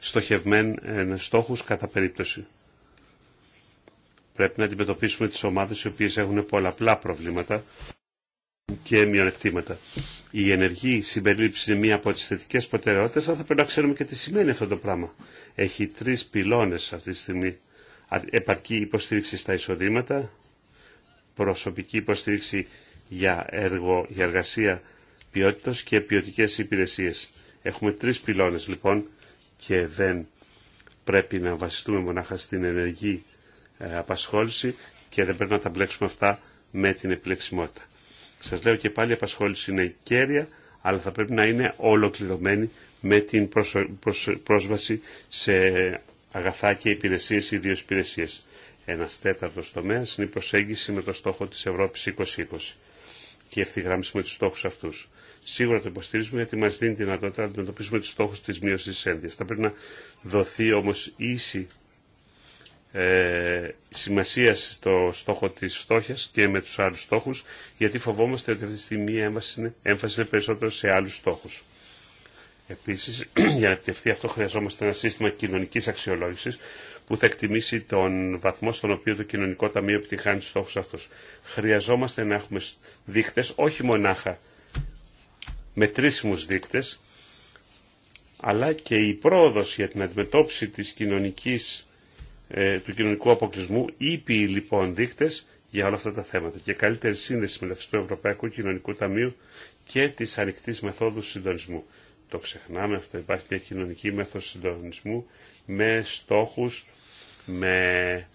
στοχευμένους ε, στόχους κατά περίπτωση. Πρέπει να αντιμετωπίσουμε τις ομάδες οι οποίες έχουν πολλαπλά προβλήματα και μειονεκτήματα. Η ενεργή συμπερίληψη είναι μία από τις θετικές προτεραιότητες, αλλά θα πρέπει να ξέρουμε και τι σημαίνει αυτό το πράγμα. Έχει τρεις πυλώνες αυτή τη στιγμή. Επαρκή υποστήριξη στα εισοδήματα, προσωπική υποστήριξη για, έργο, εργασία ποιότητας και ποιοτικές υπηρεσίες. Έχουμε τρεις πυλώνες λοιπόν και δεν πρέπει να βασιστούμε μονάχα στην ενεργή ε, απασχόληση και δεν πρέπει να τα μπλέξουμε αυτά με την επιλεξιμότητα. Σας λέω και πάλι η απασχόληση είναι κέρια, αλλά θα πρέπει να είναι ολοκληρωμένη με την πρόσβαση σε αγαθά και υπηρεσίες, ιδίω υπηρεσίες. Ένας τέταρτος τομέας είναι η προσέγγιση με το στόχο της Ευρώπης 2020 και ευθυγράμμιση με τους στόχους αυτούς σίγουρα το υποστηρίζουμε γιατί μας δίνει τη δυνατότητα να αντιμετωπίσουμε τους στόχους της μείωσης της ένδυας. Θα πρέπει να δοθεί όμως ίση ε, σημασία στο στόχο της φτώχειας και με τους άλλου στόχους γιατί φοβόμαστε ότι αυτή τη στιγμή η έμφαση είναι, έμφαση περισσότερο σε άλλους στόχους. Επίσης, για να επιτευχθεί αυτό χρειαζόμαστε ένα σύστημα κοινωνικής αξιολόγησης που θα εκτιμήσει τον βαθμό στον οποίο το κοινωνικό ταμείο επιτυχάνει του στόχους αυτούς. Χρειαζόμαστε να έχουμε όχι μονάχα μετρήσιμους δείκτες, αλλά και η πρόοδος για την αντιμετώπιση της κοινωνικής, ε, του κοινωνικού αποκλεισμού, ήπιοι λοιπόν δείκτες για όλα αυτά τα θέματα και καλύτερη σύνδεση μεταξύ του Ευρωπαϊκού Κοινωνικού Ταμείου και της ανοιχτής μεθόδου συντονισμού. Το ξεχνάμε αυτό, υπάρχει μια κοινωνική μέθοδο συντονισμού με στόχους, με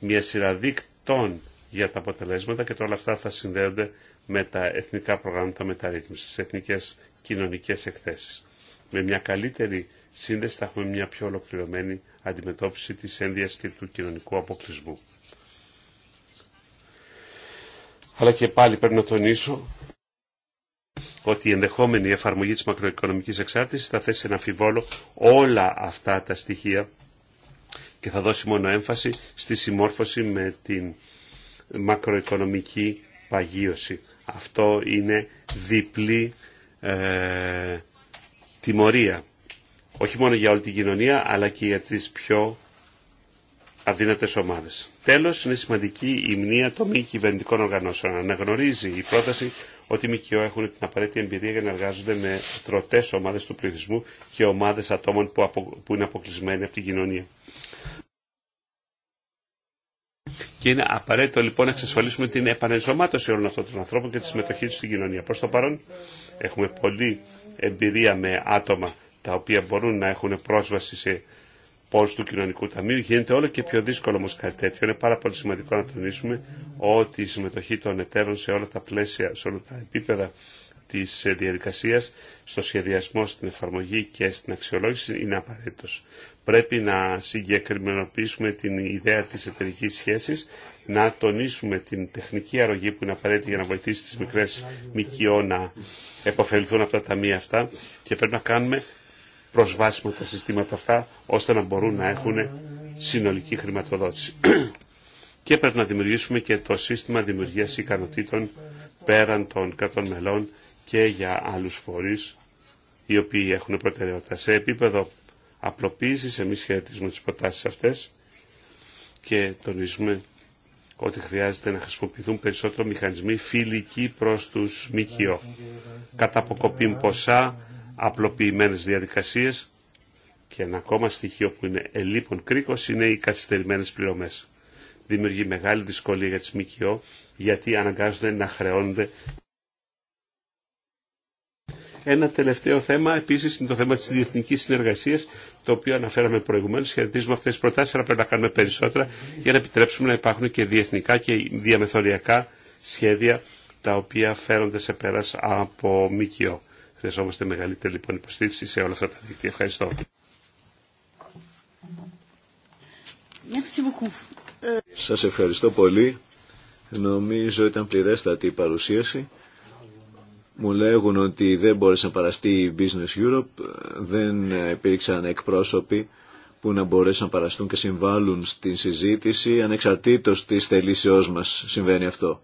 μια σειρά δείκτων για τα αποτελέσματα και όλα αυτά θα συνδέονται με τα εθνικά προγράμματα μεταρρύθμισης, τις εθνικές κοινωνικές εκθέσεις. Με μια καλύτερη σύνδεση θα έχουμε μια πιο ολοκληρωμένη αντιμετώπιση της ένδυας και του κοινωνικού αποκλεισμού. Αλλά και πάλι πρέπει να τονίσω ότι η ενδεχόμενη εφαρμογή της μακροοικονομικής εξάρτησης θα θέσει ένα αμφιβόλο όλα αυτά τα στοιχεία και θα δώσει μόνο έμφαση στη συμμόρφωση με την μακροοικονομική παγίωση. Αυτό είναι διπλή ε, τιμωρία. Όχι μόνο για όλη την κοινωνία, αλλά και για τις πιο αδύνατες ομάδες. Τέλος, είναι σημαντική η μνήμα των μη κυβερνητικών οργανώσεων. Αναγνωρίζει η πρόταση ότι οι ΜΚΟ έχουν την απαραίτητη εμπειρία για να εργάζονται με τροτές ομάδες του πληθυσμού και ομάδες ατόμων που, που είναι αποκλεισμένοι από την κοινωνία. Και είναι απαραίτητο λοιπόν να εξασφαλίσουμε την επανεζωμάτωση όλων αυτών των ανθρώπων και τη συμμετοχή του στην κοινωνία. Προ το παρόν έχουμε πολλή εμπειρία με άτομα τα οποία μπορούν να έχουν πρόσβαση σε πόρου του κοινωνικού ταμείου. Γίνεται όλο και πιο δύσκολο όμω κάτι τέτοιο. Είναι πάρα πολύ σημαντικό να τονίσουμε ότι η συμμετοχή των εταίρων σε όλα τα πλαίσια, σε όλα τα επίπεδα τη ε, διαδικασία, στο σχεδιασμό, στην εφαρμογή και στην αξιολόγηση είναι απαραίτητο. Πρέπει να συγκεκριμενοποιήσουμε την ιδέα της εταιρικής σχέσης, να τονίσουμε την τεχνική αρρωγή που είναι απαραίτητη για να βοηθήσει τις μικρές ΜΚΟ να επωφεληθούν από τα ταμεία αυτά και πρέπει να κάνουμε προσβάσιμα τα συστήματα αυτά ώστε να μπορούν να έχουν συνολική χρηματοδότηση. και πρέπει να δημιουργήσουμε και το σύστημα δημιουργίας ικανοτήτων πέραν των κρατών μελών και για άλλους φορείς οι οποίοι έχουν προτεραιότητα. Σε επίπεδο Απλοποίηση Εμείς χαιρετίζουμε τις προτάσεις αυτές και τονίζουμε ότι χρειάζεται να χρησιμοποιηθούν περισσότερο μηχανισμοί φιλικοί προς τους ΜΚΟ. Κατά αποκοπήν ποσά, απλοποιημένες διαδικασίες και ένα ακόμα στοιχείο που είναι ελλείπων κρίκος είναι οι καθυστερημένες πληρωμές. Δημιουργεί μεγάλη δυσκολία για τις ΜΚΟ γιατί αναγκάζονται να χρεώνονται ένα τελευταίο θέμα επίσης είναι το θέμα της διεθνικής συνεργασία, το οποίο αναφέραμε προηγουμένως. Χαιρετίζουμε αυτές τις προτάσεις, αλλά πρέπει να κάνουμε περισσότερα για να επιτρέψουμε να υπάρχουν και διεθνικά και διαμεθοριακά σχέδια τα οποία φέρονται σε πέρα από ΜΚΟ. Χρειαζόμαστε μεγαλύτερη λοιπόν υποστήριξη σε όλα αυτά τα δίκτυα. Ευχαριστώ. Σας ευχαριστώ πολύ. Νομίζω ήταν πληρέστατη η παρουσίαση μου λέγουν ότι δεν μπόρεσαν να παραστεί η Business Europe, δεν υπήρξαν εκπρόσωποι που να μπορέσουν να παραστούν και συμβάλλουν στην συζήτηση ανεξαρτήτως της θελήσεώς μας συμβαίνει αυτό.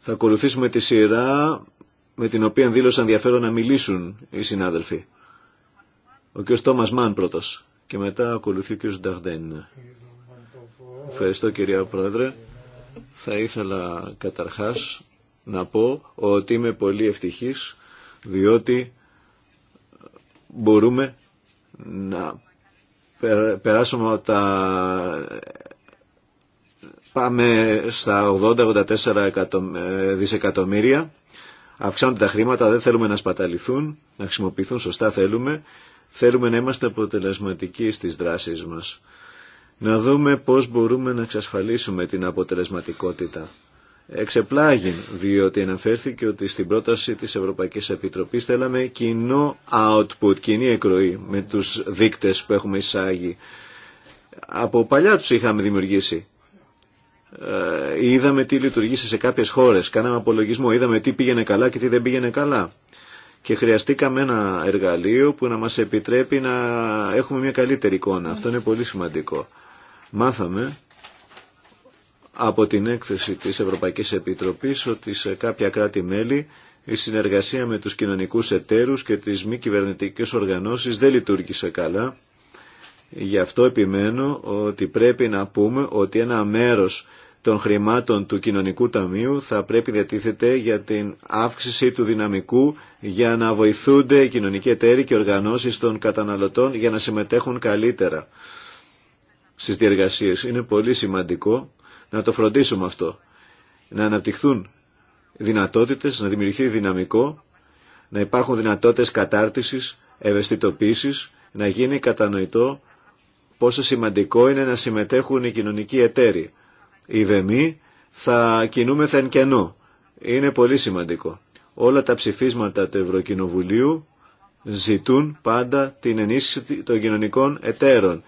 Θα ακολουθήσουμε τη σειρά με την οποία δήλωσαν ενδιαφέρον να μιλήσουν οι συνάδελφοι. Ο κ. Τόμας Μαν πρώτος και μετά ακολουθεί ο κ. Νταρντέν. Ευχαριστώ κυρία Πρόεδρε. Θα ήθελα καταρχάς να πω ότι είμαι πολύ ευτυχής διότι μπορούμε να περάσουμε τα... Πάμε στα 80-84 ε, δισεκατομμύρια. Αυξάνονται τα χρήματα, δεν θέλουμε να σπαταληθούν, να χρησιμοποιηθούν σωστά θέλουμε. Θέλουμε να είμαστε αποτελεσματικοί στις δράσεις μας να δούμε πώς μπορούμε να εξασφαλίσουμε την αποτελεσματικότητα. Εξεπλάγει, διότι αναφέρθηκε ότι στην πρόταση της Ευρωπαϊκής Επιτροπής θέλαμε κοινό output, κοινή εκροή με τους δείκτες που έχουμε εισάγει. Από παλιά τους είχαμε δημιουργήσει. Ε, είδαμε τι λειτουργήσε σε κάποιες χώρες, κάναμε απολογισμό, είδαμε τι πήγαινε καλά και τι δεν πήγαινε καλά και χρειαστήκαμε ένα εργαλείο που να μας επιτρέπει να έχουμε μια καλύτερη εικόνα. Αυτό είναι πολύ σημαντικό. Μάθαμε από την έκθεση της Ευρωπαϊκής Επιτροπής ότι σε κάποια κράτη-μέλη η συνεργασία με τους κοινωνικούς εταίρους και τις μη κυβερνητικές οργανώσεις δεν λειτουργήσε καλά. Γι' αυτό επιμένω ότι πρέπει να πούμε ότι ένα μέρος των χρημάτων του Κοινωνικού Ταμείου θα πρέπει διατίθεται για την αύξηση του δυναμικού για να βοηθούνται οι κοινωνικοί εταίροι και οργανώσεις των καταναλωτών για να συμμετέχουν καλύτερα στις διεργασίες. Είναι πολύ σημαντικό να το φροντίσουμε αυτό. Να αναπτυχθούν δυνατότητες, να δημιουργηθεί δυναμικό, να υπάρχουν δυνατότητες κατάρτισης, ευαισθητοποίησης, να γίνει κατανοητό πόσο σημαντικό είναι να συμμετέχουν οι κοινωνικοί εταίροι. Οι δεμοί θα κινούμεθα εν κενό. Είναι πολύ σημαντικό. Όλα τα ψηφίσματα του Ευρωκοινοβουλίου ζητούν πάντα την ενίσχυση των κοινωνικών εταίρων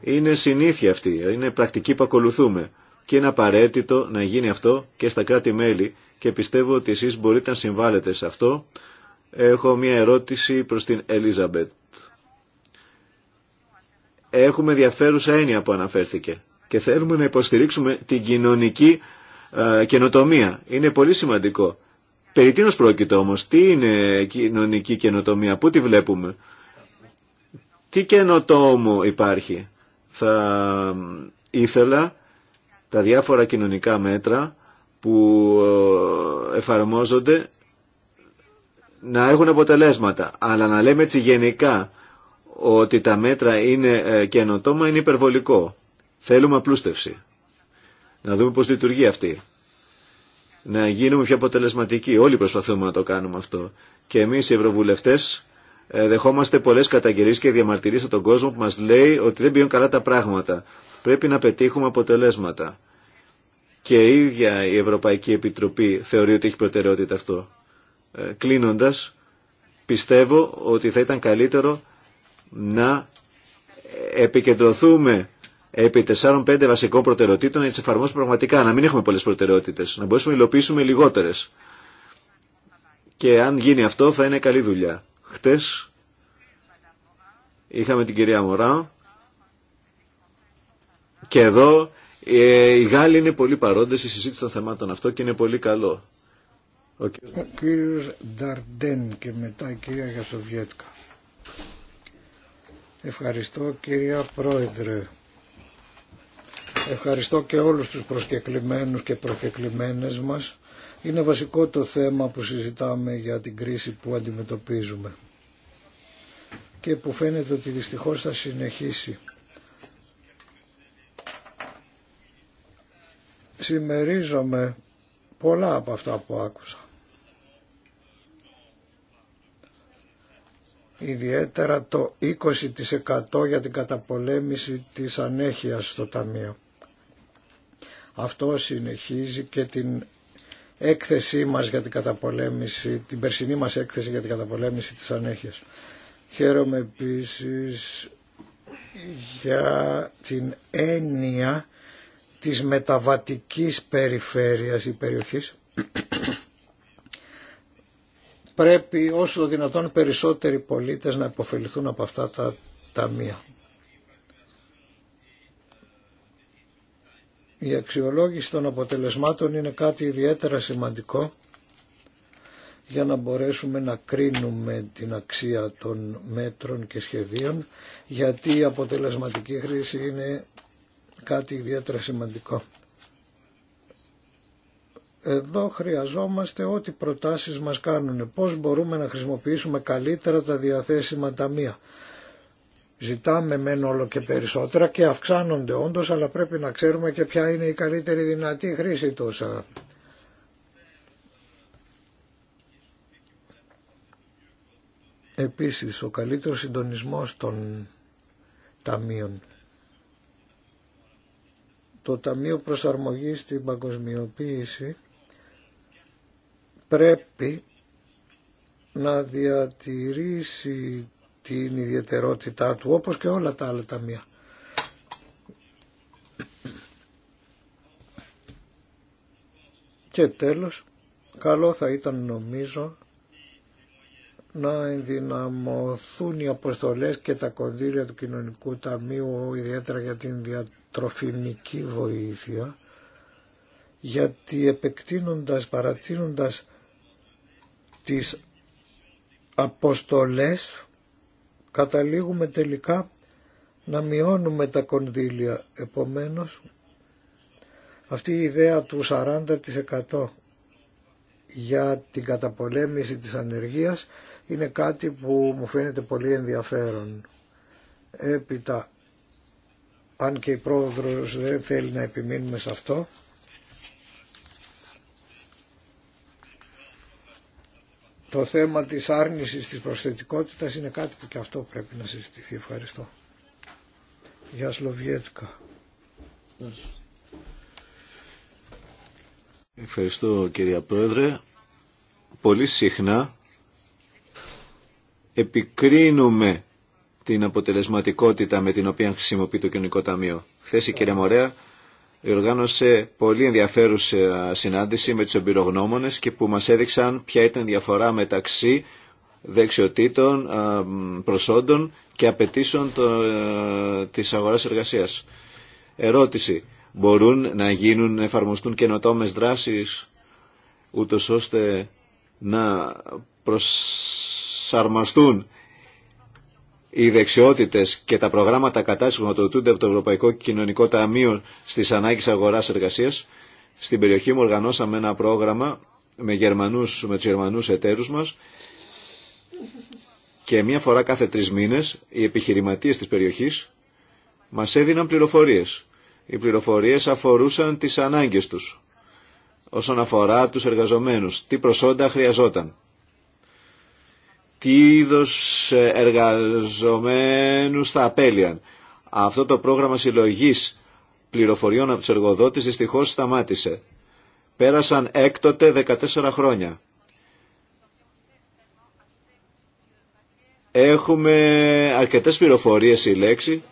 είναι συνήθεια αυτή, είναι πρακτική που ακολουθούμε και είναι απαραίτητο να γίνει αυτό και στα κράτη-μέλη και πιστεύω ότι εσείς μπορείτε να συμβάλλετε σε αυτό. Έχω μία ερώτηση προς την Ελίζαμπετ. Έχουμε ενδιαφέρουσα έννοια που αναφέρθηκε και θέλουμε να υποστηρίξουμε την κοινωνική καινοτομία. Είναι πολύ σημαντικό. Περί τίνος πρόκειται όμως, τι είναι κοινωνική καινοτομία, πού τη βλέπουμε, τι καινοτόμο υπάρχει θα ήθελα τα διάφορα κοινωνικά μέτρα που ε, εφαρμόζονται να έχουν αποτελέσματα. Αλλά να λέμε έτσι γενικά ότι τα μέτρα είναι ε, καινοτόμα είναι υπερβολικό. Θέλουμε απλούστευση. Να δούμε πώς λειτουργεί αυτή. Να γίνουμε πιο αποτελεσματικοί. Όλοι προσπαθούμε να το κάνουμε αυτό. Και εμείς οι ευρωβουλευτές ε, δεχόμαστε πολλέ καταγγελίε και διαμαρτυρίε από τον κόσμο που μα λέει ότι δεν πηγαίνουν καλά τα πράγματα. Πρέπει να πετύχουμε αποτελέσματα. Και η ίδια η Ευρωπαϊκή Επιτροπή θεωρεί ότι έχει προτεραιότητα αυτό. Ε, Κλείνοντα, πιστεύω ότι θα ήταν καλύτερο να επικεντρωθούμε επί 4-5 βασικών προτεραιοτήτων να τι εφαρμόσουμε πραγματικά. Να μην έχουμε πολλέ προτεραιότητε. Να μπορέσουμε να υλοποιήσουμε λιγότερε. Και αν γίνει αυτό θα είναι καλή δουλειά. Χτες είχαμε την κυρία Μωρά και εδώ ε, οι Γάλλοι είναι πολύ παρόντες στη συζήτηση των θεμάτων αυτό και είναι πολύ καλό. Ο κύριος Νταρντέν και μετά η κυρία Γιασοβιέτκα. Ευχαριστώ κυρία Πρόεδρε. Ευχαριστώ και όλους τους προσκεκλημένους και προκεκλημένες μας είναι βασικό το θέμα που συζητάμε για την κρίση που αντιμετωπίζουμε και που φαίνεται ότι δυστυχώς θα συνεχίσει. Σημερίζομαι πολλά από αυτά που άκουσα. Ιδιαίτερα το 20% για την καταπολέμηση της ανέχειας στο Ταμείο. Αυτό συνεχίζει και την έκθεσή μας για την καταπολέμηση, την περσινή μας έκθεση για την καταπολέμηση της ανέχειας. Χαίρομαι επίσης για την έννοια της μεταβατικής περιφέρειας ή περιοχής. Πρέπει όσο δυνατόν περισσότεροι πολίτες να υποφεληθούν από αυτά τα ταμεία. Η αξιολόγηση των αποτελεσμάτων είναι κάτι ιδιαίτερα σημαντικό για να μπορέσουμε να κρίνουμε την αξία των μέτρων και σχεδίων γιατί η αποτελεσματική χρήση είναι κάτι ιδιαίτερα σημαντικό. Εδώ χρειαζόμαστε ό,τι προτάσεις μας κάνουν, πώς μπορούμε να χρησιμοποιήσουμε καλύτερα τα διαθέσιμα ταμεία Ζητάμε μεν όλο και περισσότερα και αυξάνονται όντως, αλλά πρέπει να ξέρουμε και ποια είναι η καλύτερη δυνατή χρήση τους. Επίσης, ο καλύτερος συντονισμός των ταμείων. Το Ταμείο Προσαρμογής στην Παγκοσμιοποίηση πρέπει να διατηρήσει την ιδιαιτερότητά του όπως και όλα τα άλλα ταμεία. Και τέλος, καλό θα ήταν νομίζω να ενδυναμωθούν οι αποστολές και τα κονδύλια του Κοινωνικού Ταμείου ιδιαίτερα για την διατροφιμική βοήθεια γιατί επεκτείνοντας, παρατείνοντας τις αποστολές καταλήγουμε τελικά να μειώνουμε τα κονδύλια. Επομένως, αυτή η ιδέα του 40% για την καταπολέμηση της ανεργίας είναι κάτι που μου φαίνεται πολύ ενδιαφέρον. Έπειτα, αν και η πρόεδρος δεν θέλει να επιμείνουμε σε αυτό, το θέμα της άρνησης της προσθετικότητας είναι κάτι που και αυτό πρέπει να συζητηθεί. Ευχαριστώ. Γεια Σλοβιέτκα. Ευχαριστώ κυρία Πρόεδρε. Πολύ συχνά επικρίνουμε την αποτελεσματικότητα με την οποία χρησιμοποιεί το Κοινωνικό Ταμείο. Χθε η κυρία Μωρέα οργάνωσε πολύ ενδιαφέρουσα συνάντηση με τους εμπειρογνώμονες και που μας έδειξαν ποια ήταν η διαφορά μεταξύ δεξιοτήτων, προσόντων και απαιτήσεων ε, της αγοράς εργασίας. Ερώτηση. Μπορούν να γίνουν, να εφαρμοστούν καινοτόμες δράσεις ούτως ώστε να προσαρμαστούν οι δεξιότητε και τα προγράμματα κατάσταση που χρηματοδοτούνται από το Ευρωπαϊκό Κοινωνικό Ταμείο στι ανάγκε αγορά εργασία. Στην περιοχή μου οργανώσαμε ένα πρόγραμμα με, Γερμανούς, με τους Γερμανούς εταίρους μας και μία φορά κάθε τρει μήνες οι επιχειρηματίες της περιοχής μας έδιναν πληροφορίες. Οι πληροφορίε αφορούσαν τι ανάγκε του, όσον αφορά τους εργαζομένους, τι προσόντα χρειαζόταν τι είδο εργαζομένους θα απέλυαν. Αυτό το πρόγραμμα συλλογή πληροφοριών από του εργοδότε δυστυχώ σταμάτησε. Πέρασαν έκτοτε 14 χρόνια. Έχουμε αρκετές πληροφορίες η λέξη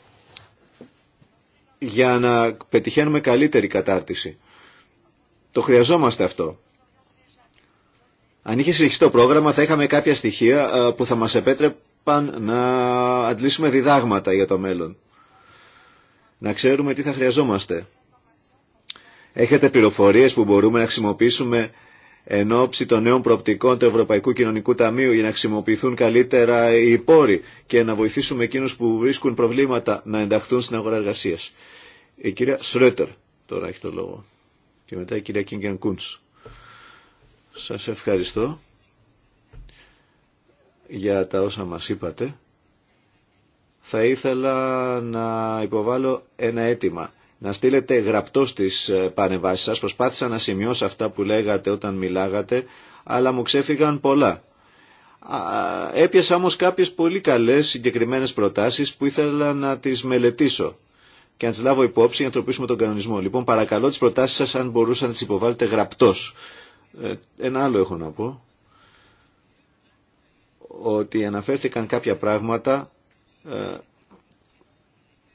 για να πετυχαίνουμε καλύτερη κατάρτιση. Το χρειαζόμαστε αυτό. Αν είχε συνεχίσει το πρόγραμμα θα είχαμε κάποια στοιχεία ε, που θα μας επέτρεπαν να αντλήσουμε διδάγματα για το μέλλον. Να ξέρουμε τι θα χρειαζόμαστε. Έχετε πληροφορίες που μπορούμε να χρησιμοποιήσουμε εν ώψη των νέων προοπτικών του Ευρωπαϊκού Κοινωνικού Ταμείου για να χρησιμοποιηθούν καλύτερα οι πόροι και να βοηθήσουμε εκείνους που βρίσκουν προβλήματα να ενταχθούν στην αγορά εργασίας. Η κυρία Σρέτερ τώρα έχει το λόγο και μετά η κυρία Κίνγκεν Κούντς. Σας ευχαριστώ για τα όσα μας είπατε. Θα ήθελα να υποβάλω ένα αίτημα. Να στείλετε γραπτό στις ε, πανεβάσεις σας. Προσπάθησα να σημειώσω αυτά που λέγατε όταν μιλάγατε, αλλά μου ξέφυγαν πολλά. Ε, έπιασα όμως κάποιες πολύ καλές συγκεκριμένες προτάσεις που ήθελα να τις μελετήσω και να τις λάβω υπόψη για να τροπήσουμε τον κανονισμό. Λοιπόν, παρακαλώ τις προτάσεις σας αν μπορούσατε να τις υποβάλλετε γραπτός. Ε, ένα άλλο έχω να πω. Ότι αναφέρθηκαν κάποια πράγματα ε,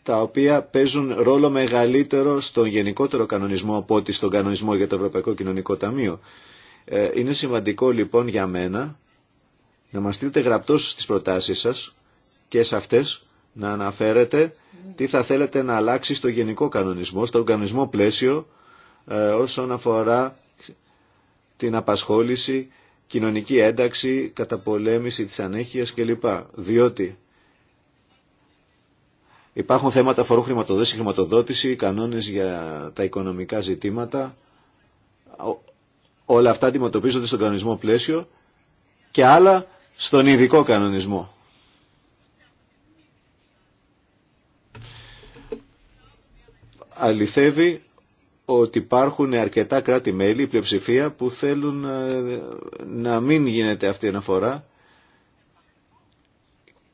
τα οποία παίζουν ρόλο μεγαλύτερο στον γενικότερο κανονισμό από ότι στον κανονισμό για το Ευρωπαϊκό Κοινωνικό Ταμείο. Ε, είναι σημαντικό λοιπόν για μένα να μας στείλετε γραπτός στις προτάσεις σας και σε αυτές να αναφέρετε τι θα θέλετε να αλλάξει στο γενικό κανονισμό, στον κανονισμό πλαίσιο όσον αφορά την απασχόληση, κοινωνική ένταξη, καταπολέμηση της ανέχειας κλπ. Διότι υπάρχουν θέματα αφορούν χρηματοδότηση, χρηματοδότηση, κανόνες για τα οικονομικά ζητήματα. Όλα αυτά αντιμετωπίζονται στον κανονισμό πλαίσιο και άλλα στον ειδικό κανονισμό. Αληθεύει ότι υπάρχουν αρκετά κράτη-μέλη, πλειοψηφία, που θέλουν ε, να μην γίνεται αυτή η αναφορά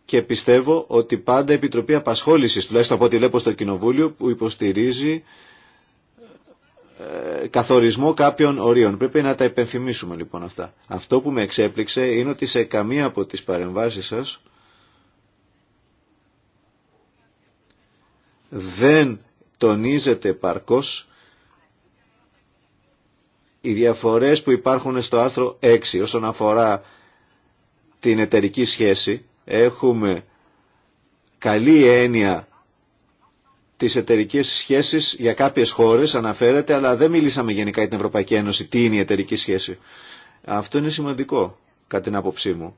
και πιστεύω ότι πάντα η Επιτροπή Απασχόλησης, τουλάχιστον από ό,τι βλέπω στο Κοινοβούλιο, που υποστηρίζει ε, καθορισμό κάποιων ορίων. Πρέπει να τα υπενθυμίσουμε λοιπόν αυτά. Αυτό που με εξέπληξε είναι ότι σε καμία από τις παρεμβάσεις σας δεν τονίζεται παρκώς οι διαφορές που υπάρχουν στο άρθρο 6 όσον αφορά την εταιρική σχέση έχουμε καλή έννοια τις εταιρικέ σχέσεις για κάποιες χώρες αναφέρεται αλλά δεν μιλήσαμε γενικά για την Ευρωπαϊκή Ένωση τι είναι η εταιρική σχέση αυτό είναι σημαντικό κατά την άποψή μου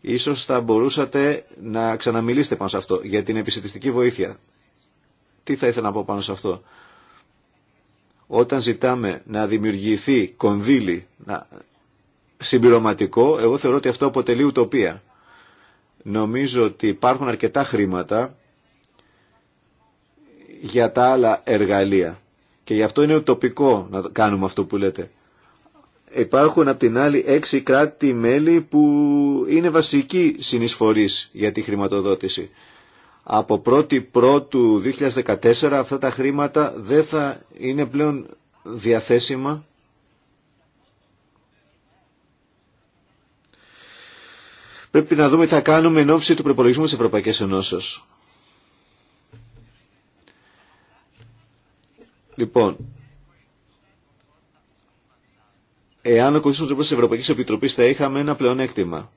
ίσως θα μπορούσατε να ξαναμιλήσετε πάνω σε αυτό για την επιστημιστική βοήθεια τι θα ήθελα να πω πάνω σε αυτό όταν ζητάμε να δημιουργηθεί κονδύλι να... συμπληρωματικό, εγώ θεωρώ ότι αυτό αποτελεί ουτοπία. Νομίζω ότι υπάρχουν αρκετά χρήματα για τα άλλα εργαλεία. Και γι' αυτό είναι ουτοπικό να κάνουμε αυτό που λέτε. Υπάρχουν απ' την άλλη έξι κράτη-μέλη που είναι βασικοί συνεισφορείς για τη χρηματοδότηση από 1η πρώτου 2014 αυτά τα χρήματα δεν θα είναι πλέον διαθέσιμα Πρέπει να δούμε τι θα κάνουμε εν ώψη του προπολογισμού της Ευρωπαϊκής Ενώσεως. Λοιπόν, εάν ακολουθήσουμε τον της Ευρωπαϊκής Επιτροπής θα είχαμε ένα πλεονέκτημα.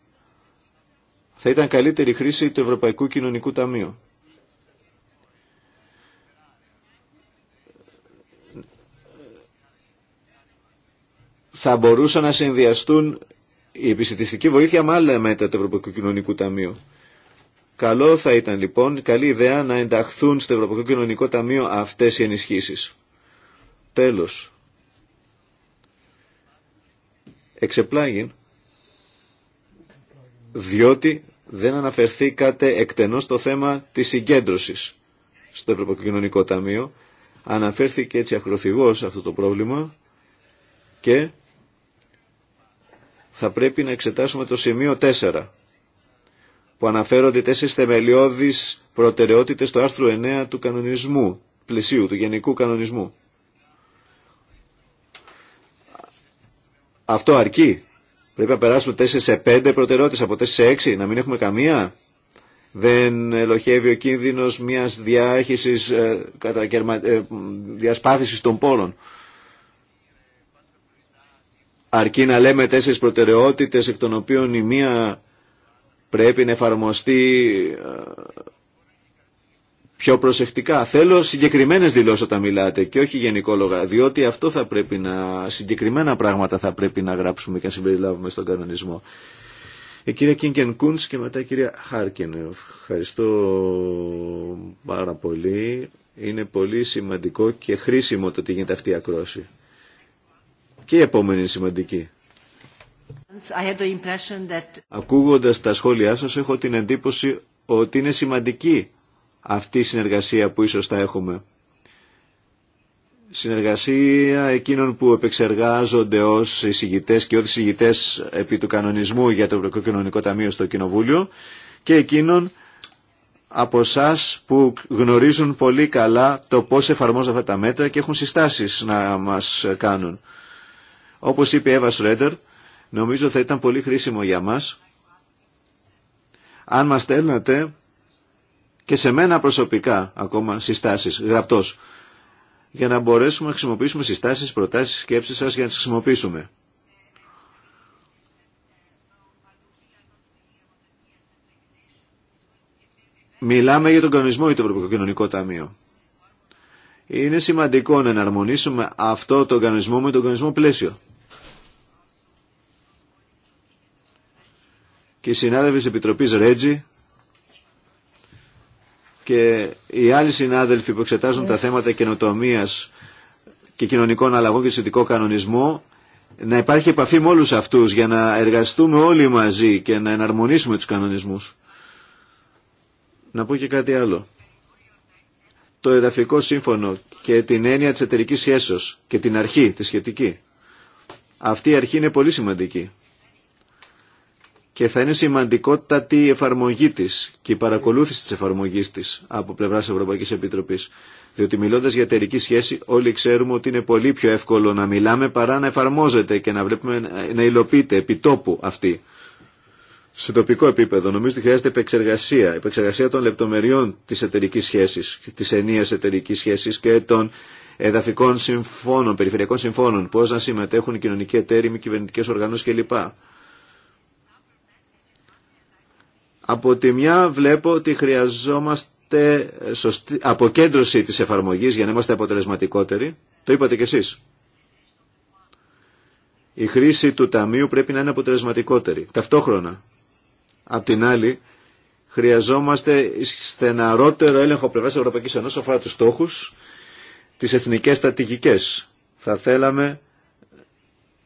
Θα ήταν καλύτερη χρήση του Ευρωπαϊκού Κοινωνικού Ταμείου. θα μπορούσαν να συνδυαστούν η επιστημιστική βοήθεια με άλλα μέτρα του Ευρωπαϊκού Κοινωνικού Ταμείου. Καλό θα ήταν λοιπόν, καλή ιδέα να ενταχθούν στο Ευρωπαϊκό Κοινωνικό Ταμείο αυτές οι ενισχύσεις. Τέλος. Εξεπλάγιν, διότι δεν αναφερθήκατε εκτενώς το θέμα της συγκέντρωσης στο Ευρωπαϊκό Κοινωνικό Ταμείο. Αναφέρθηκε έτσι ακροθυγώς αυτό το πρόβλημα και θα πρέπει να εξετάσουμε το σημείο 4 που αναφέρονται τέσσερις θεμελιώδεις προτεραιότητες του άρθρου 9 του κανονισμού, πλαισίου, του γενικού κανονισμού. Αυτό αρκεί. Πρέπει να περάσουμε 4 σε 5 προτεραιότητες από 4 σε 6, να μην έχουμε καμία. Δεν ελοχεύει ο κίνδυνος μιας διάχυση ε, ε, διασπάθηση των πόλων αρκεί να λέμε τέσσερις προτεραιότητες εκ των οποίων η μία πρέπει να εφαρμοστεί ε, πιο προσεκτικά. Θέλω συγκεκριμένες δηλώσεις όταν μιλάτε και όχι γενικόλογα, διότι αυτό θα πρέπει να, συγκεκριμένα πράγματα θα πρέπει να γράψουμε και να συμπεριλάβουμε στον κανονισμό. Η ε, κυρία Κίνκεν Κούντς και μετά η κυρία Χάρκεν. Ευχαριστώ πάρα πολύ. Είναι πολύ σημαντικό και χρήσιμο το ότι γίνεται αυτή η ακρόση. Και η επόμενη είναι σημαντική. That... Ακούγοντας τα σχόλιά σας έχω την εντύπωση ότι είναι σημαντική αυτή η συνεργασία που ίσως θα έχουμε. Συνεργασία εκείνων που επεξεργάζονται ως εισηγητές και ως εισηγητές επί του κανονισμού για το Ευρωπαϊκό Κοινωνικό Ταμείο στο Κοινοβούλιο και εκείνων από εσά που γνωρίζουν πολύ καλά το πώς εφαρμόζονται αυτά τα μέτρα και έχουν συστάσεις να μας κάνουν. Όπως είπε η Εύα Σρέντερ, νομίζω θα ήταν πολύ χρήσιμο για μας αν μας στέλνατε και σε μένα προσωπικά ακόμα συστάσεις, γραπτός, για να μπορέσουμε να χρησιμοποιήσουμε συστάσεις, προτάσεις, σκέψεις σας για να τις χρησιμοποιήσουμε. Μιλάμε για τον κανονισμό ή το Ευρωπαϊκό Κοινωνικό Ταμείο. Είναι σημαντικό να εναρμονίσουμε αυτό το κανονισμό με τον κανονισμό πλαίσιο. και οι συνάδελφοι της Επιτροπής Ρέτζι και οι άλλοι συνάδελφοι που εξετάζουν τα θέματα καινοτομία και κοινωνικών αλλαγών και σχετικό κανονισμό να υπάρχει επαφή με όλους αυτούς για να εργαστούμε όλοι μαζί και να εναρμονίσουμε τους κανονισμούς. Να πω και κάτι άλλο. Το εδαφικό σύμφωνο και την έννοια της εταιρικής σχέσεως και την αρχή, τη σχετική. Αυτή η αρχή είναι πολύ σημαντική και θα είναι σημαντικότητα η εφαρμογή τη και η παρακολούθηση τη εφαρμογή τη από πλευρά Ευρωπαϊκή Επίτροπή, Διότι μιλώντα για εταιρική σχέση, όλοι ξέρουμε ότι είναι πολύ πιο εύκολο να μιλάμε παρά να εφαρμόζεται και να βλέπουμε να υλοποιείται επιτόπου αυτή. Σε τοπικό επίπεδο, νομίζω ότι χρειάζεται επεξεργασία. Επεξεργασία των λεπτομεριών τη εταιρική σχέση, τη ενία εταιρική σχέση και των εδαφικών συμφώνων, περιφερειακών συμφώνων. Πώ να συμμετέχουν οι κοινωνικοί εταίροι, κυβερνητικέ οργανώσει κλπ. Από τη μια βλέπω ότι χρειαζόμαστε σωστή αποκέντρωση της εφαρμογής για να είμαστε αποτελεσματικότεροι. Το είπατε κι εσείς. Η χρήση του ταμείου πρέπει να είναι αποτελεσματικότερη. Ταυτόχρονα, απ' την άλλη, χρειαζόμαστε στεναρότερο έλεγχο πλευρά τη Ευρωπαϊκή Ενώση αφορά του στόχου, τι εθνικέ στρατηγικέ. Θα θέλαμε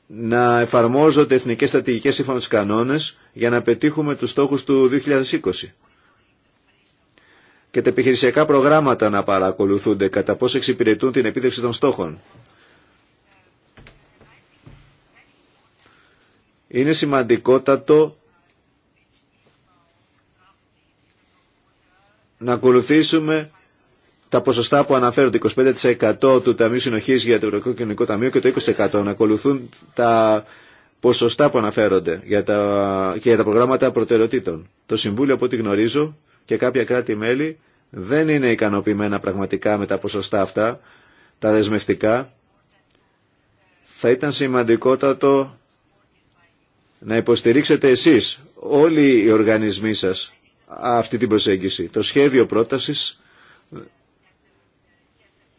να εφαρμόζονται εθνικέ στρατηγικέ σύμφωνα με κανόνε για να πετύχουμε τους στόχους του 2020. Και τα επιχειρησιακά προγράμματα να παρακολουθούνται κατά πώς εξυπηρετούν την επίτευξη των στόχων. Είναι σημαντικότατο να ακολουθήσουμε τα ποσοστά που αναφέρονται, 25% του Ταμείου Συνοχής για το Ευρωπαϊκό Κοινωνικό Ταμείο και το 20% να ακολουθούν τα ποσοστά που αναφέρονται για τα, και για τα προγράμματα προτεραιοτήτων. Το Συμβούλιο, από ό,τι γνωρίζω, και κάποια κράτη-μέλη δεν είναι ικανοποιημένα πραγματικά με τα ποσοστά αυτά, τα δεσμευτικά. Θα ήταν σημαντικότατο να υποστηρίξετε εσείς, όλοι οι οργανισμοί σας, αυτή την προσέγγιση. Το σχέδιο πρότασης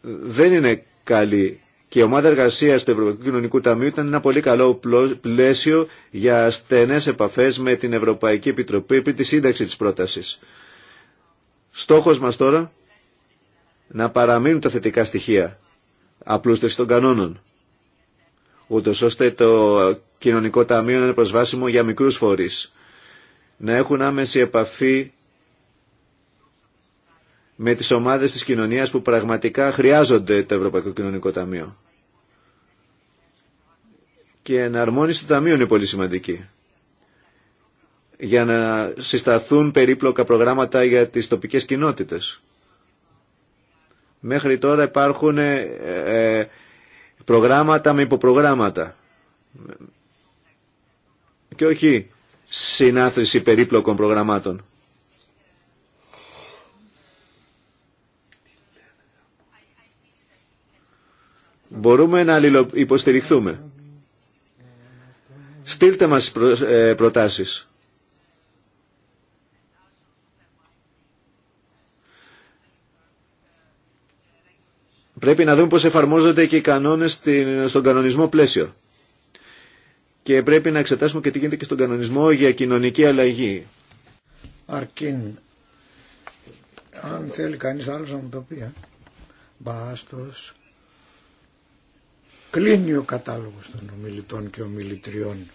δεν είναι καλή και η ομάδα εργασία του Ευρωπαϊκού Κοινωνικού Ταμείου ήταν ένα πολύ καλό πλαίσιο για στενέ επαφέ με την Ευρωπαϊκή Επιτροπή πριν τη σύνταξη τη πρόταση. Στόχο μα τώρα να παραμείνουν τα θετικά στοιχεία απλούστευση των κανόνων, ούτω ώστε το κοινωνικό ταμείο να είναι προσβάσιμο για μικρού φορεί, να έχουν άμεση επαφή με τις ομάδες της κοινωνίας που πραγματικά χρειάζονται το Ευρωπαϊκό Κοινωνικό Ταμείο. Και η εναρμόνιση του Ταμείου είναι πολύ σημαντική για να συσταθούν περίπλοκα προγράμματα για τις τοπικές κοινότητες. Μέχρι τώρα υπάρχουν ε, ε, προγράμματα με υποπρογράμματα και όχι συνάθρηση περίπλοκων προγραμμάτων. Μπορούμε να υποστηριχθούμε. Στείλτε μας ε, προτάσεις. Πρέπει να δούμε πώς εφαρμόζονται και οι κανόνες στον κανονισμό πλαίσιο. Και πρέπει να εξετάσουμε και τι γίνεται και στον κανονισμό για κοινωνική αλλαγή. Αρκίν, αν θέλει κανείς άλλος να μου το πει, ε. Μπάστος. Κλείνει ο κατάλογος των ομιλητών και ομιλητριών.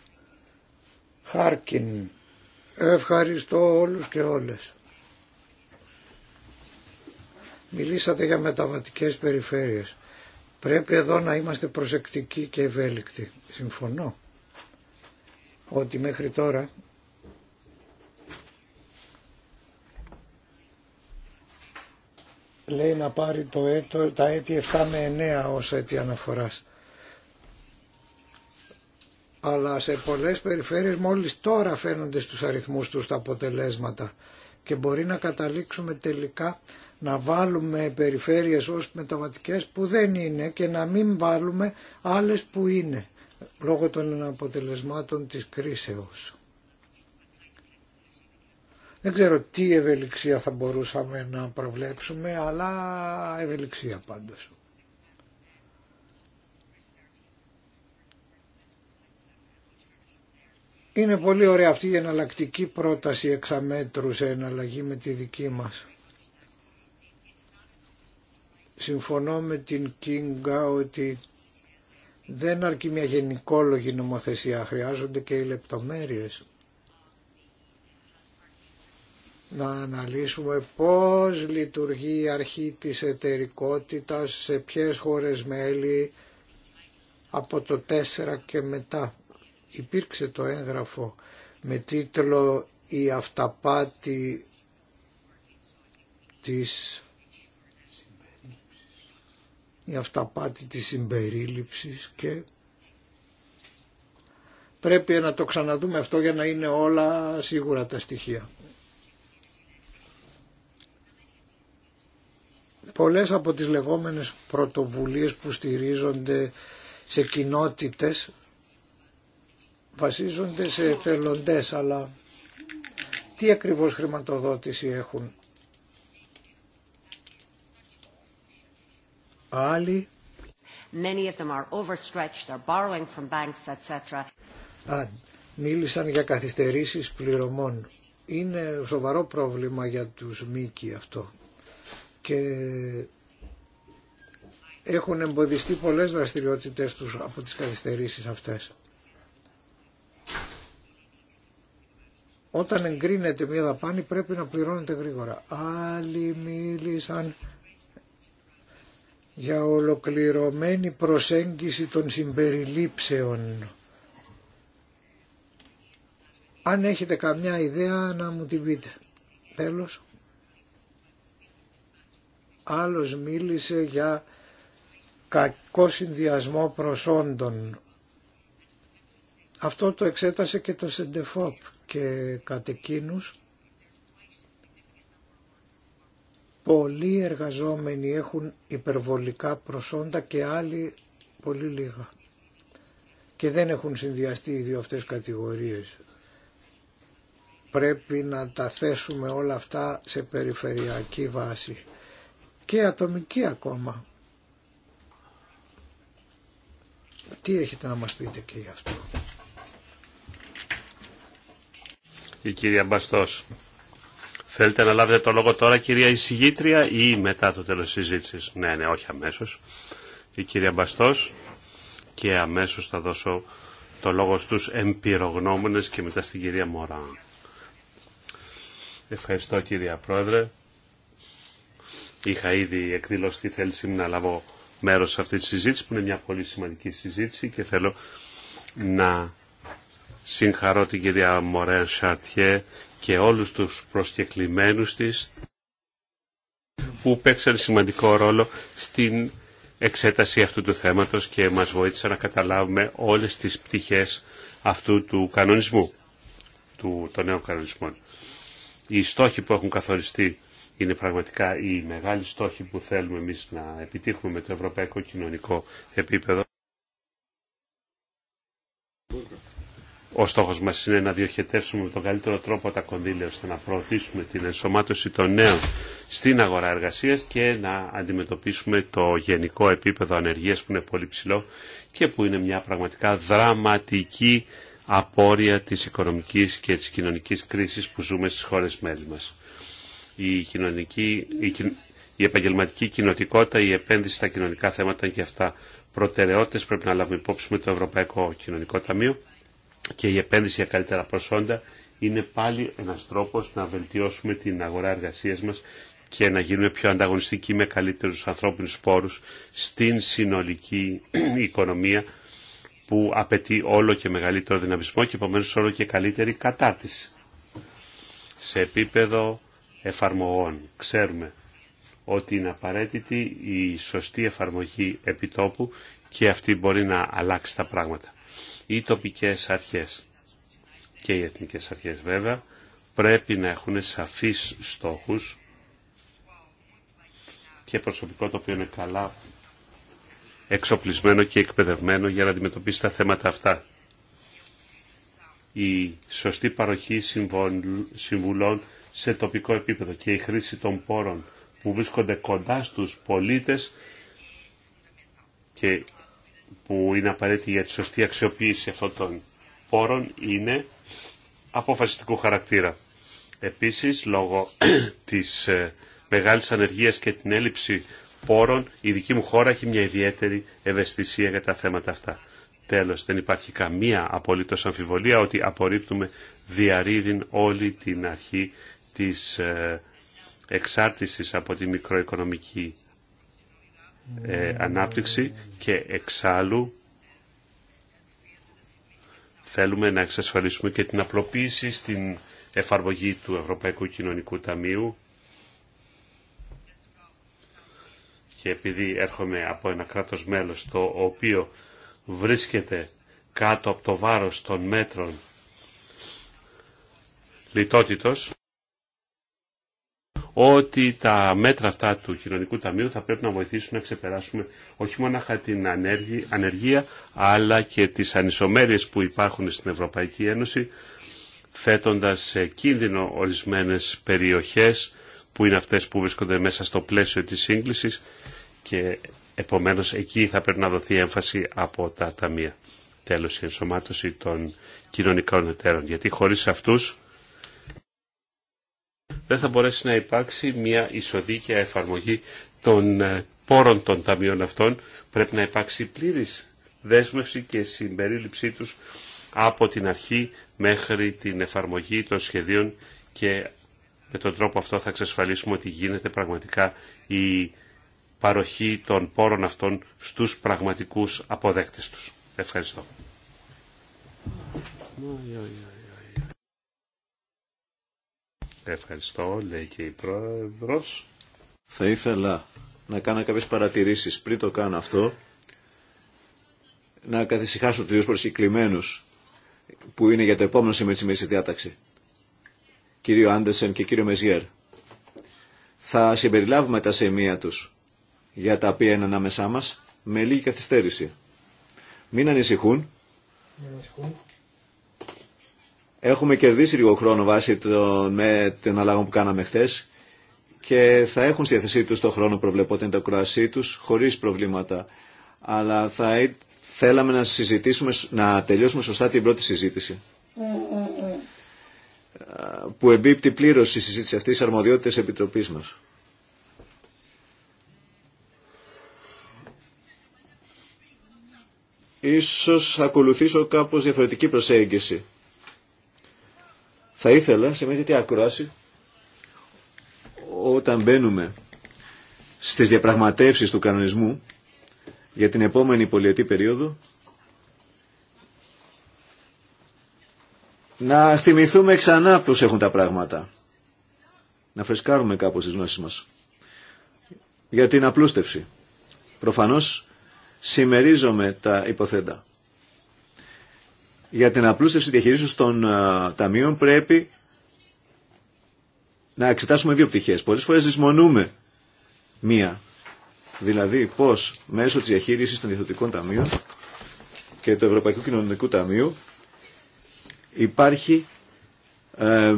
Χάρκιν. Ευχαριστώ όλους και όλες. Μιλήσατε για μεταβατικές περιφέρειες. Πρέπει εδώ να είμαστε προσεκτικοί και ευέλικτοι. Συμφωνώ ότι μέχρι τώρα λέει να πάρει το έτο, τα έτη 7 με 9 ως έτη αναφοράς αλλά σε πολλές περιφέρειες μόλις τώρα φαίνονται στους αριθμούς τους τα αποτελέσματα και μπορεί να καταλήξουμε τελικά να βάλουμε περιφέρειες ως μεταβατικές που δεν είναι και να μην βάλουμε άλλες που είναι λόγω των αποτελεσμάτων της κρίσεως. Δεν ξέρω τι ευελιξία θα μπορούσαμε να προβλέψουμε, αλλά ευελιξία πάντως. Είναι πολύ ωραία αυτή η εναλλακτική πρόταση εξαμέτρου σε εναλλαγή με τη δική μας. Συμφωνώ με την Κίνγκα ότι δεν αρκεί μια γενικόλογη νομοθεσία, χρειάζονται και οι λεπτομέρειες. Να αναλύσουμε πώς λειτουργεί η αρχή της εταιρικότητας, σε ποιες χώρες μέλη, από το 4 και μετά υπήρξε το έγγραφο με τίτλο «Η αυταπάτη της η αυταπάτη της συμπερίληψης και πρέπει να το ξαναδούμε αυτό για να είναι όλα σίγουρα τα στοιχεία. Πολλές από τις λεγόμενες πρωτοβουλίες που στηρίζονται σε κοινότητες βασίζονται σε θελοντές, αλλά τι ακριβώς χρηματοδότηση έχουν. Άλλοι. Many of them are overstretched, they're borrowing from banks, etc. Α, μίλησαν για καθυστερήσεις πληρωμών. Είναι σοβαρό πρόβλημα για τους μήκη αυτό. Και έχουν εμποδιστεί πολλές δραστηριότητες τους από τις καθυστερήσεις αυτές. όταν εγκρίνεται μια δαπάνη πρέπει να πληρώνεται γρήγορα. Άλλοι μίλησαν για ολοκληρωμένη προσέγγιση των συμπεριλήψεων. Αν έχετε καμιά ιδέα να μου την πείτε. Τέλος. Άλλος μίλησε για κακό συνδυασμό προσόντων. Αυτό το εξέτασε και το ΣΕΝΤΕΦΟΠ και κατ' εκείνους, πολλοί εργαζόμενοι έχουν υπερβολικά προσόντα και άλλοι πολύ λίγα. Και δεν έχουν συνδυαστεί οι δύο αυτές κατηγορίες. Πρέπει να τα θέσουμε όλα αυτά σε περιφερειακή βάση και ατομική ακόμα. Τι έχετε να μας πείτε και γι' αυτό. η κυρία Μπαστός. Θέλετε να λάβετε το λόγο τώρα κυρία εισηγήτρια ή μετά το τέλος συζήτησης. Ναι, ναι, όχι αμέσως. Η κυρία Μπαστός και αμέσως θα δώσω το λόγο στους εμπειρογνώμονες και μετά στην κυρία Μωρά. Ευχαριστώ κυρία Πρόεδρε. Είχα ήδη εκδηλώσει τη θέλησή μου να λάβω μέρος σε αυτή τη συζήτηση που είναι μια πολύ σημαντική συζήτηση και θέλω να συγχαρώ την κυρία Μωρέν Σαρτιέ και όλους τους προσκεκλημένους της που παίξαν σημαντικό ρόλο στην εξέταση αυτού του θέματος και μας βοήθησαν να καταλάβουμε όλες τις πτυχές αυτού του κανονισμού, του, των νέων κανονισμών. Οι στόχοι που έχουν καθοριστεί είναι πραγματικά οι μεγάλοι στόχοι που θέλουμε εμείς να επιτύχουμε με το ευρωπαϊκό κοινωνικό επίπεδο. Ο στόχος μας είναι να διοχετεύσουμε με τον καλύτερο τρόπο τα κονδύλια ώστε να προωθήσουμε την ενσωμάτωση των νέων στην αγορά εργασίας και να αντιμετωπίσουμε το γενικό επίπεδο ανεργίας που είναι πολύ ψηλό και που είναι μια πραγματικά δραματική απόρρεια της οικονομικής και της κοινωνικής κρίσης που ζούμε στις χώρες μέλη μας. Η, κοινωνική, η, η επαγγελματική κοινοτικότητα, η επένδυση στα κοινωνικά θέματα και αυτά προτεραιότητες πρέπει να λάβουμε υπόψη με το Ευρωπαϊκό Κοινωνικό Ταμείο και η επένδυση για καλύτερα προσόντα είναι πάλι ένας τρόπος να βελτιώσουμε την αγορά εργασίας μας και να γίνουμε πιο ανταγωνιστικοί με καλύτερους ανθρώπινους πόρους στην συνολική οικονομία που απαιτεί όλο και μεγαλύτερο δυναμισμό και επομένως όλο και καλύτερη κατάρτιση σε επίπεδο εφαρμογών. Ξέρουμε ότι είναι απαραίτητη η σωστή εφαρμογή επιτόπου και αυτή μπορεί να αλλάξει τα πράγματα οι τοπικές αρχές και οι εθνικές αρχές βέβαια πρέπει να έχουν σαφείς στόχους και προσωπικό το οποίο είναι καλά εξοπλισμένο και εκπαιδευμένο για να αντιμετωπίσει τα θέματα αυτά. Η σωστή παροχή συμβουλών σε τοπικό επίπεδο και η χρήση των πόρων που βρίσκονται κοντά στους πολίτες και που είναι απαραίτητη για τη σωστή αξιοποίηση αυτών των πόρων είναι αποφασιστικού χαρακτήρα. Επίσης, λόγω της ε, μεγάλης ανεργίας και την έλλειψη πόρων, η δική μου χώρα έχει μια ιδιαίτερη ευαισθησία για τα θέματα αυτά. Τέλος, δεν υπάρχει καμία απολύτως αμφιβολία ότι απορρίπτουμε διαρρήδην όλη την αρχή της ε, εξάρτησης από τη μικροοικονομική ε, και εξάλλου θέλουμε να εξασφαλίσουμε και την απλοποίηση στην εφαρμογή του Ευρωπαϊκού Κοινωνικού Ταμείου και επειδή έρχομαι από ένα κράτος μέλος το οποίο βρίσκεται κάτω από το βάρος των μέτρων λιτότητος ότι τα μέτρα αυτά του κοινωνικού ταμείου θα πρέπει να βοηθήσουν να ξεπεράσουμε όχι μόνο την ανεργία αλλά και τις ανισομέρειες που υπάρχουν στην Ευρωπαϊκή Ένωση θέτοντας σε κίνδυνο ορισμένες περιοχές που είναι αυτές που βρίσκονται μέσα στο πλαίσιο της σύγκλησης και επομένως εκεί θα πρέπει να δοθεί έμφαση από τα ταμεία. Τέλος, η ενσωμάτωση των κοινωνικών εταίρων, γιατί χωρίς αυτούς δεν θα μπορέσει να υπάρξει μια ισοδίκαια εφαρμογή των ε, πόρων των ταμείων αυτών. Πρέπει να υπάρξει πλήρης δέσμευση και συμπερίληψή τους από την αρχή μέχρι την εφαρμογή των σχεδίων και με τον τρόπο αυτό θα εξασφαλίσουμε ότι γίνεται πραγματικά η παροχή των πόρων αυτών στους πραγματικούς αποδέκτες τους. Ευχαριστώ. Ευχαριστώ, λέει και η Πρόεδρος. Θα ήθελα να κάνω κάποιες παρατηρήσεις πριν το κάνω αυτό, να καθησυχάσω τους δύο που είναι για το επόμενο σημείο τη διάταξη, κύριο Άντερσεν και κύριο Μεζιέρ. Θα συμπεριλάβουμε τα σημεία τους για τα οποία είναι ανάμεσά μας με λίγη καθυστέρηση. Μην ανησυχούν. Μην ανησυχούν. Έχουμε κερδίσει λίγο χρόνο βάσει με την αλλαγή που κάναμε χθε και θα έχουν στη θέση του το χρόνο προβλεπόταν τα κουρασή του χωρί προβλήματα. Αλλά θα θέλαμε να συζητήσουμε, να τελειώσουμε σωστά την πρώτη συζήτηση. Mm, mm, mm. που εμπίπτει πλήρω η συζήτηση αυτή τη αρμοδιότητα επιτροπή μα. Ίσως ακολουθήσω κάπως διαφορετική προσέγγιση θα ήθελα σε μια τέτοια ακρόαση όταν μπαίνουμε στις διαπραγματεύσεις του κανονισμού για την επόμενη πολιετή περίοδο να θυμηθούμε ξανά πώς έχουν τα πράγματα. Να φρεσκάρουμε κάπως τις γνώσεις μας. Για την απλούστευση. Προφανώς συμμερίζομαι τα υποθέτα για την απλούστευση διαχειρίσεως των ε, ταμείων πρέπει να εξετάσουμε δύο πτυχές. Πολλές φορές δυσμονούμε μία. Δηλαδή πώς μέσω της διαχείρισης των διεθνωτικών ταμείων και του Ευρωπαϊκού Κοινωνικού Ταμείου υπάρχει ε,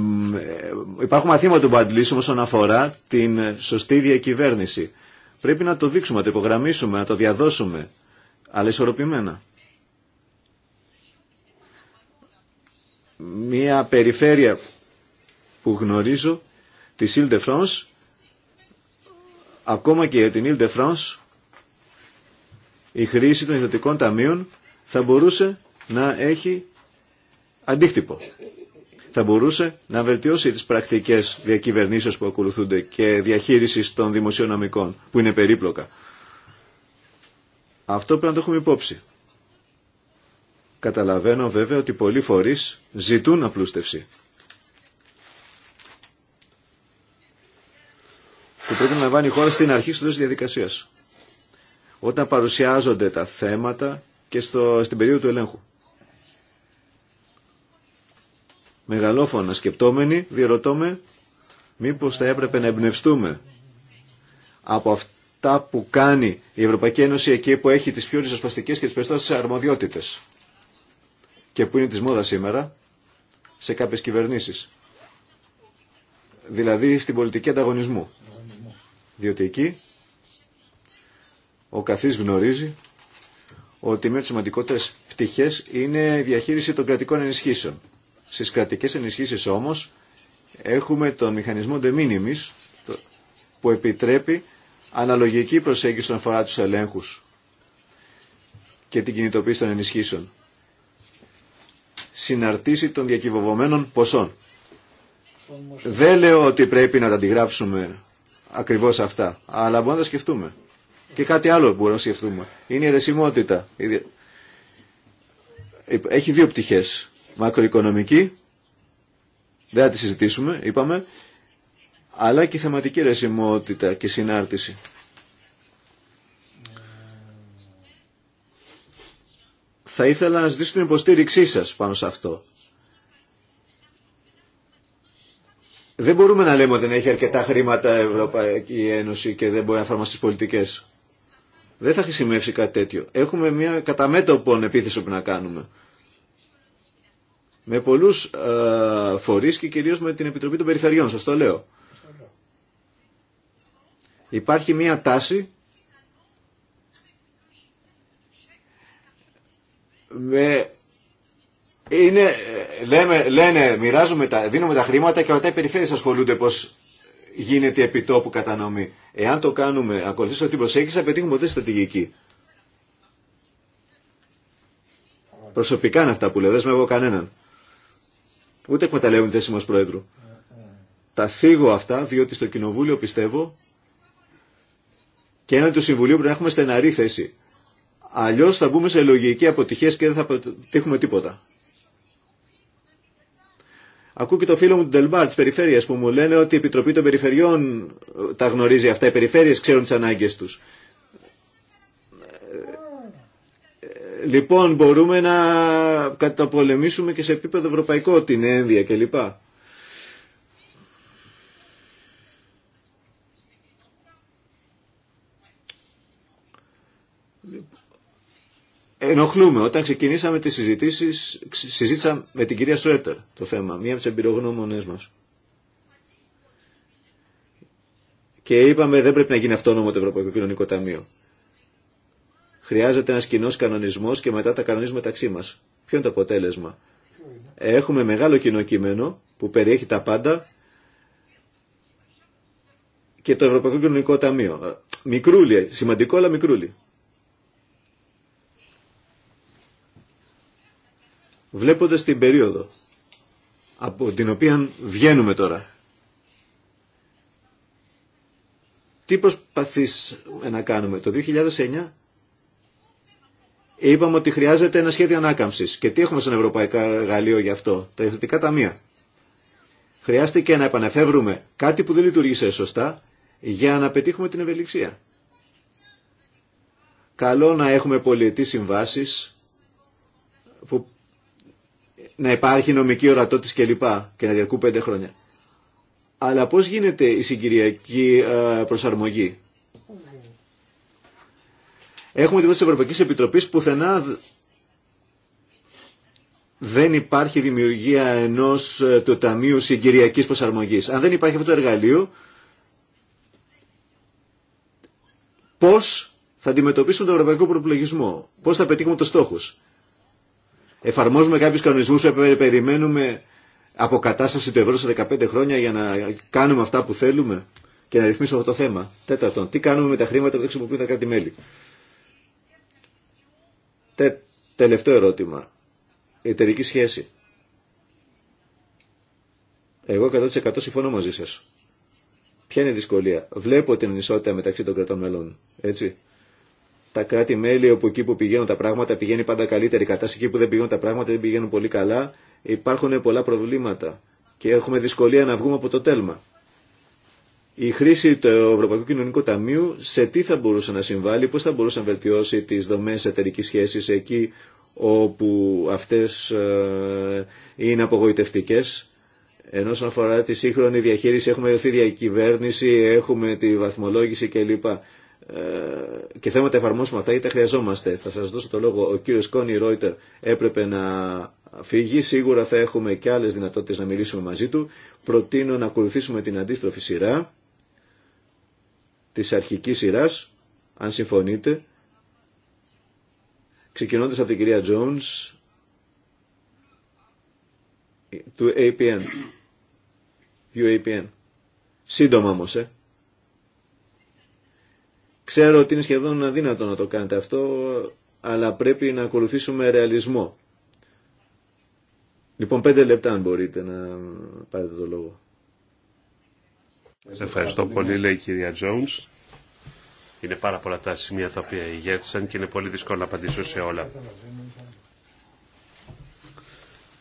υπάρχουν μαθήματα του αντλήσουμε όσον αφορά την σωστή διακυβέρνηση. Πρέπει να το δείξουμε, να το υπογραμμίσουμε, να το διαδώσουμε, αλλά ισορροπημένα. μια περιφέρεια που γνωρίζω της Ile de France ακόμα και για την Ile de France η χρήση των ιδιωτικών ταμείων θα μπορούσε να έχει αντίκτυπο. Θα μπορούσε να βελτιώσει τις πρακτικές διακυβερνήσεως που ακολουθούνται και διαχείρισης των δημοσιονομικών που είναι περίπλοκα. Αυτό πρέπει να το έχουμε υπόψη. Καταλαβαίνω βέβαια ότι πολλοί φορείς ζητούν απλούστευση. Και πρέπει να λαμβάνει η χώρα στην αρχή τη διαδικασίας. Όταν παρουσιάζονται τα θέματα και στο, στην περίοδο του ελέγχου. Μεγαλόφωνα σκεπτόμενοι, διερωτώμε, μήπως θα έπρεπε να εμπνευστούμε από αυτά που κάνει η Ευρωπαϊκή Ένωση εκεί που έχει τις πιο ριζοσπαστικές και τις περισσότερες αρμοδιότητες και που είναι της μόδα σήμερα σε κάποιες κυβερνήσεις. Δηλαδή στην πολιτική ανταγωνισμού. Διότι εκεί ο καθής γνωρίζει ότι μια από τι σημαντικότερες πτυχέ είναι η διαχείριση των κρατικών ενισχύσεων. Στις κρατικές ενισχύσεις όμως έχουμε τον μηχανισμό de minimis που επιτρέπει αναλογική προσέγγιση στον αφορά του ελέγχου και την κινητοποίηση των ενισχύσεων συναρτήσει των διακυβευμένων ποσών. Δεν λέω ότι πρέπει να τα αντιγράψουμε ακριβώς αυτά, αλλά μπορούμε να τα σκεφτούμε. Και κάτι άλλο μπορούμε να σκεφτούμε. Είναι η αιρεσιμότητα. Έχει δύο πτυχές. Μακροοικονομική, δεν θα τη συζητήσουμε, είπαμε, αλλά και θεματική ρεσιμότητα και συνάρτηση. Θα ήθελα να ζητήσω την υποστήριξή σας πάνω σε αυτό. Δεν μπορούμε να λέμε ότι δεν έχει αρκετά χρήματα η Ευρωπαϊκή Ένωση και δεν μπορεί να φάρμα στις πολιτικές. Δεν θα χρησιμεύσει κάτι τέτοιο. Έχουμε μια κατά μέτωπον επίθεση που να κάνουμε. Με πολλούς ε, φορείς και κυρίως με την Επιτροπή των Περιφερειών, σας το λέω. Υπάρχει μια τάση με είναι, λέμε, λένε, μοιράζουμε τα, δίνουμε τα χρήματα και μετά οι περιφέρειες ασχολούνται πώς γίνεται η επιτόπου κατανομή. Εάν το κάνουμε, ακολουθήσουμε την προσέγγιση, θα πετύχουμε ποτέ στρατηγική. Προσωπικά είναι αυτά που λέω, δεν σμεύω κανέναν. Ούτε εκμεταλλεύουν θέση μας Πρόεδρου. Τα φύγω αυτά, διότι στο Κοινοβούλιο πιστεύω και έναν του Συμβουλίου πρέπει να έχουμε στεναρή θέση. Αλλιώς θα μπούμε σε λογική αποτυχίες και δεν θα πετύχουμε τίποτα. Ακούω και το φίλο μου του Ντελμπάρ τη περιφέρεια που μου λένε ότι η Επιτροπή των Περιφερειών ε, τα γνωρίζει αυτά. Οι περιφέρειες ξέρουν τι ανάγκε του. Ε, λοιπόν, μπορούμε να καταπολεμήσουμε και σε επίπεδο ευρωπαϊκό την ένδια κλπ. ενοχλούμε. Όταν ξεκινήσαμε τις συζητήσεις, συζήτησα με την κυρία Σουέτερ το θέμα, μία από τις εμπειρογνώμονές μας. Και είπαμε δεν πρέπει να γίνει αυτόνομο το Ευρωπαϊκό Κοινωνικό Ταμείο. Χρειάζεται ένας κοινό κανονισμός και μετά τα κανονίζουμε μεταξύ μας. Ποιο είναι το αποτέλεσμα. Έχουμε μεγάλο κοινό κείμενο που περιέχει τα πάντα και το Ευρωπαϊκό Κοινωνικό Ταμείο. Μικρούλι, σημαντικό αλλά μικρούλι. Βλέποντας την περίοδο από την οποία βγαίνουμε τώρα, τι προσπαθείς να κάνουμε. Το 2009 είπαμε ότι χρειάζεται ένα σχέδιο ανάκαμψης. Και τι έχουμε σαν ευρωπαϊκά Γαλλίο γι' αυτό, τα ιδιωτικά ταμεία. Χρειάστηκε να επανεφεύρουμε κάτι που δεν λειτουργήσε σωστά για να πετύχουμε την ευελιξία. Καλό να έχουμε πολιετή συμβάσεις που να υπάρχει νομική ορατότητα κλπ. και να διαρκούν πέντε χρόνια. Αλλά πώς γίνεται η συγκυριακή ε, προσαρμογή. Έχουμε την πρόταση Ευρωπαϊκή Επιτροπή που πουθενά δεν υπάρχει δημιουργία ενός ε, του Ταμείου Συγκυριακής Προσαρμογής. Αν δεν υπάρχει αυτό το εργαλείο, πώς θα αντιμετωπίσουμε τον ευρωπαϊκό προπλογισμό, πώς θα πετύχουμε τους στόχους εφαρμόζουμε κάποιου κανονισμού που περιμένουμε αποκατάσταση του ευρώ σε 15 χρόνια για να κάνουμε αυτά που θέλουμε και να ρυθμίσουμε αυτό το θέμα. Τέταρτον, τι κάνουμε με τα χρήματα που δεν χρησιμοποιούν τα κράτη-μέλη. Τε, τελευταίο ερώτημα. εταιρική σχέση. Εγώ 100% συμφωνώ μαζί σα. Ποια είναι η δυσκολία. Βλέπω την ισότητα μεταξύ των κρατών μελών. Έτσι τα κράτη-μέλη όπου εκεί που πηγαίνουν τα πράγματα πηγαίνει πάντα καλύτερη η κατάσταση, εκεί που δεν πηγαίνουν τα πράγματα δεν πηγαίνουν πολύ καλά, υπάρχουν πολλά προβλήματα και έχουμε δυσκολία να βγούμε από το τέλμα. Η χρήση του Ευρωπαϊκού Κοινωνικού Ταμείου σε τι θα μπορούσε να συμβάλλει, πώς θα μπορούσε να βελτιώσει τις δομές εταιρική σχέση εκεί όπου αυτές ε, είναι απογοητευτικές. Ενώ όσον αφορά τη σύγχρονη διαχείριση έχουμε δοθεί διακυβέρνηση, έχουμε τη βαθμολόγηση κλπ. Ε, και θέματα να τα εφαρμόσουμε αυτά ή τα χρειαζόμαστε. Θα σας δώσω το λόγο. Ο κύριο Κόνι Ρόιτερ έπρεπε να φύγει. Σίγουρα θα έχουμε και άλλες δυνατότητες να μιλήσουμε μαζί του. Προτείνω να ακολουθήσουμε την αντίστροφη σειρά τη αρχικής σειρά αν συμφωνείτε. ξεκινώντα από την κυρία Jones του APN. UAPN. Σύντομα όμως, ε. Ξέρω ότι είναι σχεδόν αδύνατο να το κάνετε αυτό, αλλά πρέπει να ακολουθήσουμε ρεαλισμό. Λοιπόν, πέντε λεπτά αν μπορείτε να πάρετε το λόγο. Σε ευχαριστώ πολύ, λέει η κυρία Τζόμς. Είναι πάρα πολλά τα σημεία τα οποία ηγέθησαν και είναι πολύ δύσκολο να απαντήσω σε όλα.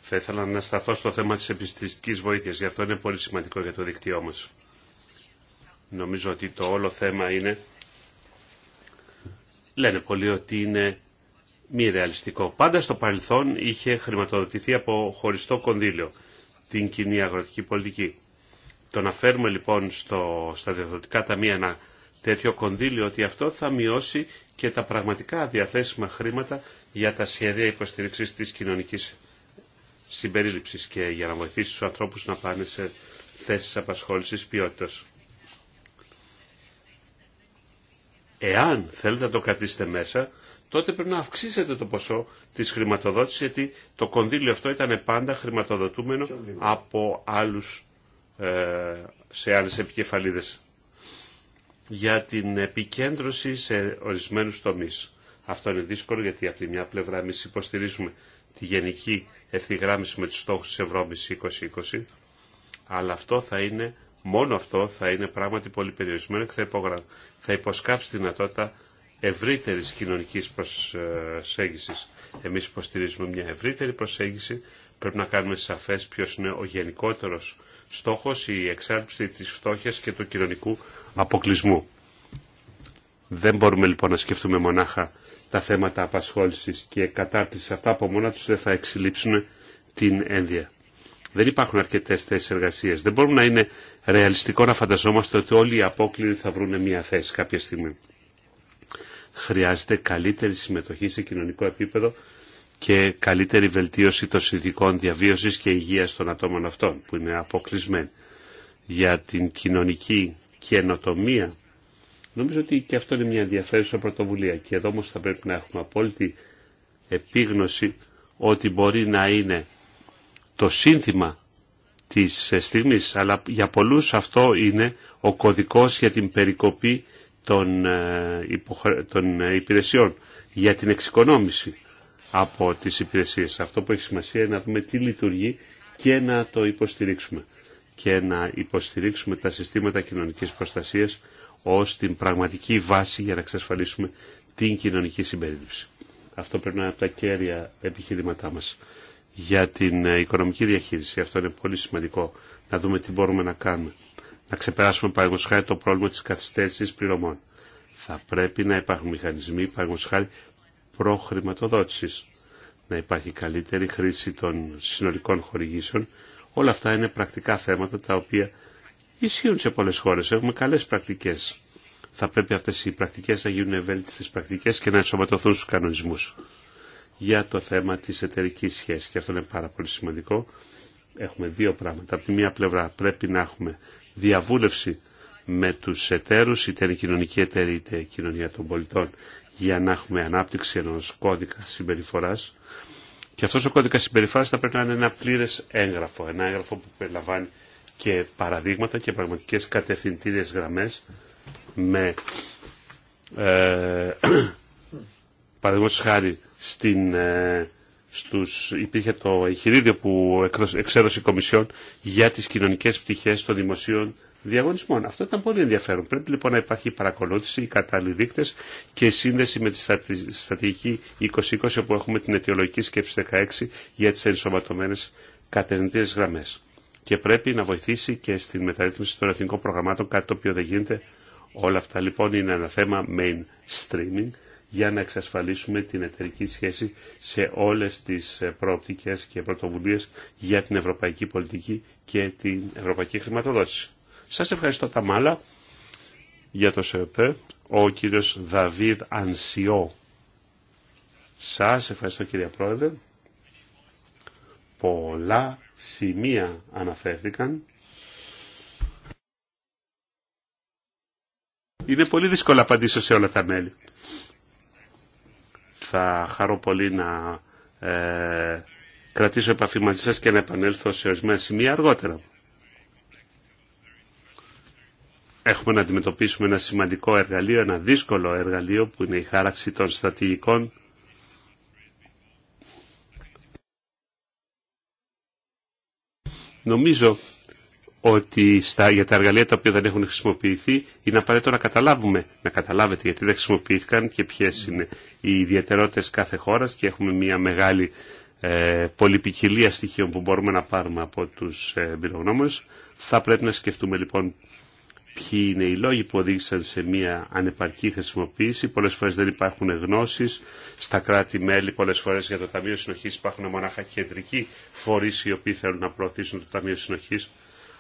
Θα ήθελα να σταθώ στο θέμα της επιστημιστικής βοήθειας, γι' αυτό είναι πολύ σημαντικό για το δίκτυό μας. Νομίζω ότι το όλο θέμα είναι λένε πολλοί ότι είναι μη ρεαλιστικό. Πάντα στο παρελθόν είχε χρηματοδοτηθεί από χωριστό κονδύλιο την κοινή αγροτική πολιτική. Το να φέρουμε λοιπόν στο, στα διαδοτικά ταμεία ένα τέτοιο κονδύλιο ότι αυτό θα μειώσει και τα πραγματικά διαθέσιμα χρήματα για τα σχέδια υποστήριξης της κοινωνικής συμπερίληψης και για να βοηθήσει τους ανθρώπους να πάνε σε θέσεις απασχόλησης ποιότητας. Εάν θέλετε να το κρατήσετε μέσα, τότε πρέπει να αυξήσετε το ποσό της χρηματοδότησης, γιατί το κονδύλιο αυτό ήταν πάντα χρηματοδοτούμενο από άλλους, ε, σε άλλες επικεφαλίδες για την επικέντρωση σε ορισμένους τομείς. Αυτό είναι δύσκολο γιατί από τη μια πλευρά εμείς υποστηρίζουμε τη γενική ευθυγράμμιση με τους στόχους της Ευρώπης 2020, αλλά αυτό θα είναι μόνο αυτό θα είναι πράγματι πολύ περιορισμένο και θα, υποσκάψει τη δυνατότητα ευρύτερη κοινωνική προσέγγιση. Εμεί υποστηρίζουμε μια ευρύτερη προσέγγιση. Πρέπει να κάνουμε σαφέ ποιο είναι ο γενικότερο στόχο, η εξάρτηση τη φτώχεια και του κοινωνικού αποκλεισμού. Δεν μπορούμε λοιπόν να σκεφτούμε μονάχα τα θέματα απασχόληση και κατάρτισης. Αυτά από μόνα τους δεν θα την ένδια. Δεν υπάρχουν αρκετές θέσεις εργασίας. Δεν μπορούμε να είναι ρεαλιστικό να φανταζόμαστε ότι όλοι οι απόκληροι θα βρουν μια θέση κάποια στιγμή. Χρειάζεται καλύτερη συμμετοχή σε κοινωνικό επίπεδο και καλύτερη βελτίωση των συνδικών διαβίωσης και υγείας των ατόμων αυτών που είναι αποκλεισμένοι. Για την κοινωνική καινοτομία νομίζω ότι και αυτό είναι μια ενδιαφέρουσα πρωτοβουλία και εδώ όμως θα πρέπει να έχουμε απόλυτη επίγνωση ότι μπορεί να είναι το σύνθημα της ε, στιγμής, αλλά για πολλούς αυτό είναι ο κωδικός για την περικοπή των, ε, ε, υπηρεσιών, για την εξοικονόμηση από τις υπηρεσίες. Αυτό που έχει σημασία είναι να δούμε τι λειτουργεί και να το υποστηρίξουμε και να υποστηρίξουμε τα συστήματα κοινωνικής προστασίας ως την πραγματική βάση για να εξασφαλίσουμε την κοινωνική συμπερίληψη. Αυτό πρέπει να είναι από τα κέρια επιχειρήματά μας για την ε, οικονομική διαχείριση. Αυτό είναι πολύ σημαντικό. Να δούμε τι μπορούμε να κάνουμε. Να ξεπεράσουμε παραγωγικά χάρη το πρόβλημα της καθυστέρησης πληρωμών. Θα πρέπει να υπάρχουν μηχανισμοί παραγωγικά χάρη προχρηματοδότησης. Να υπάρχει καλύτερη χρήση των συνολικών χορηγήσεων. Όλα αυτά είναι πρακτικά θέματα τα οποία ισχύουν σε πολλές χώρες. Έχουμε καλές πρακτικές. Θα πρέπει αυτές οι πρακτικές να γίνουν στις πρακτικές και να ενσωματωθούν στου κανονισμούς για το θέμα της εταιρική σχέσης και αυτό είναι πάρα πολύ σημαντικό. Έχουμε δύο πράγματα. Από τη μία πλευρά πρέπει να έχουμε διαβούλευση με τους εταίρους, είτε είναι κοινωνική εταιρεία είτε κοινωνία των πολιτών, για να έχουμε ανάπτυξη ενός κώδικα συμπεριφοράς. Και αυτός ο κώδικας συμπεριφοράς θα πρέπει να είναι ένα πλήρες έγγραφο, ένα έγγραφο που περιλαμβάνει και παραδείγματα και πραγματικές κατευθυντήριες γραμμές με ε, Παραδείγματος χάρη στην, ε, στους, υπήρχε το εγχειρίδιο που εξέδωσε η Κομισιόν για τις κοινωνικές πτυχές των δημοσίων διαγωνισμών. Αυτό ήταν πολύ ενδιαφέρον. Πρέπει λοιπόν να υπάρχει παρακολούθηση, οι κατάλληλοι και σύνδεση με τη στρατηγική 2020 όπου έχουμε την αιτιολογική σκέψη 16 για τις ενσωματωμένες κατερνητές γραμμές. Και πρέπει να βοηθήσει και στην μεταρρύθμιση των εθνικών προγραμμάτων, κάτι το οποίο δεν γίνεται. Όλα αυτά λοιπόν είναι ένα θέμα mainstreaming για να εξασφαλίσουμε την εταιρική σχέση σε όλες τις προοπτικές και πρωτοβουλίες για την ευρωπαϊκή πολιτική και την ευρωπαϊκή χρηματοδότηση. Σας ευχαριστώ τα μάλα για το ΣΕΠΕ, ο κύριος Δαβίδ Ανσιό. Σας ευχαριστώ κύριε Πρόεδρε. Πολλά σημεία αναφέρθηκαν. Είναι πολύ δύσκολο απαντήσω σε όλα τα μέλη θα χαρώ πολύ να ε, κρατήσω επαφή μαζί σας και να επανέλθω σε ορισμένα σημεία αργότερα. Έχουμε να αντιμετωπίσουμε ένα σημαντικό εργαλείο, ένα δύσκολο εργαλείο που είναι η χάραξη των στρατηγικών Νομίζω ότι στα, για τα εργαλεία τα οποία δεν έχουν χρησιμοποιηθεί είναι απαραίτητο να καταλάβουμε, να καταλάβετε γιατί δεν χρησιμοποιήθηκαν και ποιε είναι οι ιδιαιτερότητε κάθε χώρα και έχουμε μια μεγάλη ε, πολυπικιλία στοιχείων που μπορούμε να πάρουμε από του ε, πυρογνώμε. Θα πρέπει να σκεφτούμε λοιπόν ποιοι είναι οι λόγοι που οδήγησαν σε μια ανεπαρκή χρησιμοποίηση. Πολλέ φορέ δεν υπάρχουν γνώσει, στα κράτη-μέλη, πολλέ φορέ για το Ταμείο συνοχή, υπάρχουν μονάχα κεντρικοί φορεί οι οποίοι θέλουν να προωθήσουν το Ταμείο συνοχή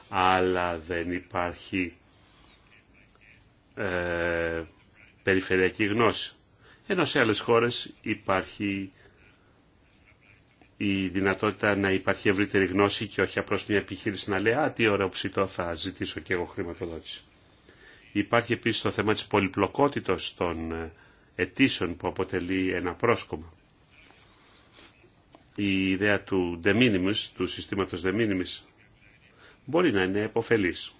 αλλά δεν υπάρχει ε, περιφερειακή γνώση. Ενώ σε άλλες χώρες υπάρχει η δυνατότητα να υπάρχει ευρύτερη γνώση και όχι απλώς μια επιχείρηση να λέει «Α, τι ωραίο ψητό θα ζητήσω και εγώ χρηματοδότηση». Υπάρχει επίσης το θέμα της πολυπλοκότητας των ε, αιτήσεων που αποτελεί ένα πρόσκομα. Η ιδέα του de minimis, του συστήματος de minimis, μπορεί να είναι επωφελής.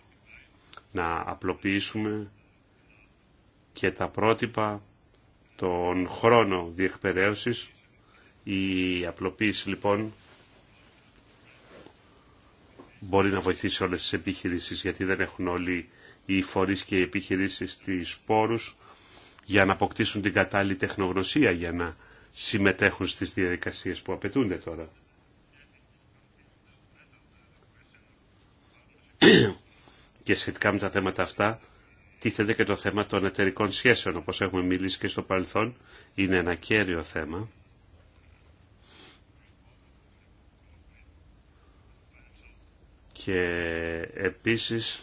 Να απλοποιήσουμε και τα πρότυπα τον χρόνο διεκπαιδεύσης. Η απλοποίηση λοιπόν μπορεί να βοηθήσει όλες τις επιχειρήσεις γιατί δεν έχουν όλοι οι φορείς και οι επιχειρήσεις τις πόρους για να αποκτήσουν την κατάλληλη τεχνογνωσία για να συμμετέχουν στις διαδικασίες που απαιτούνται τώρα. και σχετικά με τα θέματα αυτά τίθεται και το θέμα των εταιρικών σχέσεων, όπως έχουμε μιλήσει και στο παρελθόν, είναι ένα κέριο θέμα. Και επίσης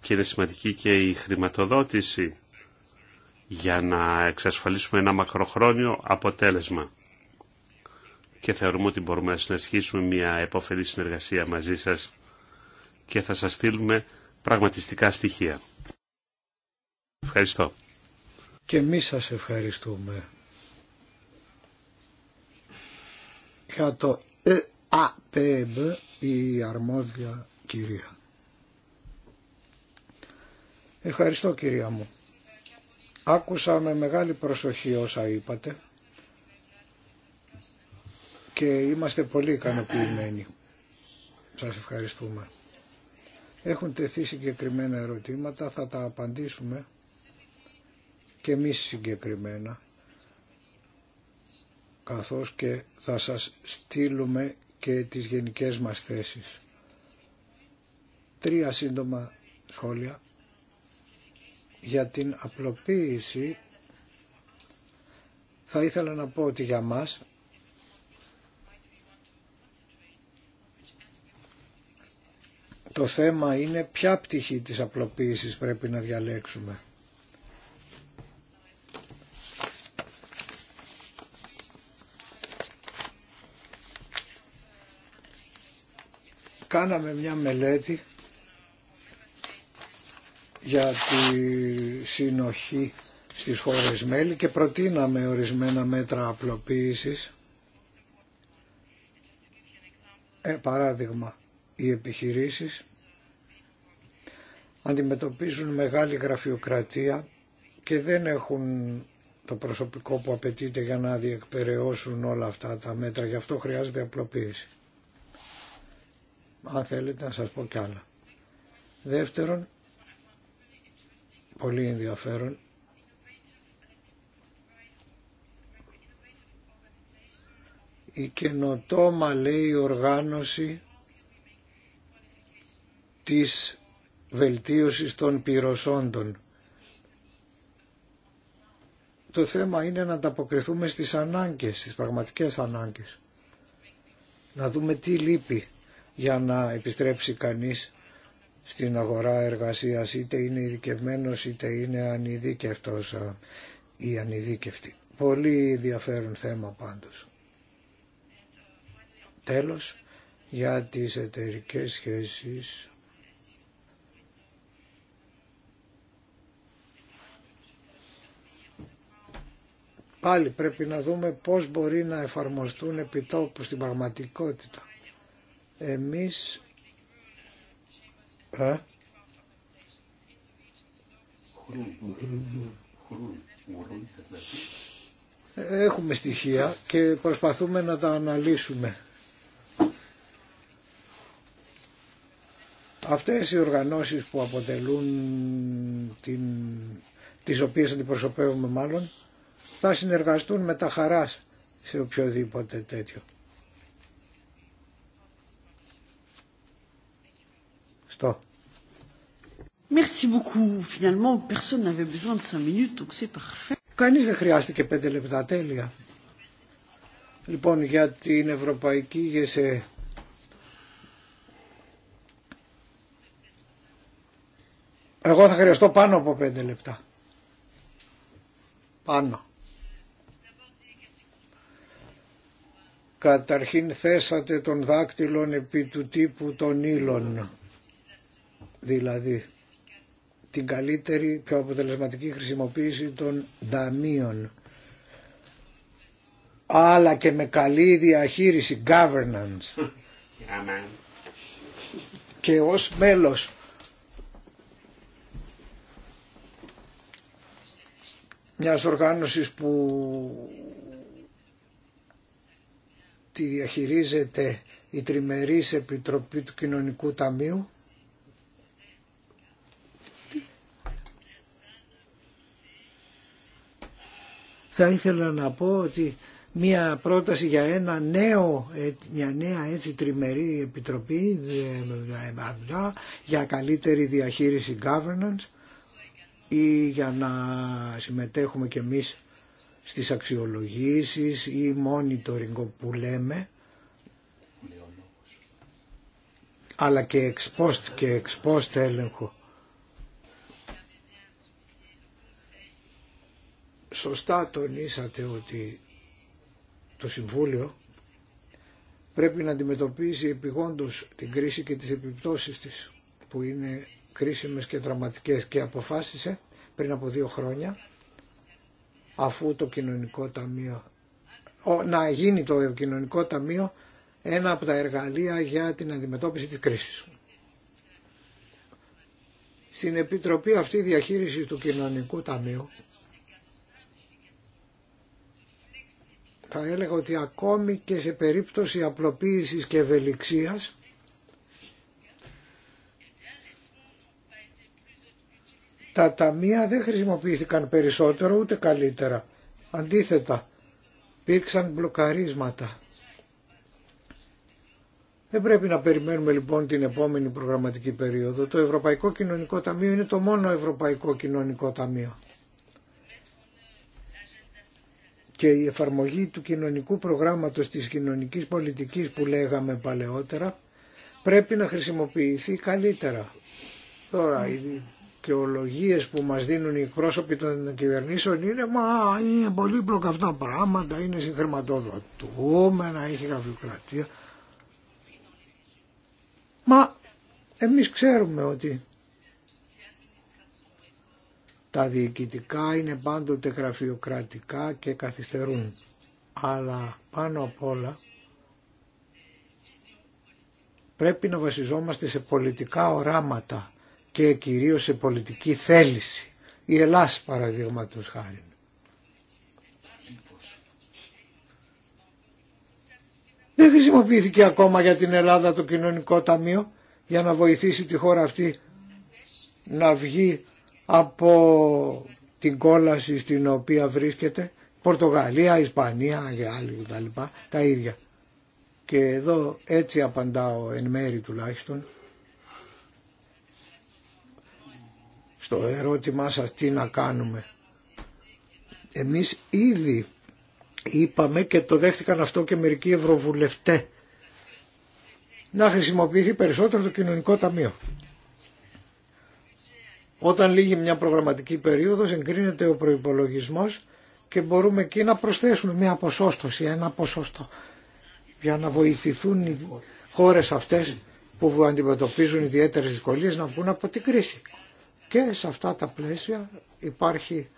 και είναι σημαντική και η χρηματοδότηση για να εξασφαλίσουμε ένα μακροχρόνιο αποτέλεσμα και θεωρούμε ότι μπορούμε να συνεχίσουμε μια επόφελη συνεργασία μαζί σας και θα σας στείλουμε πραγματιστικά στοιχεία. Ευχαριστώ. Και εμείς σας ευχαριστούμε για το ΕΑΠΕΜ η αρμόδια κυρία. Ευχαριστώ κυρία μου. Άκουσα με μεγάλη προσοχή όσα είπατε και είμαστε πολύ ικανοποιημένοι. Σας ευχαριστούμε. Έχουν τεθεί συγκεκριμένα ερωτήματα, θα τα απαντήσουμε και εμεί συγκεκριμένα καθώς και θα σας στείλουμε και τις γενικές μας θέσεις. Τρία σύντομα σχόλια για την απλοποίηση θα ήθελα να πω ότι για μας Το θέμα είναι ποια πτυχή της απλοποίησης πρέπει να διαλέξουμε. Κάναμε μια μελέτη για τη συνοχή στις χώρες μέλη και προτείναμε ορισμένα μέτρα απλοποίησης. Ε, παράδειγμα, οι επιχειρήσεις αντιμετωπίζουν μεγάλη γραφειοκρατία και δεν έχουν το προσωπικό που απαιτείται για να διεκπαιρεώσουν όλα αυτά τα μέτρα. Γι' αυτό χρειάζεται απλοποίηση. Αν θέλετε να σας πω κι άλλα. Δεύτερον, πολύ ενδιαφέρον, η καινοτόμα λέει οργάνωση της βελτίωσης των πυροσόντων. Το θέμα είναι να ανταποκριθούμε στις ανάγκες, στις πραγματικές ανάγκες. Να δούμε τι λείπει για να επιστρέψει κανείς στην αγορά εργασίας, είτε είναι ειδικευμένο είτε είναι ανειδίκευτος ή ανειδίκευτη. Πολύ ενδιαφέρον θέμα πάντως. Τέλος, για τις εταιρικές σχέσεις Πάλι πρέπει να δούμε πώς μπορεί να εφαρμοστούν επιτόπου στην πραγματικότητα. Εμείς... Ε, έχουμε στοιχεία και προσπαθούμε να τα αναλύσουμε. Αυτές οι οργανώσεις που αποτελούν την, τις οποίες αντιπροσωπεύουμε μάλλον θα συνεργαστούν με τα χαράς σε οποιοδήποτε τέτοιο. Στο. Merci beaucoup. Finalement, personne n'avait besoin de 5 minutes, donc c'est parfait. Κανείς δεν χρειάστηκε πέντε λεπτά, τέλεια. Λοιπόν, για την Ευρωπαϊκή ΓΕΣΕ. Εγώ θα χρειαστώ πάνω από 5 λεπτά. Πάνω. Καταρχήν θέσατε τον δάκτυλον επί του τύπου των ύλων, δηλαδή την καλύτερη, και αποτελεσματική χρησιμοποίηση των δαμείων, αλλά και με καλή διαχείριση, governance. Και ως μέλος μιας οργάνωσης που τη διαχειρίζεται η Τριμερής Επιτροπή του Κοινωνικού Ταμείου. Θα ήθελα να πω ότι μία πρόταση για ένα νέο, μια νέα έτσι τριμερή επιτροπή για καλύτερη διαχείριση governance ή για να συμμετέχουμε και εμείς στις αξιολογήσεις ή monitoring που λέμε αλλά και ex post και ex post έλεγχο. Σωστά τονίσατε ότι το Συμβούλιο πρέπει να αντιμετωπίσει επιγόντως την κρίση και τις επιπτώσεις της που είναι κρίσιμες και δραματικές και αποφάσισε πριν από δύο χρόνια αφού το κοινωνικό ταμείο, να γίνει το κοινωνικό ταμείο ένα από τα εργαλεία για την αντιμετώπιση της κρίσης. Στην Επιτροπή αυτή διαχείριση του κοινωνικού ταμείου θα έλεγα ότι ακόμη και σε περίπτωση απλοποίησης και ευελιξίας τα ταμεία δεν χρησιμοποιήθηκαν περισσότερο ούτε καλύτερα. Αντίθετα, υπήρξαν μπλοκαρίσματα. Δεν πρέπει να περιμένουμε λοιπόν την επόμενη προγραμματική περίοδο. Το Ευρωπαϊκό Κοινωνικό Ταμείο είναι το μόνο Ευρωπαϊκό Κοινωνικό Ταμείο. Και η εφαρμογή του κοινωνικού προγράμματος της κοινωνικής πολιτικής που λέγαμε παλαιότερα πρέπει να χρησιμοποιηθεί καλύτερα. Τώρα, δικαιολογίες που μας δίνουν οι εκπρόσωποι των κυβερνήσεων είναι «Μα είναι πολύπλοκα αυτά πράγματα, είναι συγχρηματοδοτούμενα, έχει γραφειοκρατία». Μα ειναι πολύ αυτα πραγματα ξέρουμε ότι τα διοικητικά είναι πάντοτε γραφειοκρατικά και καθυστερούν. Αλλά πάνω απ' όλα πρέπει να βασιζόμαστε σε πολιτικά οράματα και κυρίως σε πολιτική θέληση. Η Ελλάς παραδείγματος χάρη. Δεν χρησιμοποιήθηκε ακόμα για την Ελλάδα το κοινωνικό ταμείο για να βοηθήσει τη χώρα αυτή να βγει από την κόλαση στην οποία βρίσκεται. Πορτογαλία, Ισπανία, άλλοι κτλ. Τα ίδια. Και εδώ έτσι απαντάω εν μέρη τουλάχιστον στο ερώτημά σας τι να κάνουμε. Εμείς ήδη είπαμε και το δέχτηκαν αυτό και μερικοί ευρωβουλευτές να χρησιμοποιηθεί περισσότερο το κοινωνικό ταμείο. Όταν λύγει μια προγραμματική περίοδος εγκρίνεται ο προϋπολογισμός και μπορούμε εκεί να προσθέσουμε μια ποσόστοση, ένα ποσοστό για να βοηθηθούν οι χώρες αυτές που αντιμετωπίζουν ιδιαίτερες δυσκολίες να βγουν από την κρίση. Και σε αυτά τα πλαίσια υπάρχει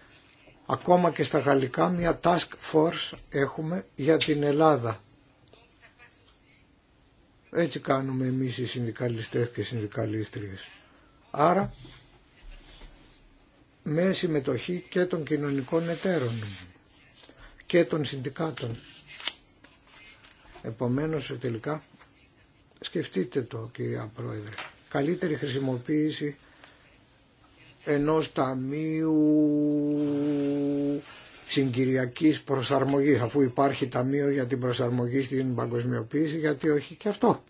ακόμα και στα γαλλικά μια task force έχουμε για την Ελλάδα. Έτσι κάνουμε εμείς οι συνδικαλιστές και συνδικαλίστριες. Άρα με συμμετοχή και των κοινωνικών εταίρων και των συνδικάτων. Επομένως τελικά σκεφτείτε το κυρία Πρόεδρε. Καλύτερη χρησιμοποίηση ενός ταμείου συγκυριακής προσαρμογής αφού υπάρχει ταμείο για την προσαρμογή στην παγκοσμιοποίηση γιατί όχι και αυτό.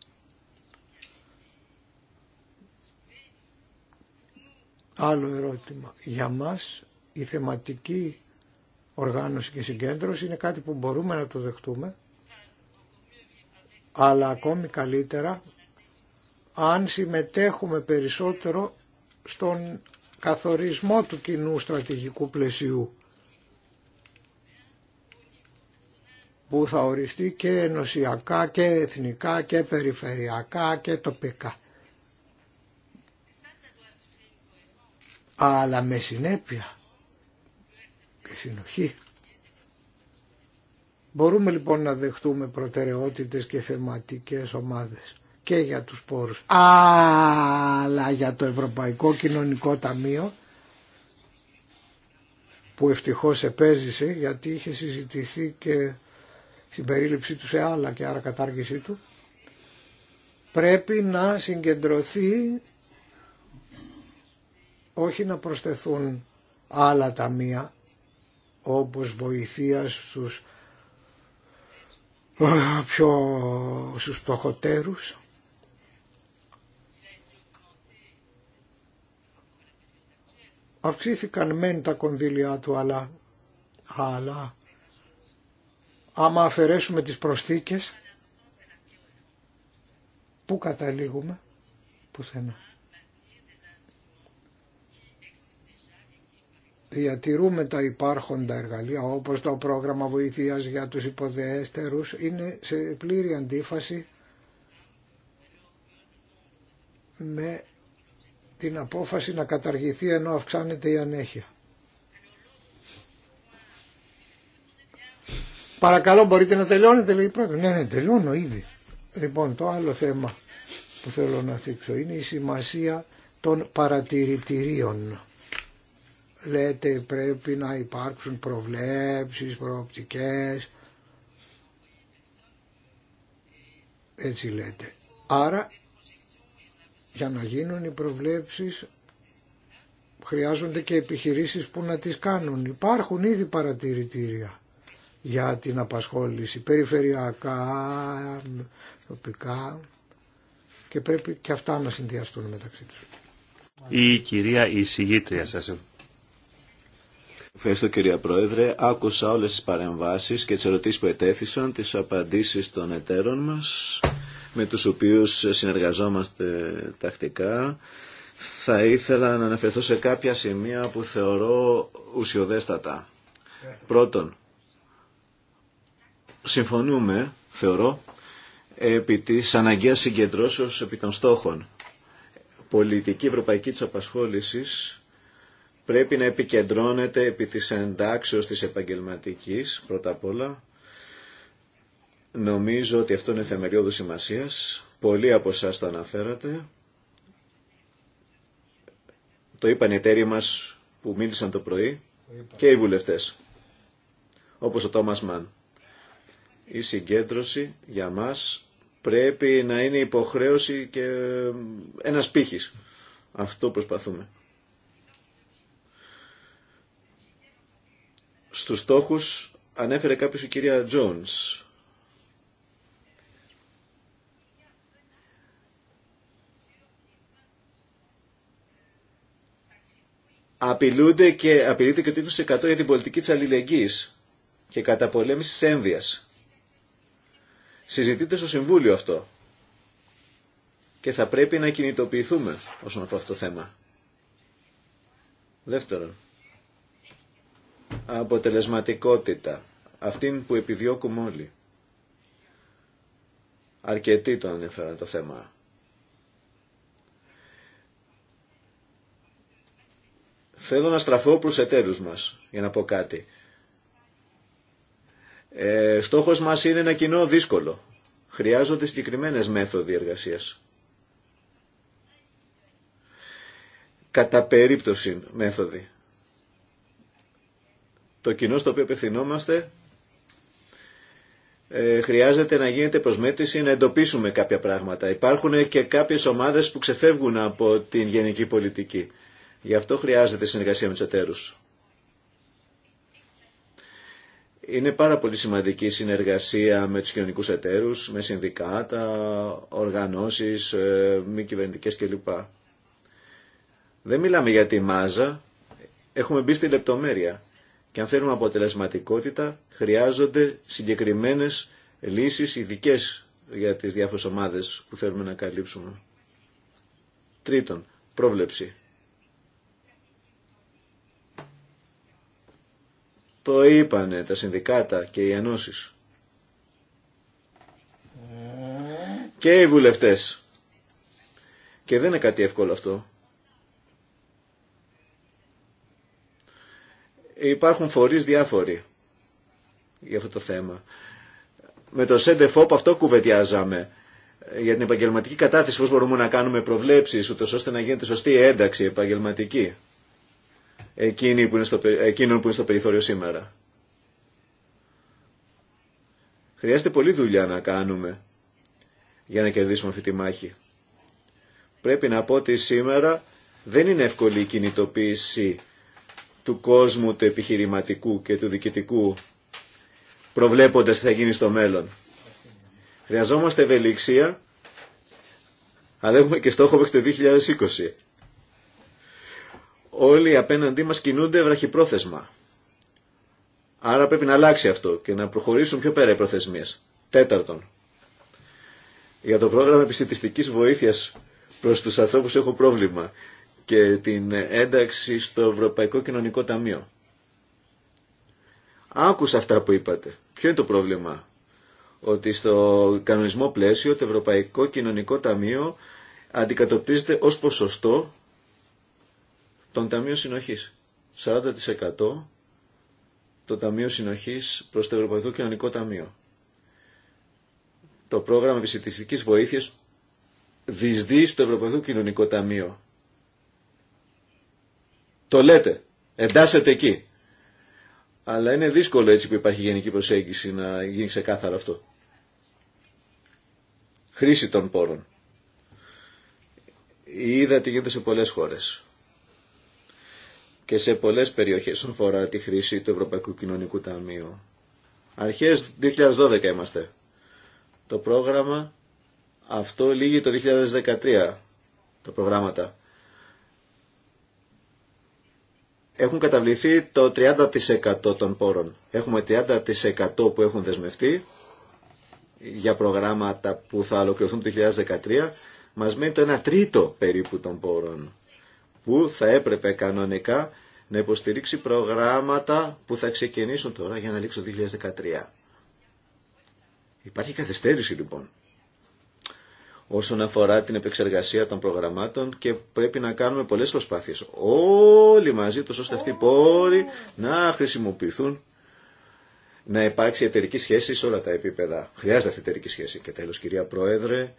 Άλλο ερώτημα. Για μας η θεματική οργάνωση και συγκέντρωση είναι κάτι που μπορούμε να το δεχτούμε αλλά ακόμη καλύτερα αν συμμετέχουμε περισσότερο στον καθορισμό του κοινού στρατηγικού πλαισιού που θα οριστεί και ενωσιακά και εθνικά και περιφερειακά και τοπικά. Αλλά με συνέπεια και συνοχή. Μπορούμε λοιπόν να δεχτούμε προτεραιότητες και θεματικές ομάδες και για τους πόρους. Αλλά για το Ευρωπαϊκό Κοινωνικό Ταμείο που ευτυχώς επέζησε γιατί είχε συζητηθεί και στην περίληψή του σε άλλα και άρα κατάργησή του πρέπει να συγκεντρωθεί όχι να προσθεθούν άλλα ταμεία όπως βοηθεία στους πιο στους πτωχοτέρους Αυξήθηκαν μεν τα κονδύλια του, αλλά, αλλά άμα αφαιρέσουμε τις προσθήκες, πού καταλήγουμε, πουθενά. διατηρούμε τα υπάρχοντα εργαλεία όπως το πρόγραμμα βοήθειας για τους υποδεέστερους είναι σε πλήρη αντίφαση με την απόφαση να καταργηθεί ενώ αυξάνεται η ανέχεια. Παρακαλώ μπορείτε να τελειώνετε λέει πρώτα. Ναι, ναι, τελειώνω ήδη. Λοιπόν, το άλλο θέμα που θέλω να θίξω είναι η σημασία των παρατηρητηρίων. Λέτε πρέπει να υπάρξουν προβλέψεις, προοπτικές. Έτσι λέτε. Άρα για να γίνουν οι προβλέψεις χρειάζονται και επιχειρήσεις που να τις κάνουν. Υπάρχουν ήδη παρατηρητήρια για την απασχόληση περιφερειακά, τοπικά και πρέπει και αυτά να συνδυαστούν μεταξύ τους. Η κυρία η σας. Ευχαριστώ κυρία Πρόεδρε. Άκουσα όλες τις παρεμβάσεις και τις ερωτήσεις που ετέθησαν, τις απαντήσεις των εταίρων μας με τους οποίους συνεργαζόμαστε τακτικά. Θα ήθελα να αναφερθώ σε κάποια σημεία που θεωρώ ουσιοδέστατα. Πρώτον, συμφωνούμε, θεωρώ, επί της αναγκαίας συγκεντρώσεως επί των στόχων. Πολιτική ευρωπαϊκή της απασχόλησης πρέπει να επικεντρώνεται επί της εντάξεως της επαγγελματικής, πρώτα απ' όλα, Νομίζω ότι αυτό είναι θεμελιώδη σημασία. Πολλοί από εσά το αναφέρατε. Το είπαν οι εταίροι μας που μίλησαν το πρωί και οι βουλευτέ. όπως ο Τόμας Μαν. Η συγκέντρωση για μας πρέπει να είναι υποχρέωση και ε, ένας πύχη Αυτό προσπαθούμε. Στους στόχους ανέφερε κάποιος η κυρία Τζόνς. απειλούνται και απειλείται και το 20% για την πολιτική της αλληλεγγύης και καταπολέμηση της ένδυας. Συζητείται στο Συμβούλιο αυτό και θα πρέπει να κινητοποιηθούμε όσον αφορά αυτό το θέμα. Δεύτερον, αποτελεσματικότητα, αυτή που επιδιώκουμε όλοι. Αρκετοί το ανέφεραν το θέμα. Θέλω να στραφώ προς εταίρους μας, για να πω κάτι. Ε, στόχος μας είναι ένα κοινό δύσκολο. Χρειάζονται συγκεκριμένες μέθοδοι εργασίας. Κατά περίπτωση μέθοδοι. Το κοινό στο οποίο απευθυνόμαστε ε, χρειάζεται να γίνεται προσμέτρηση να εντοπίσουμε κάποια πράγματα. Υπάρχουν και κάποιες ομάδες που ξεφεύγουν από την γενική πολιτική. Γι' αυτό χρειάζεται συνεργασία με του εταίρους. Είναι πάρα πολύ σημαντική συνεργασία με τους κοινωνικούς εταίρους, με συνδικάτα, οργανώσεις, ε, μη κυβερνητικές κλπ. Δεν μιλάμε για τη μάζα, έχουμε μπει στη λεπτομέρεια. Και αν θέλουμε αποτελεσματικότητα, χρειάζονται συγκεκριμένες λύσεις ειδικέ για τις διάφορες ομάδες που θέλουμε να καλύψουμε. Τρίτον, πρόβλεψη. Το είπανε τα συνδικάτα και οι ενώσεις. Και οι βουλευτέ. Και δεν είναι κάτι εύκολο αυτό. Υπάρχουν φορείς διάφοροι για αυτό το θέμα. Με το ΣΕΝΤΕΦΟΠ αυτό κουβεντιάζαμε για την επαγγελματική κατάθεση πώς μπορούμε να κάνουμε προβλέψεις, ούτως ώστε να γίνεται σωστή ένταξη επαγγελματική εκείνων που, είναι στο, που είναι στο περιθώριο σήμερα. Χρειάζεται πολλή δουλειά να κάνουμε για να κερδίσουμε αυτή τη μάχη. Πρέπει να πω ότι σήμερα δεν είναι εύκολη η κινητοποίηση του κόσμου του επιχειρηματικού και του διοικητικού προβλέποντας τι θα γίνει στο μέλλον. Χρειαζόμαστε ευελιξία, αλλά έχουμε και στόχο μέχρι το 2020 όλοι απέναντί μας κινούνται βραχυπρόθεσμα. Άρα πρέπει να αλλάξει αυτό και να προχωρήσουν πιο πέρα οι προθεσμίες. Τέταρτον, για το πρόγραμμα επιστημιστικής βοήθειας προς τους ανθρώπους που έχουν πρόβλημα και την ένταξη στο Ευρωπαϊκό Κοινωνικό Ταμείο. Άκουσα αυτά που είπατε. Ποιο είναι το πρόβλημα. Ότι στο κανονισμό πλαίσιο το Ευρωπαϊκό Κοινωνικό Ταμείο αντικατοπτρίζεται ως ποσοστό τον Ταμείο Συνοχής. 40% το Ταμείο Συνοχής προς το Ευρωπαϊκό Κοινωνικό Ταμείο. Το πρόγραμμα επιστημιστικής βοήθειας Δυσδύει στο Ευρωπαϊκό Κοινωνικό Ταμείο. Το λέτε, εντάσσεται εκεί. Αλλά είναι δύσκολο έτσι που υπάρχει γενική προσέγγιση να γίνει ξεκάθαρο αυτό. Χρήση των πόρων. Είδα τι γίνεται σε πολλές χώρες και σε πολλές περιοχές όσον αφορά τη χρήση του Ευρωπαϊκού Κοινωνικού Ταμείου. Αρχές 2012 είμαστε. Το πρόγραμμα αυτό λύγει το 2013, τα προγράμματα. Έχουν καταβληθεί το 30% των πόρων. Έχουμε 30% που έχουν δεσμευτεί για προγράμματα που θα ολοκληρωθούν το 2013. Μας μένει το 1 τρίτο περίπου των πόρων που θα έπρεπε κανονικά να υποστηρίξει προγράμματα που θα ξεκινήσουν τώρα για να λήξει το 2013. Υπάρχει καθυστέρηση λοιπόν όσον αφορά την επεξεργασία των προγραμμάτων και πρέπει να κάνουμε πολλές προσπάθειες. Όλοι μαζί τους ώστε αυτοί οι πόροι να χρησιμοποιηθούν να υπάρξει εταιρική σχέση σε όλα τα επίπεδα. Χρειάζεται αυτή η εταιρική σχέση. Και τέλος κυρία Πρόεδρε,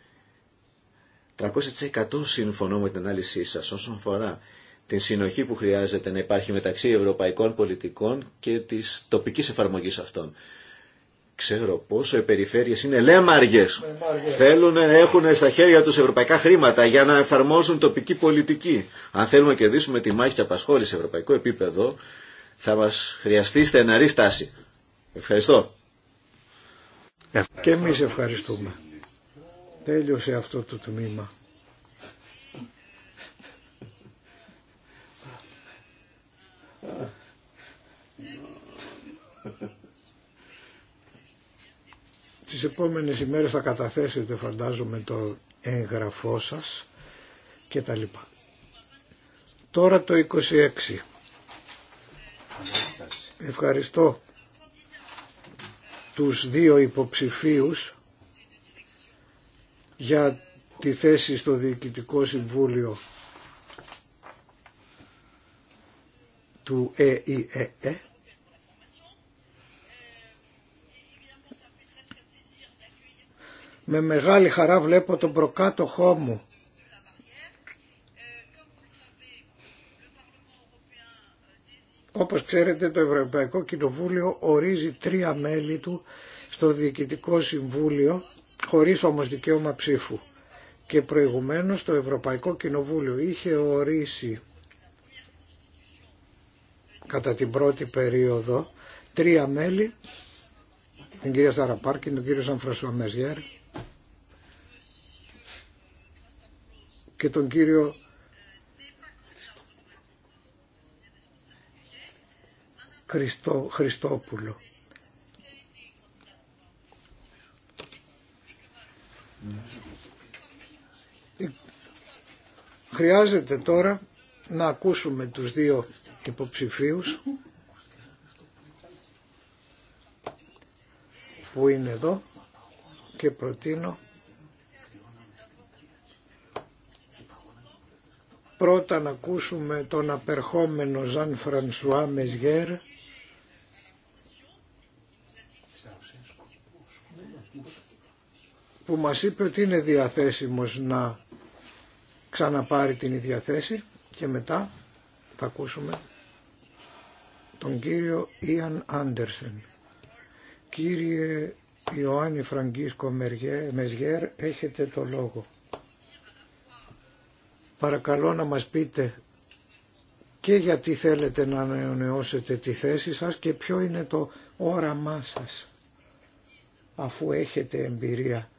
300% συμφωνώ με την ανάλυση σας όσον αφορά την συνοχή που χρειάζεται να υπάρχει μεταξύ ευρωπαϊκών πολιτικών και της τοπικής εφαρμογής αυτών. Ξέρω πόσο οι περιφέρειες είναι λέμαργες. Ναι, Θέλουν να έχουν στα χέρια τους ευρωπαϊκά χρήματα για να εφαρμόζουν τοπική πολιτική. Αν θέλουμε να κερδίσουμε τη μάχη της απασχόλησης σε ευρωπαϊκό επίπεδο, θα μας χρειαστεί στεναρή στάση. Ευχαριστώ. Και εμείς ευχαριστούμε. Τέλειωσε αυτό το τμήμα. Τις επόμενες ημέρες θα καταθέσετε φαντάζομαι το έγγραφό σας και τα λοιπά. Τώρα το 26. Ευχαριστώ τους δύο υποψηφίους για τη θέση στο Διοικητικό Συμβούλιο του ΕΙΕΕ. Με μεγάλη χαρά βλέπω τον προκάτοχό μου. Όπως ξέρετε το Ευρωπαϊκό Κοινοβούλιο ορίζει τρία μέλη του στο Διοικητικό Συμβούλιο χωρίς όμως δικαίωμα ψήφου. Και προηγουμένως το Ευρωπαϊκό Κοινοβούλιο είχε ορίσει κατά την πρώτη περίοδο τρία μέλη, την κυρία Σαραπάρκη, τον κύριο Σανφρασουά Μεζιέρ και τον κύριο Χριστόπουλο. Χρειάζεται τώρα να ακούσουμε τους δύο υποψηφίους που είναι εδώ και προτείνω πρώτα να ακούσουμε τον απερχόμενο Ζαν Φρανσουά Μεζιέρ που μας είπε ότι είναι διαθέσιμος να ξαναπάρει την ίδια θέση και μετά θα ακούσουμε τον κύριο Ιαν Άντερσεν. Κύριε Ιωάννη Φραγκίσκο Μεζιέρ, έχετε το λόγο. Παρακαλώ να μας πείτε και γιατί θέλετε να ανανεώσετε τη θέση σας και ποιο είναι το όραμά σας αφού έχετε εμπειρία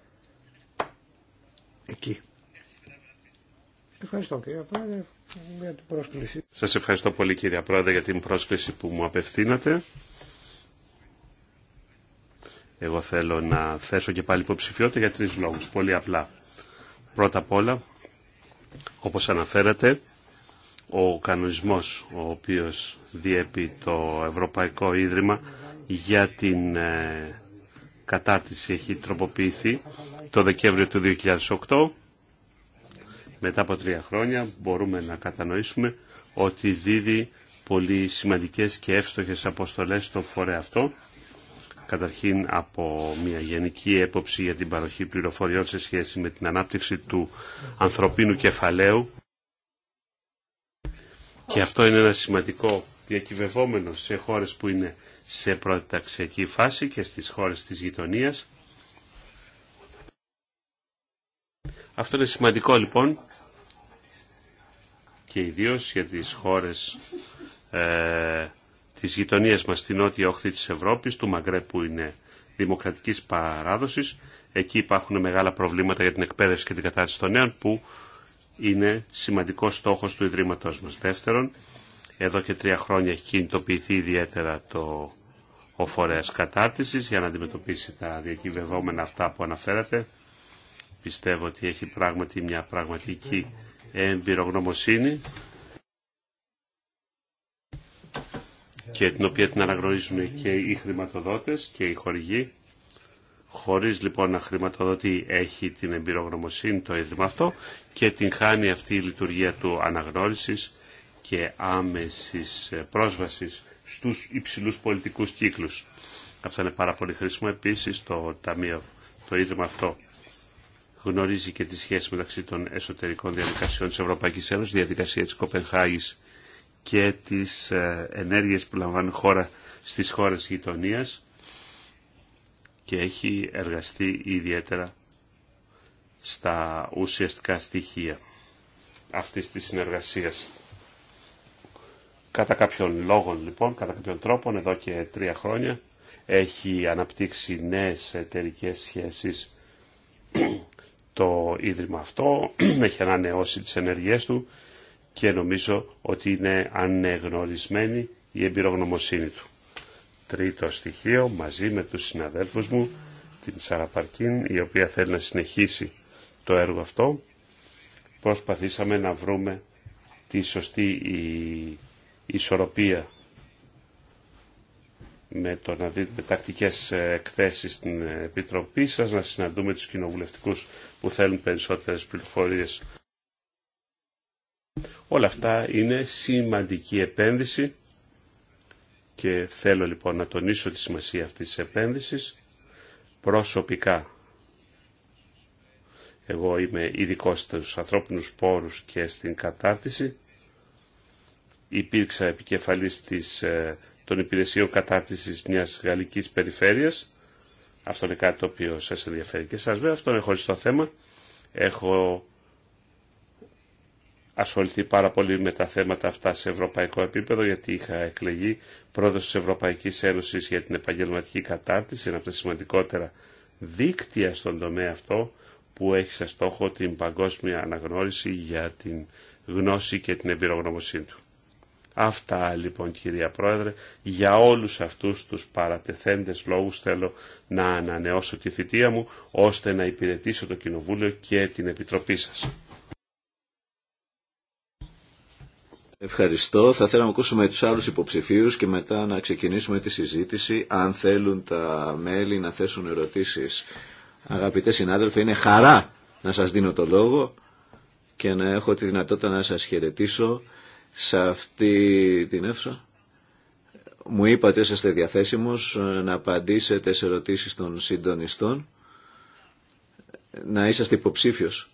εκεί. Ευχαριστώ Σας ευχαριστώ πολύ κύριε Πρόεδρε για την πρόσκληση που μου απευθύνατε. Εγώ θέλω να θέσω και πάλι υποψηφιότητα για τρεις λόγους, πολύ απλά. Πρώτα απ' όλα, όπως αναφέρατε, ο κανονισμός ο οποίος διέπει το Ευρωπαϊκό Ίδρυμα για την ε, κατάρτιση έχει τροποποιηθεί το Δεκέμβριο του 2008. Μετά από τρία χρόνια μπορούμε να κατανοήσουμε ότι δίδει πολύ σημαντικές και εύστοχες αποστολές στον φορέα αυτό. Καταρχήν από μια γενική έποψη για την παροχή πληροφοριών σε σχέση με την ανάπτυξη του ανθρωπίνου κεφαλαίου. Και αυτό είναι ένα σημαντικό διακυβευόμενο σε χώρες που είναι σε ταξιακή φάση και στις χώρες της γειτονίας Αυτό είναι σημαντικό λοιπόν και ιδίω για τις χώρες ε, της γειτονίας μας στην νότια όχθη της Ευρώπης, του Μαγκρέ που είναι δημοκρατικής παράδοσης. Εκεί υπάρχουν μεγάλα προβλήματα για την εκπαίδευση και την κατάρτιση των νέων που είναι σημαντικό στόχος του Ιδρύματός μας. Δεύτερον, εδώ και τρία χρόνια έχει κινητοποιηθεί ιδιαίτερα το ο φορέας κατάρτισης για να αντιμετωπίσει τα διακυβευόμενα αυτά που αναφέρατε. Πιστεύω ότι έχει πράγματι μια πραγματική εμπειρογνωμοσύνη και την οποία την αναγνωρίζουν και οι χρηματοδότες και οι χορηγοί. Χωρίς λοιπόν να χρηματοδοτεί έχει την εμπειρογνωμοσύνη το Ίδρυμα αυτό και την χάνει αυτή η λειτουργία του αναγνώρισης και άμεσης πρόσβασης στους υψηλούς πολιτικούς κύκλους. Αυτά είναι πάρα πολύ χρήσιμο επίσης το Ταμείο, το Ίδρυμα αυτό γνωρίζει και τη σχέση μεταξύ των εσωτερικών διαδικασιών της Ευρωπαϊκής Ένωσης, διαδικασία της Κοπενχάγης και τις ε, ενέργειες που λαμβάνουν χώρα στις χώρες γειτονίας και έχει εργαστεί ιδιαίτερα στα ουσιαστικά στοιχεία αυτής της συνεργασίας. Κατά κάποιον λόγον λοιπόν, κατά κάποιον τρόπο, εδώ και τρία χρόνια, έχει αναπτύξει νέες εταιρικέ σχέσεις το Ίδρυμα αυτό, έχει ανανεώσει τις ενεργειές του και νομίζω ότι είναι ανεγνωρισμένη η εμπειρογνωμοσύνη του. Τρίτο στοιχείο, μαζί με τους συναδέλφους μου, την Σαραπαρκίν, η οποία θέλει να συνεχίσει το έργο αυτό, προσπαθήσαμε να βρούμε τη σωστή η ισορροπία με το να τακτικές ε, εκθέσεις στην Επιτροπή σας, να συναντούμε τους κοινοβουλευτικούς που θέλουν περισσότερες πληροφορίες. Όλα αυτά είναι σημαντική επένδυση και θέλω λοιπόν να τονίσω τη σημασία αυτής της επένδυσης προσωπικά. Εγώ είμαι ειδικό στους ανθρώπινους πόρους και στην κατάρτιση. Υπήρξα επικεφαλής της ε, των υπηρεσιών κατάρτισης μιας γαλλικής περιφέρειας. Αυτό είναι κάτι το οποίο σας ενδιαφέρει και σας βέβαια. Αυτό είναι χωριστό θέμα. Έχω ασχοληθεί πάρα πολύ με τα θέματα αυτά σε ευρωπαϊκό επίπεδο, γιατί είχα εκλεγεί πρόεδρος της Ευρωπαϊκής Ένωσης για την επαγγελματική κατάρτιση, ένα από τα σημαντικότερα δίκτυα στον τομέα αυτό, που έχει σε στόχο την παγκόσμια αναγνώριση για την γνώση και την εμπειρογνωμοσύνη του. Αυτά λοιπόν κυρία Πρόεδρε, για όλους αυτούς τους παρατεθέντες λόγους θέλω να ανανεώσω τη θητεία μου, ώστε να υπηρετήσω το Κοινοβούλιο και την Επιτροπή σας. Ευχαριστώ. Θα θέλαμε να ακούσουμε τους άλλους υποψηφίους και μετά να ξεκινήσουμε τη συζήτηση, αν θέλουν τα μέλη να θέσουν ερωτήσεις. Αγαπητέ συνάδελφοι, είναι χαρά να σας δίνω το λόγο και να έχω τη δυνατότητα να σας χαιρετήσω σε αυτή την αίθουσα. Μου είπατε ότι είστε διαθέσιμος να απαντήσετε σε ερωτήσεις των συντονιστών, να είσαστε υποψήφιος.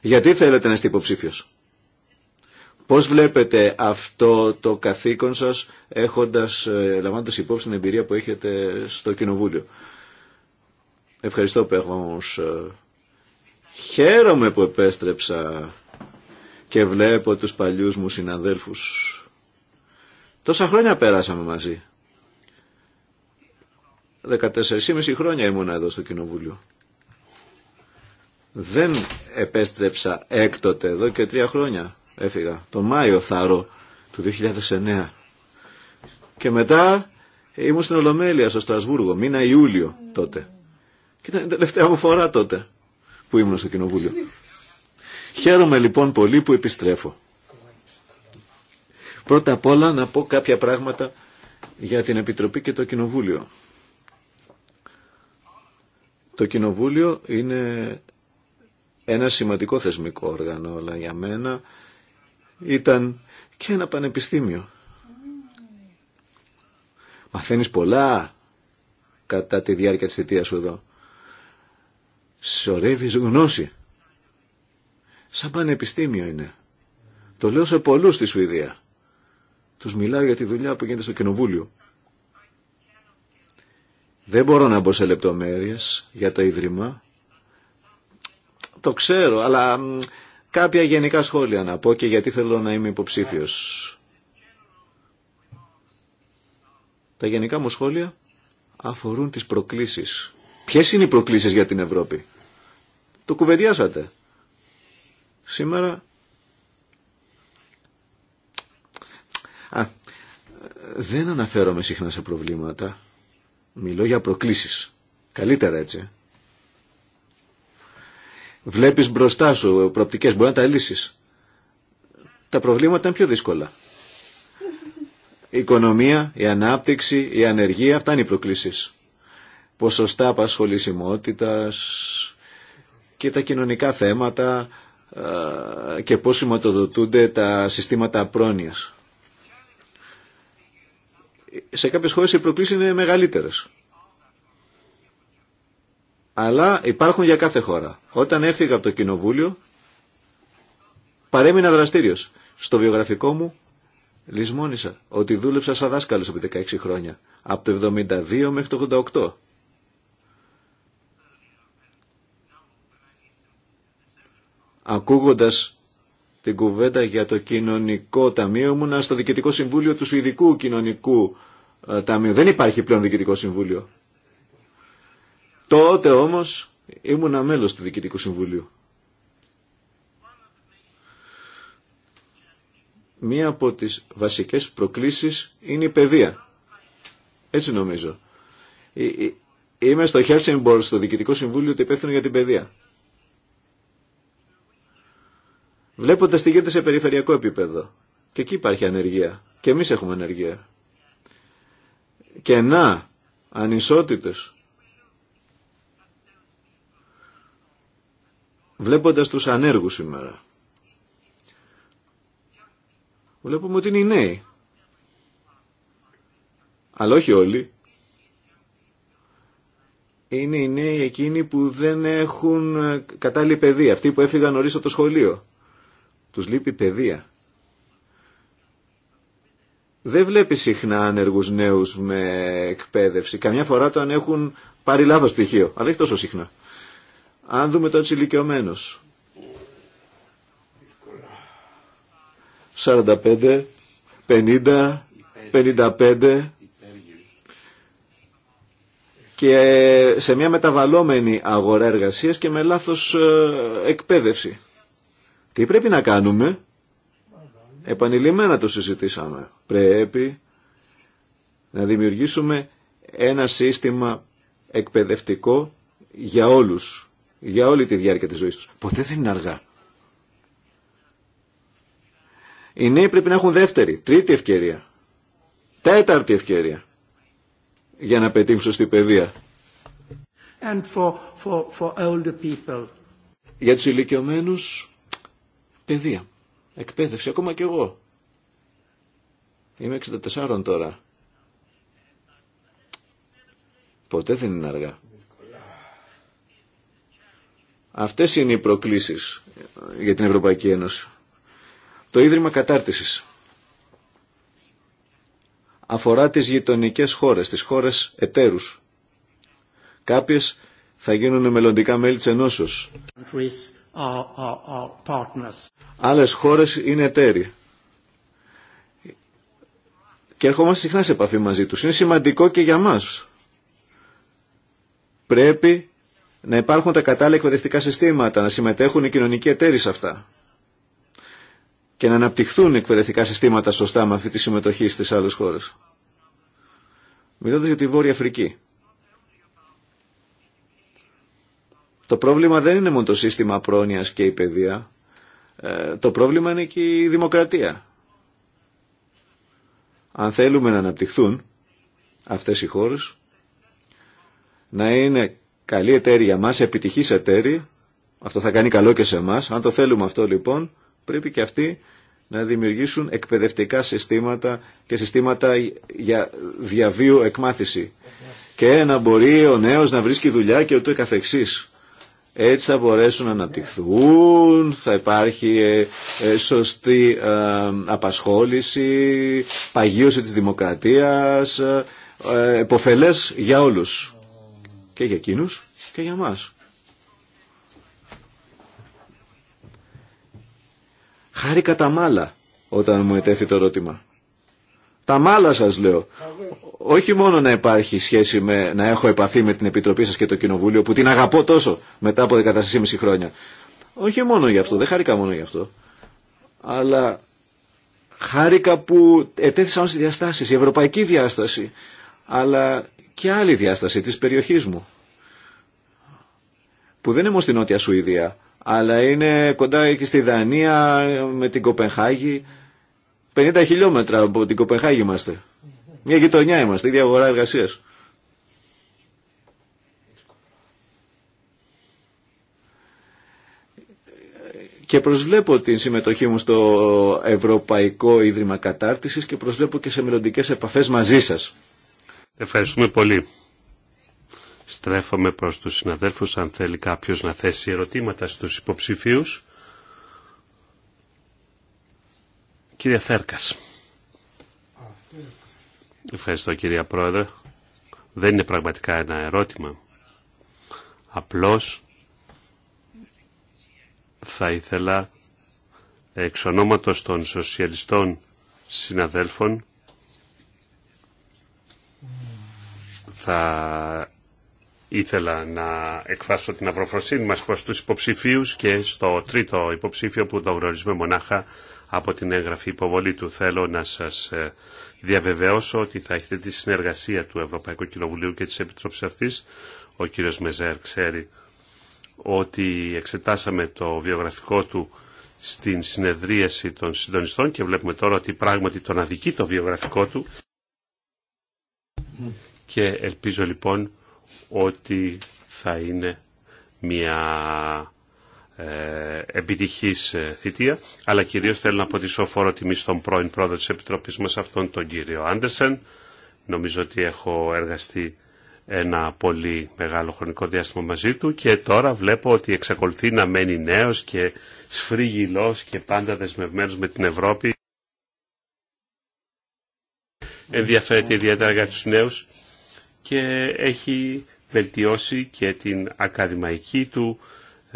Γιατί θέλετε να είστε υποψήφιος. Πώς βλέπετε αυτό το καθήκον σας έχοντας, ε, λαμβάνοντας υπόψη την εμπειρία που έχετε στο Κοινοβούλιο. Ευχαριστώ που ε, Χαίρομαι που επέστρεψα και βλέπω τους παλιούς μου συναδέλφους. Τόσα χρόνια πέρασαμε μαζί. 14,5 χρόνια ήμουν εδώ στο Κοινοβούλιο. Δεν επέστρεψα έκτοτε εδώ και τρία χρόνια έφυγα. Το Μάιο Θάρο, του 2009. Και μετά ήμουν στην Ολομέλεια στο Στρασβούργο, μήνα Ιούλιο τότε. Και ήταν η τελευταία μου φορά τότε που ήμουν στο Κοινοβούλιο. Χαίρομαι λοιπόν πολύ που επιστρέφω. Πρώτα απ' όλα να πω κάποια πράγματα για την Επιτροπή και το Κοινοβούλιο. Το Κοινοβούλιο είναι ένα σημαντικό θεσμικό όργανο, αλλά για μένα ήταν και ένα πανεπιστήμιο. Μαθαίνεις πολλά κατά τη διάρκεια της θητείας σου εδώ. Σωρεύεις γνώση σαν πανεπιστήμιο είναι. Το λέω σε πολλούς στη Σουηδία. Τους μιλάω για τη δουλειά που γίνεται στο κοινοβούλιο. Δεν μπορώ να μπω σε λεπτομέρειε για το Ίδρυμα. Το ξέρω, αλλά κάποια γενικά σχόλια να πω και γιατί θέλω να είμαι υποψήφιος. Τα γενικά μου σχόλια αφορούν τις προκλήσεις. Ποιες είναι οι προκλήσεις για την Ευρώπη. Το κουβεντιάσατε σήμερα. Α, δεν αναφέρομαι συχνά σε προβλήματα. Μιλώ για προκλήσεις. Καλύτερα έτσι. Βλέπεις μπροστά σου προπτικές. μπορεί να τα λύσεις. Τα προβλήματα είναι πιο δύσκολα. Η οικονομία, η ανάπτυξη, η ανεργία, αυτά είναι οι προκλήσεις. Ποσοστά απασχολησιμότητας και τα κοινωνικά θέματα, ε, και πώς σηματοδοτούνται τα συστήματα πρόνοιας. Σε κάποιες χώρες οι προκλήσεις είναι μεγαλύτερες. Αλλά υπάρχουν για κάθε χώρα. Όταν έφυγα από το κοινοβούλιο, παρέμεινα δραστήριος. Στο βιογραφικό μου λησμόνησα ότι δούλεψα σαν δάσκαλος από 16 χρόνια, από το 72 μέχρι το 88. Ακούγοντας την κουβέντα για το κοινωνικό ταμείο ήμουνα στο Διοικητικό Συμβούλιο του Σουηδικού Κοινωνικού ε, Ταμείου. Δεν υπάρχει πλέον Διοικητικό Συμβούλιο. Τότε όμως ήμουνα μέλος του Διοικητικού Συμβουλίου. Μία από τις βασικές προκλήσεις είναι η παιδεία. Έτσι νομίζω. Ε, ε, είμαι στο Χέλσιμπορ, στο Διοικητικό Συμβούλιο, ότι υπεύθυνο για την παιδεία. Βλέποντα τι γίνεται σε περιφερειακό επίπεδο. Και εκεί υπάρχει ανεργία. Και εμείς έχουμε ανεργία. Και να, ανισότητες. βλέποντα τους ανέργους σήμερα. Βλέπουμε ότι είναι οι νέοι. Αλλά όχι όλοι. Είναι οι νέοι εκείνοι που δεν έχουν ε, κατάλληλη παιδεία. Αυτοί που έφυγαν νωρί από το σχολείο τους λείπει παιδεία. Δεν βλέπει συχνά ανεργούς νέους με εκπαίδευση. Καμιά φορά το αν έχουν πάρει λάθος πτυχίο, αλλά όχι τόσο συχνά. Αν δούμε το έτσι 45, 50, 55 και σε μια μεταβαλλόμενη αγορά εργασίας και με λάθος ε, εκπαίδευση. Τι πρέπει να κάνουμε. Επανειλημμένα το συζητήσαμε. Πρέπει να δημιουργήσουμε ένα σύστημα εκπαιδευτικό για όλους, για όλη τη διάρκεια της ζωής τους. Ποτέ δεν είναι αργά. Οι νέοι πρέπει να έχουν δεύτερη, τρίτη ευκαιρία, τέταρτη ευκαιρία για να πετύχουν σωστή παιδεία. And for, Για τους ηλικιωμένους Παιδεία. Εκπαίδευση. Ακόμα και εγώ. Είμαι 64 τώρα. Ποτέ δεν είναι αργά. Αυτές είναι οι προκλήσεις για την Ευρωπαϊκή Ένωση. Το Ίδρυμα Κατάρτισης αφορά τις γειτονικές χώρες, τις χώρες εταίρους. Κάποιες θα γίνουν μελλοντικά μέλη της Ενώσεως. Άλλες χώρες είναι εταίροι. Και ερχόμαστε συχνά σε επαφή μαζί τους. Είναι σημαντικό και για μας. Πρέπει να υπάρχουν τα κατάλληλα εκπαιδευτικά συστήματα, να συμμετέχουν οι κοινωνικοί εταίροι σε αυτά και να αναπτυχθούν εκπαιδευτικά συστήματα σωστά με αυτή τη συμμετοχή στις άλλες χώρες. Μιλώντας για τη Βόρεια Αφρική. Το πρόβλημα δεν είναι μόνο το σύστημα πρόνοιας και η παιδεία. Ε, το πρόβλημα είναι και η δημοκρατία. Αν θέλουμε να αναπτυχθούν αυτές οι χώρες, να είναι καλή εταίροι για μας, επιτυχής εταίροι, αυτό θα κάνει καλό και σε εμά. Αν το θέλουμε αυτό λοιπόν, πρέπει και αυτοί να δημιουργήσουν εκπαιδευτικά συστήματα και συστήματα για διαβίου εκμάθηση. Και να μπορεί ο νέος να βρίσκει δουλειά και ούτω καθεξής. Έτσι θα μπορέσουν να αναπτυχθούν, θα υπάρχει ε, ε, σωστή ε, απασχόληση, παγίωση της δημοκρατίας, εποφελές για όλους. Και για εκείνους και για μας. Χάρη κατά μάλα όταν μου ετέθη το ερώτημα. Τα μάλα σα λέω. Όχι μόνο να υπάρχει σχέση με να έχω επαφή με την Επιτροπή σας και το Κοινοβούλιο που την αγαπώ τόσο μετά από 14,5 χρόνια. Όχι μόνο γι' αυτό, δεν χάρηκα μόνο γι' αυτό. Αλλά χάρηκα που ετέθησα όλε τις διαστάσεις, η ευρωπαϊκή διάσταση, αλλά και άλλη διάσταση τη περιοχή μου. Που δεν είναι στην Νότια Σουηδία, αλλά είναι κοντά και στη Δανία με την Κοπενχάγη, 50 χιλιόμετρα από την Κοπεχάγη είμαστε. Μια γειτονιά είμαστε, ίδια αγορά εργασία. Και προσβλέπω την συμμετοχή μου στο Ευρωπαϊκό Ίδρυμα Κατάρτισης και προσβλέπω και σε μελλοντικέ επαφές μαζί σας. Ευχαριστούμε πολύ. Στρέφομαι προς τους συναδέλφους αν θέλει κάποιος να θέσει ερωτήματα στους υποψηφίους. Κύριε Θέρκας. Ευχαριστώ κυρία Πρόεδρε. Δεν είναι πραγματικά ένα ερώτημα. Απλώς θα ήθελα εξ ονόματος των σοσιαλιστών συναδέλφων θα ήθελα να εκφράσω την αυροφροσύνη μας προς τους υποψηφίους και στο τρίτο υποψήφιο που το γνωρίζουμε μονάχα από την έγγραφη υποβολή του. Θέλω να σας ε, διαβεβαιώσω ότι θα έχετε τη συνεργασία του Ευρωπαϊκού Κοινοβουλίου και της Επιτροπής αυτής. Ο κύριος Μεζέρ ξέρει ότι εξετάσαμε το βιογραφικό του στην συνεδρίαση των συντονιστών και βλέπουμε τώρα ότι πράγματι τον αδικεί το βιογραφικό του και ελπίζω λοιπόν ότι θα είναι μια ε, επιτυχής ε, θητεία, αλλά κυρίως θέλω να αποτίσω φόρο τιμή στον πρώην πρόεδρο της Επιτροπής μας αυτόν τον κύριο Άντερσεν. Νομίζω ότι έχω εργαστεί ένα πολύ μεγάλο χρονικό διάστημα μαζί του και τώρα βλέπω ότι εξακολουθεί να μένει νέος και σφρίγιλος και πάντα δεσμευμένος με την Ευρώπη. Ενδιαφέρεται ιδιαίτερα για τους νέους και έχει βελτιώσει και την ακαδημαϊκή του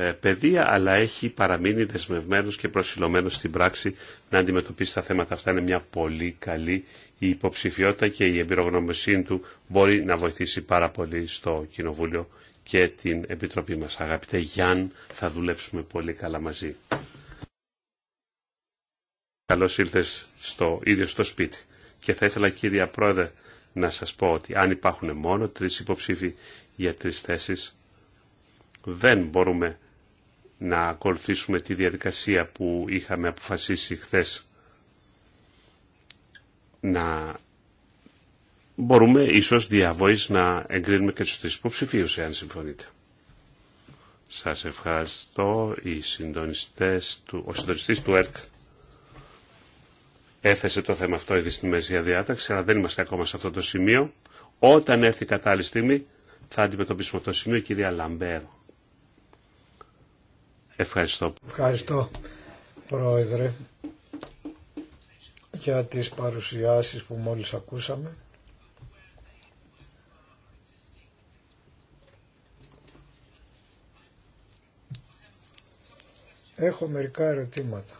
ε, παιδεία, αλλά έχει παραμείνει δεσμευμένος και προσιλωμένος στην πράξη να αντιμετωπίσει τα θέματα αυτά. Είναι μια πολύ καλή υποψηφιότητα και η εμπειρογνωμοσύνη του μπορεί να βοηθήσει πάρα πολύ στο Κοινοβούλιο και την Επιτροπή μας. Αγαπητέ Γιάν, θα δουλέψουμε πολύ καλά μαζί. Καλώς ήρθες στο ίδιο στο σπίτι. Και θα ήθελα κύριε Πρόεδρε να σας πω ότι αν υπάρχουν μόνο τρεις υποψήφοι για τρεις θέσεις, δεν μπορούμε να ακολουθήσουμε τη διαδικασία που είχαμε αποφασίσει χθες να μπορούμε ίσως διαβοής να εγκρίνουμε και τους τρεις υποψηφίους εάν συμφωνείτε. Σας ευχαριστώ οι συντονιστές του, ο συντονιστής του ΕΡΚ έθεσε το θέμα αυτό ήδη στη μέση διάταξη αλλά δεν είμαστε ακόμα σε αυτό το σημείο. Όταν έρθει κατάλληλη στιγμή θα αντιμετωπίσουμε αυτό το σημείο η κυρία Λαμπέρο. Ευχαριστώ. Ευχαριστώ Πρόεδρε για τις παρουσιάσεις που μόλις ακούσαμε. Έχω μερικά ερωτήματα.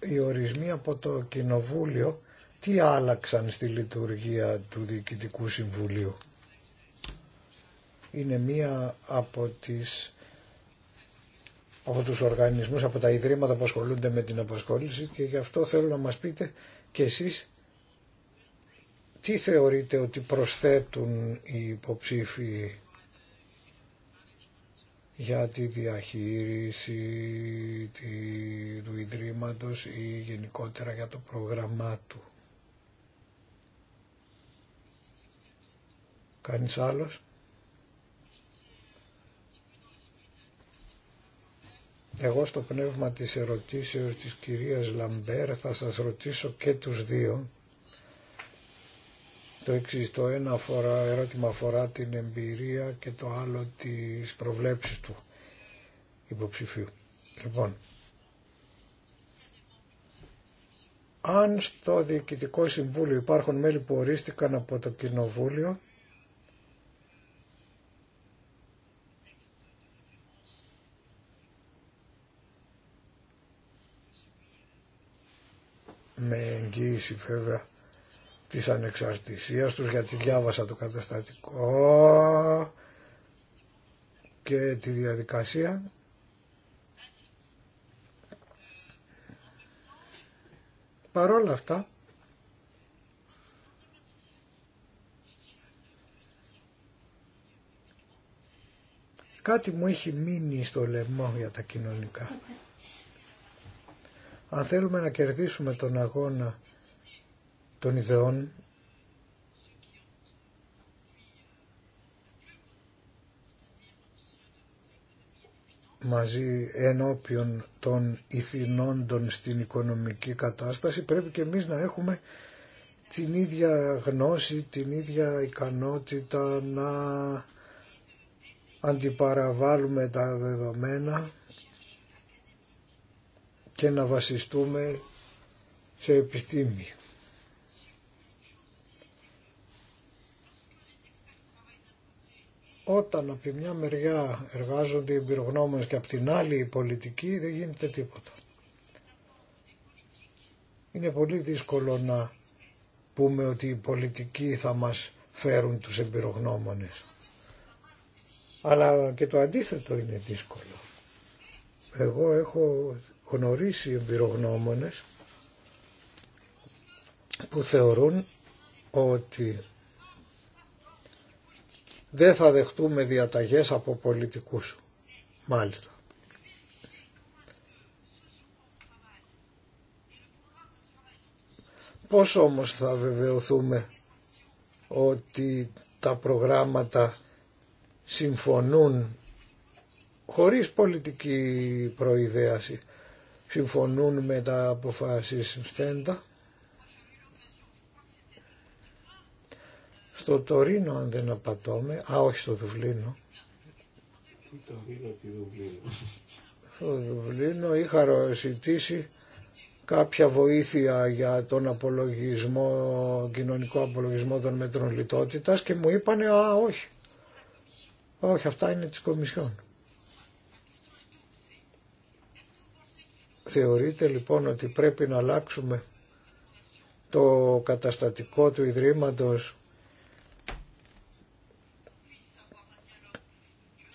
Οι ορισμοί από το Κοινοβούλιο τι άλλαξαν στη λειτουργία του Διοικητικού Συμβουλίου. Είναι μία από τις από τους οργανισμούς, από τα ιδρύματα που ασχολούνται με την απασχόληση και γι' αυτό θέλω να μας πείτε και εσείς τι θεωρείτε ότι προσθέτουν οι υποψήφοι για τη διαχείριση του Ιδρύματος ή γενικότερα για το πρόγραμμά του. Κανείς άλλος. Εγώ στο πνεύμα της ερωτήσεως της κυρίας Λαμπέρ θα σας ρωτήσω και τους δύο. Το εξής, το ένα φορά, ερώτημα αφορά την εμπειρία και το άλλο τις προβλέψεις του υποψηφίου. Λοιπόν, αν στο Διοικητικό Συμβούλιο υπάρχουν μέλη που ορίστηκαν από το Κοινοβούλιο, με εγγύηση βέβαια της ανεξαρτησίας τους γιατί διάβασα το καταστατικό και τη διαδικασία παρόλα αυτά κάτι μου έχει μείνει στο λαιμό για τα κοινωνικά αν θέλουμε να κερδίσουμε τον αγώνα των ιδεών, μαζί ενώπιον των ηθινόντων στην οικονομική κατάσταση πρέπει και εμείς να έχουμε την ίδια γνώση, την ίδια ικανότητα να αντιπαραβάλουμε τα δεδομένα και να βασιστούμε σε επιστήμη. Όταν από τη μια μεριά εργάζονται οι εμπειρογνώμες και από την άλλη οι πολιτικοί δεν γίνεται τίποτα. Είναι πολύ δύσκολο να πούμε ότι οι πολιτικοί θα μας φέρουν τους εμπειρογνώμονες. Αλλά και το αντίθετο είναι δύσκολο. Εγώ έχω γνωρίσει εμπειρογνώμονες που θεωρούν ότι δεν θα δεχτούμε διαταγές από πολιτικούς. Μάλιστα. Πώς όμως θα βεβαιωθούμε ότι τα προγράμματα συμφωνούν χωρίς πολιτική προειδέαση συμφωνούν με τα αποφάσεις στέντα. Στο Τωρίνο αν δεν απατώμε, α όχι στο Δουβλίνο. Στο Δουβλίνο είχα ζητήσει κάποια βοήθεια για τον απολογισμό, κοινωνικό απολογισμό των μέτρων λιτότητας και μου είπανε α όχι. Όχι αυτά είναι της Κομισιόν. Θεωρείτε λοιπόν ότι πρέπει να αλλάξουμε το καταστατικό του Ιδρύματος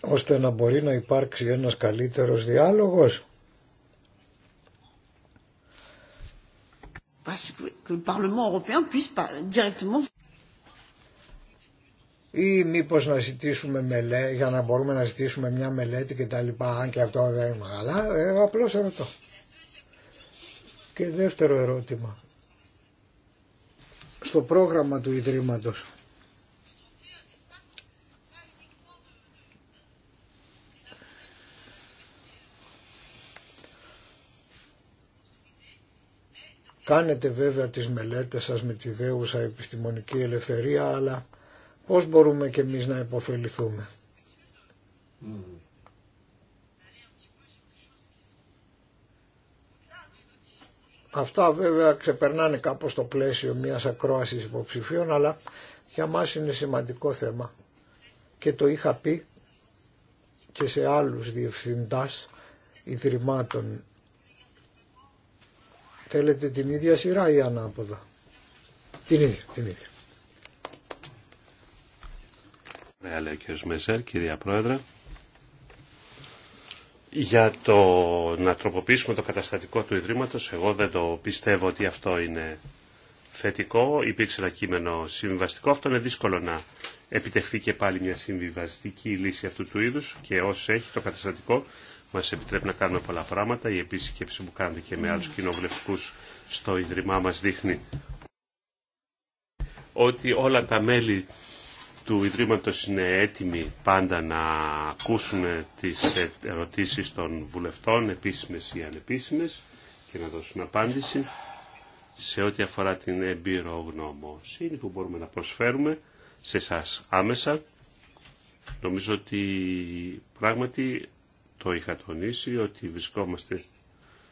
ώστε να μπορεί να υπάρξει ένας καλύτερος διάλογος. Ή μήπως να ζητήσουμε μελέτη, για να μπορούμε να ζητήσουμε μια μελέτη και τα λοιπά, αν και αυτό δεν είναι μεγάλα, ε, απλώς ερωτώ. Και δεύτερο ερώτημα. Στο πρόγραμμα του Ιδρύματος Κάνετε βέβαια τις μελέτες σας με τη δέουσα επιστημονική ελευθερία, αλλά πώς μπορούμε και εμείς να υποφεληθούμε. Αυτά βέβαια ξεπερνάνε κάπως το πλαίσιο μιας ακρόασης υποψηφίων, αλλά για μας είναι σημαντικό θέμα. Και το είχα πει και σε άλλους διευθυντάς ιδρυμάτων. Θέλετε την ίδια σειρά ή ανάποδα. Την ίδια, την ίδια. κυρία Πρόεδρε. Για το να τροποποιήσουμε το καταστατικό του Ιδρύματος, εγώ δεν το πιστεύω ότι αυτό είναι θετικό. Υπήρξε ένα κείμενο συμβιβαστικό. Αυτό είναι δύσκολο να επιτευχθεί και πάλι μια συμβιβαστική λύση αυτού του είδους και όσο έχει το καταστατικό μας επιτρέπει να κάνουμε πολλά πράγματα. Η επίσκεψη που κάνετε και με άλλους κοινοβουλευτικούς στο Ιδρυμά μας δείχνει ότι όλα τα μέλη του Ιδρύματος είναι έτοιμοι πάντα να ακούσουν τις ερωτήσεις των βουλευτών, επίσημες ή ανεπίσημες, και να δώσουν απάντηση σε ό,τι αφορά την γνωμοσύνη που μπορούμε να προσφέρουμε σε εσά άμεσα. Νομίζω ότι πράγματι το είχα τονίσει ότι βρισκόμαστε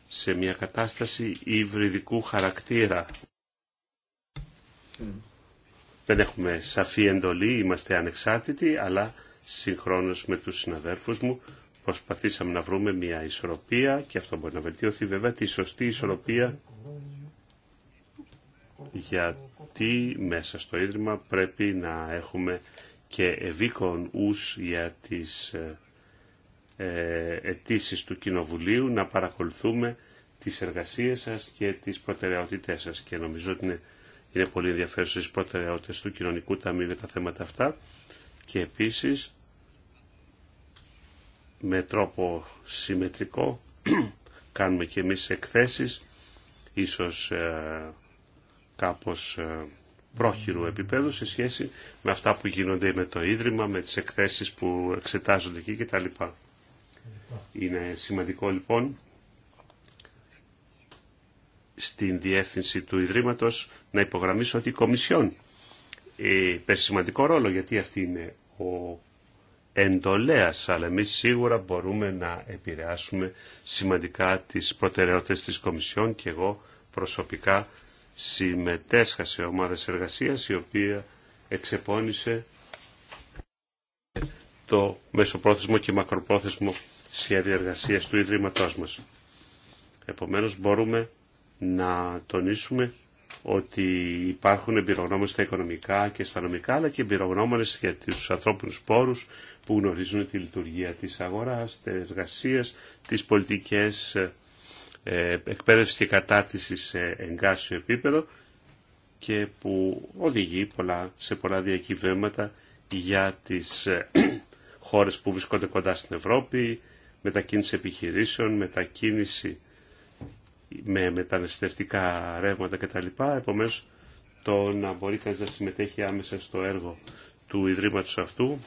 σε μια κατάσταση υβριδικού χαρακτήρα. Δεν έχουμε σαφή εντολή, είμαστε ανεξάρτητοι, αλλά συγχρόνως με τους συναδέρφους μου προσπαθήσαμε να βρούμε μια ισορροπία και αυτό μπορεί να βελτιωθεί βέβαια τη σωστή ισορροπία γιατί μέσα στο Ίδρυμα πρέπει να έχουμε και ευήκον ους για τις ε, ε αιτήσει του Κοινοβουλίου να παρακολουθούμε τις εργασίες σας και τις προτεραιότητές σας και νομίζω ότι είναι πολύ ενδιαφέρουσε οι προτεραιότητε του Κοινωνικού Ταμείου για τα θέματα αυτά και επίση με τρόπο συμμετρικό κάνουμε και εμείς εκθέσεις ίσως ε, κάπως ε, πρόχειρου επίπεδου σε σχέση με αυτά που γίνονται με το Ίδρυμα, με τις εκθέσεις που εξετάζονται εκεί κτλ. Είναι σημαντικό λοιπόν στην διεύθυνση του Ιδρύματος να υπογραμμίσω ότι η Κομισιόν ε, σημαντικό ρόλο γιατί αυτή είναι ο εντολέας αλλά εμείς σίγουρα μπορούμε να επηρεάσουμε σημαντικά τις προτεραιότητες της Κομισιόν και εγώ προσωπικά συμμετέσχα σε ομάδες εργασίας η οποία εξεπώνησε το μεσοπρόθεσμο και μακροπρόθεσμο σχέδιο εργασίας του Ιδρύματός μας. Επομένως μπορούμε να τονίσουμε ότι υπάρχουν εμπειρογνώμονες στα οικονομικά και στα νομικά, αλλά και εμπειρογνώμονες για τους ανθρώπινους πόρους που γνωρίζουν τη λειτουργία της αγοράς, της εργασίας, της πολιτικές ε, εκπαίδευση και κατάρτισης σε εγκάσιο επίπεδο και που οδηγεί πολλά, σε πολλά διακυβέρματα για τις ε, χώρες που βρισκόνται κοντά στην Ευρώπη, μετακίνηση επιχειρήσεων, μετακίνηση με μεταναστευτικά ρεύματα κτλ. Επομένως, το να μπορεί κανείς να συμμετέχει άμεσα στο έργο του Ιδρύματος αυτού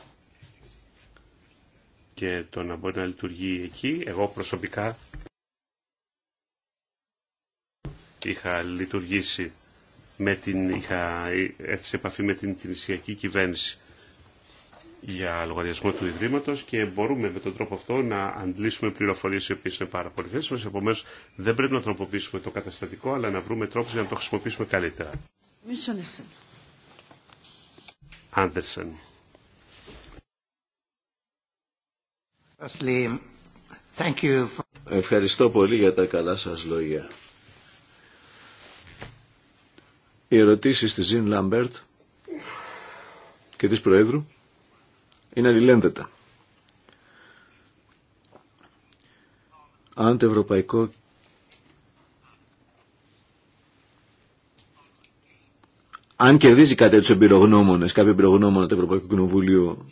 και το να μπορεί να λειτουργεί εκεί. Εγώ προσωπικά είχα λειτουργήσει με την, είχα έρθει σε επαφή με την Ισιακή κυβέρνηση για λογαριασμό του ιδρύματο και μπορούμε με τον τρόπο αυτό να αντλήσουμε πληροφορίε, οι οποίε είναι πάρα πολύ μα. Επομένω δεν πρέπει να τροποποιήσουμε το καταστατικό αλλά να βρούμε τρόπους για να το χρησιμοποιήσουμε καλύτερα. Άντερσεν. Ευχαριστώ πολύ για τα καλά σας λόγια. Οι ερωτήσεις της Ζιν Λάμπερτ και της Προέδρου είναι αλληλένδετα. Αν το Ευρωπαϊκό αν κερδίζει κάτι του εμπειρογνώμονε, κάποιοι εμπειρογνώμονα του Ευρωπαϊκού Κοινοβούλιο,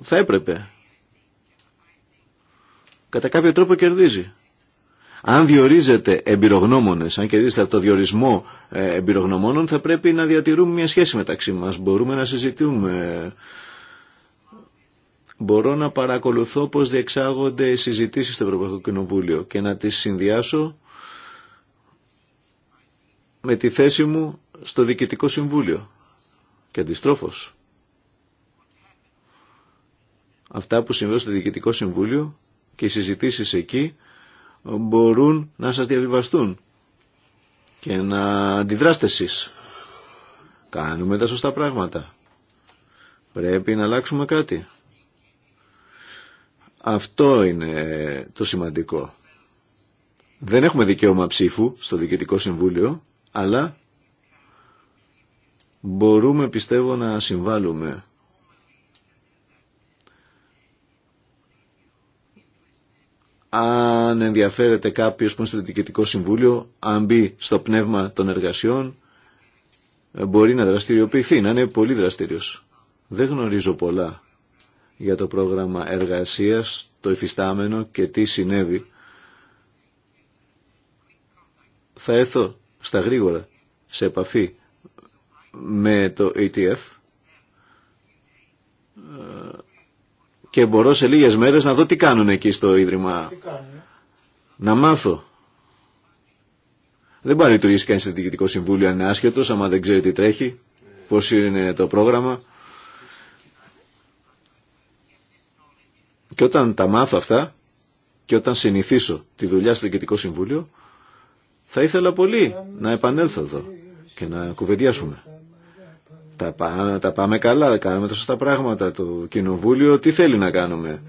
θα έπρεπε. Κατά κάποιο τρόπο κερδίζει. Αν διορίζεται εμπειρογνώμονε, αν κερδίζεται από το διορισμό ε, εμπειρογνωμόνων, θα πρέπει να διατηρούμε μια σχέση μεταξύ μα. Μπορούμε να συζητούμε μπορώ να παρακολουθώ πώς διεξάγονται οι συζητήσεις στο Ευρωπαϊκό Κοινοβούλιο και να τις συνδυάσω με τη θέση μου στο Διοικητικό Συμβούλιο και αντιστρόφως. Αυτά που συμβαίνουν στο Διοικητικό Συμβούλιο και οι συζητήσεις εκεί μπορούν να σας διαβιβαστούν και να αντιδράστε εσείς. Κάνουμε τα σωστά πράγματα. Πρέπει να αλλάξουμε κάτι. Αυτό είναι το σημαντικό. Δεν έχουμε δικαίωμα ψήφου στο Διοικητικό Συμβούλιο, αλλά μπορούμε πιστεύω να συμβάλλουμε. Αν ενδιαφέρεται κάποιος που είναι στο Διοικητικό Συμβούλιο, αν μπει στο πνεύμα των εργασιών, μπορεί να δραστηριοποιηθεί, να είναι πολύ δραστήριος. Δεν γνωρίζω πολλά για το πρόγραμμα εργασίας, το υφιστάμενο και τι συνέβη. Θα έρθω στα γρήγορα σε επαφή με το ETF και μπορώ σε λίγες μέρες να δω τι κάνουν εκεί στο Ίδρυμα. Να μάθω. Δεν πάρει να λειτουργήσει κανείς σε διοικητικό συμβούλιο αν είναι άσχετος, άμα δεν ξέρει τι τρέχει, πώς είναι το πρόγραμμα. Και όταν τα μάθω αυτά και όταν συνηθίσω τη δουλειά στο Διοικητικό Συμβούλιο, θα ήθελα πολύ να επανέλθω εδώ και να κουβεντιάσουμε. Τα, τα πάμε καλά, κάνουμε τα σωστά πράγματα. Το Κοινοβούλιο τι θέλει να κάνουμε.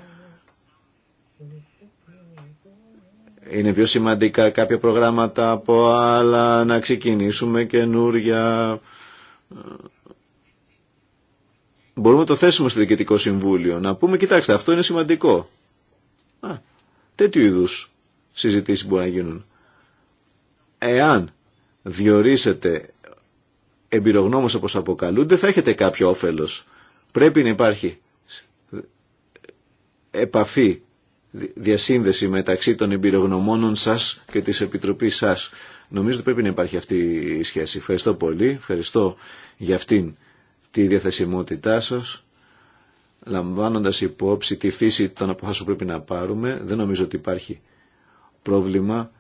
Είναι πιο σημαντικά κάποια προγράμματα από άλλα, να ξεκινήσουμε καινούργια μπορούμε να το θέσουμε στο Διοικητικό Συμβούλιο. Να πούμε, κοιτάξτε, αυτό είναι σημαντικό. Α, τέτοιου είδου συζητήσει μπορεί να γίνουν. Εάν διορίσετε εμπειρογνώμους όπως αποκαλούνται, θα έχετε κάποιο όφελος. Πρέπει να υπάρχει επαφή, διασύνδεση μεταξύ των εμπειρογνωμόνων σας και της Επιτροπής σας. Νομίζω ότι πρέπει να υπάρχει αυτή η σχέση. Ευχαριστώ πολύ. Ευχαριστώ για αυτήν τη διαθεσιμότητά σας, λαμβάνοντας υπόψη τη φύση των αποφάσεων που πρέπει να πάρουμε. Δεν νομίζω ότι υπάρχει πρόβλημα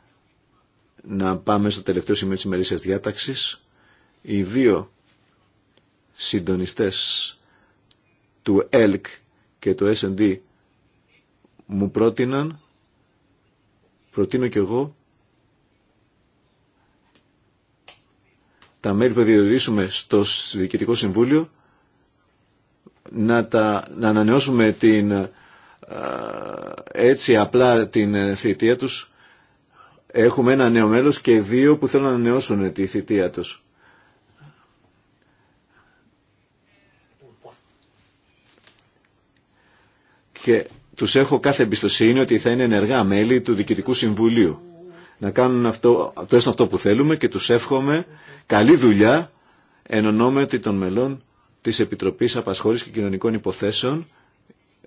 να πάμε στο τελευταίο σημείο της ημερήσιας διάταξης. Οι δύο συντονιστές του ΕΛΚ και του S&D μου πρότειναν, προτείνω και εγώ, τα μέλη που διορίσουμε στο Διοικητικό Συμβούλιο να, τα, να ανανεώσουμε την, έτσι απλά την ε, θητεία τους. Έχουμε ένα νέο μέλος και δύο που θέλουν να ανανεώσουν τη θητεία τους. Και τους έχω κάθε εμπιστοσύνη ότι θα είναι ενεργά μέλη του Διοικητικού Συμβουλίου να κάνουν αυτό, τουλάχιστον αυτό που θέλουμε και τους εύχομαι καλή δουλειά εν ονόμετι των μελών της Επιτροπής Απασχόλησης και Κοινωνικών Υποθέσεων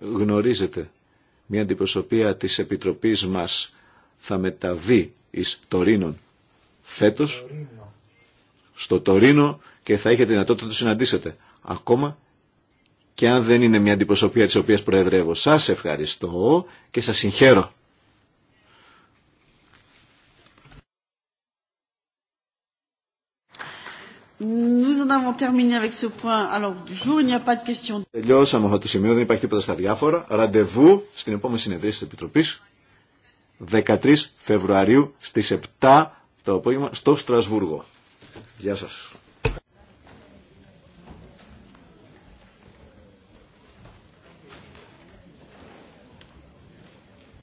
γνωρίζετε. Μια αντιπροσωπεία της Επιτροπής μας θα μεταβεί εις Τωρίνον φέτος στο Τωρίνο και θα έχετε δυνατότητα να το συναντήσετε. Ακόμα και αν δεν είναι μια αντιπροσωπεία της οποίας προεδρεύω. Σας ευχαριστώ και σας συγχαίρω. Nous en avons terminé avec ce point. Τελειώσαμε αυτό το σημείο, δεν υπάρχει τίποτα στα διάφορα. Ραντεβού στην επόμενη συνεδρίαση τη Επιτροπή 13 Φεβρουαρίου στι 7 το απόγευμα στο Στρασβούργο. Γεια σας.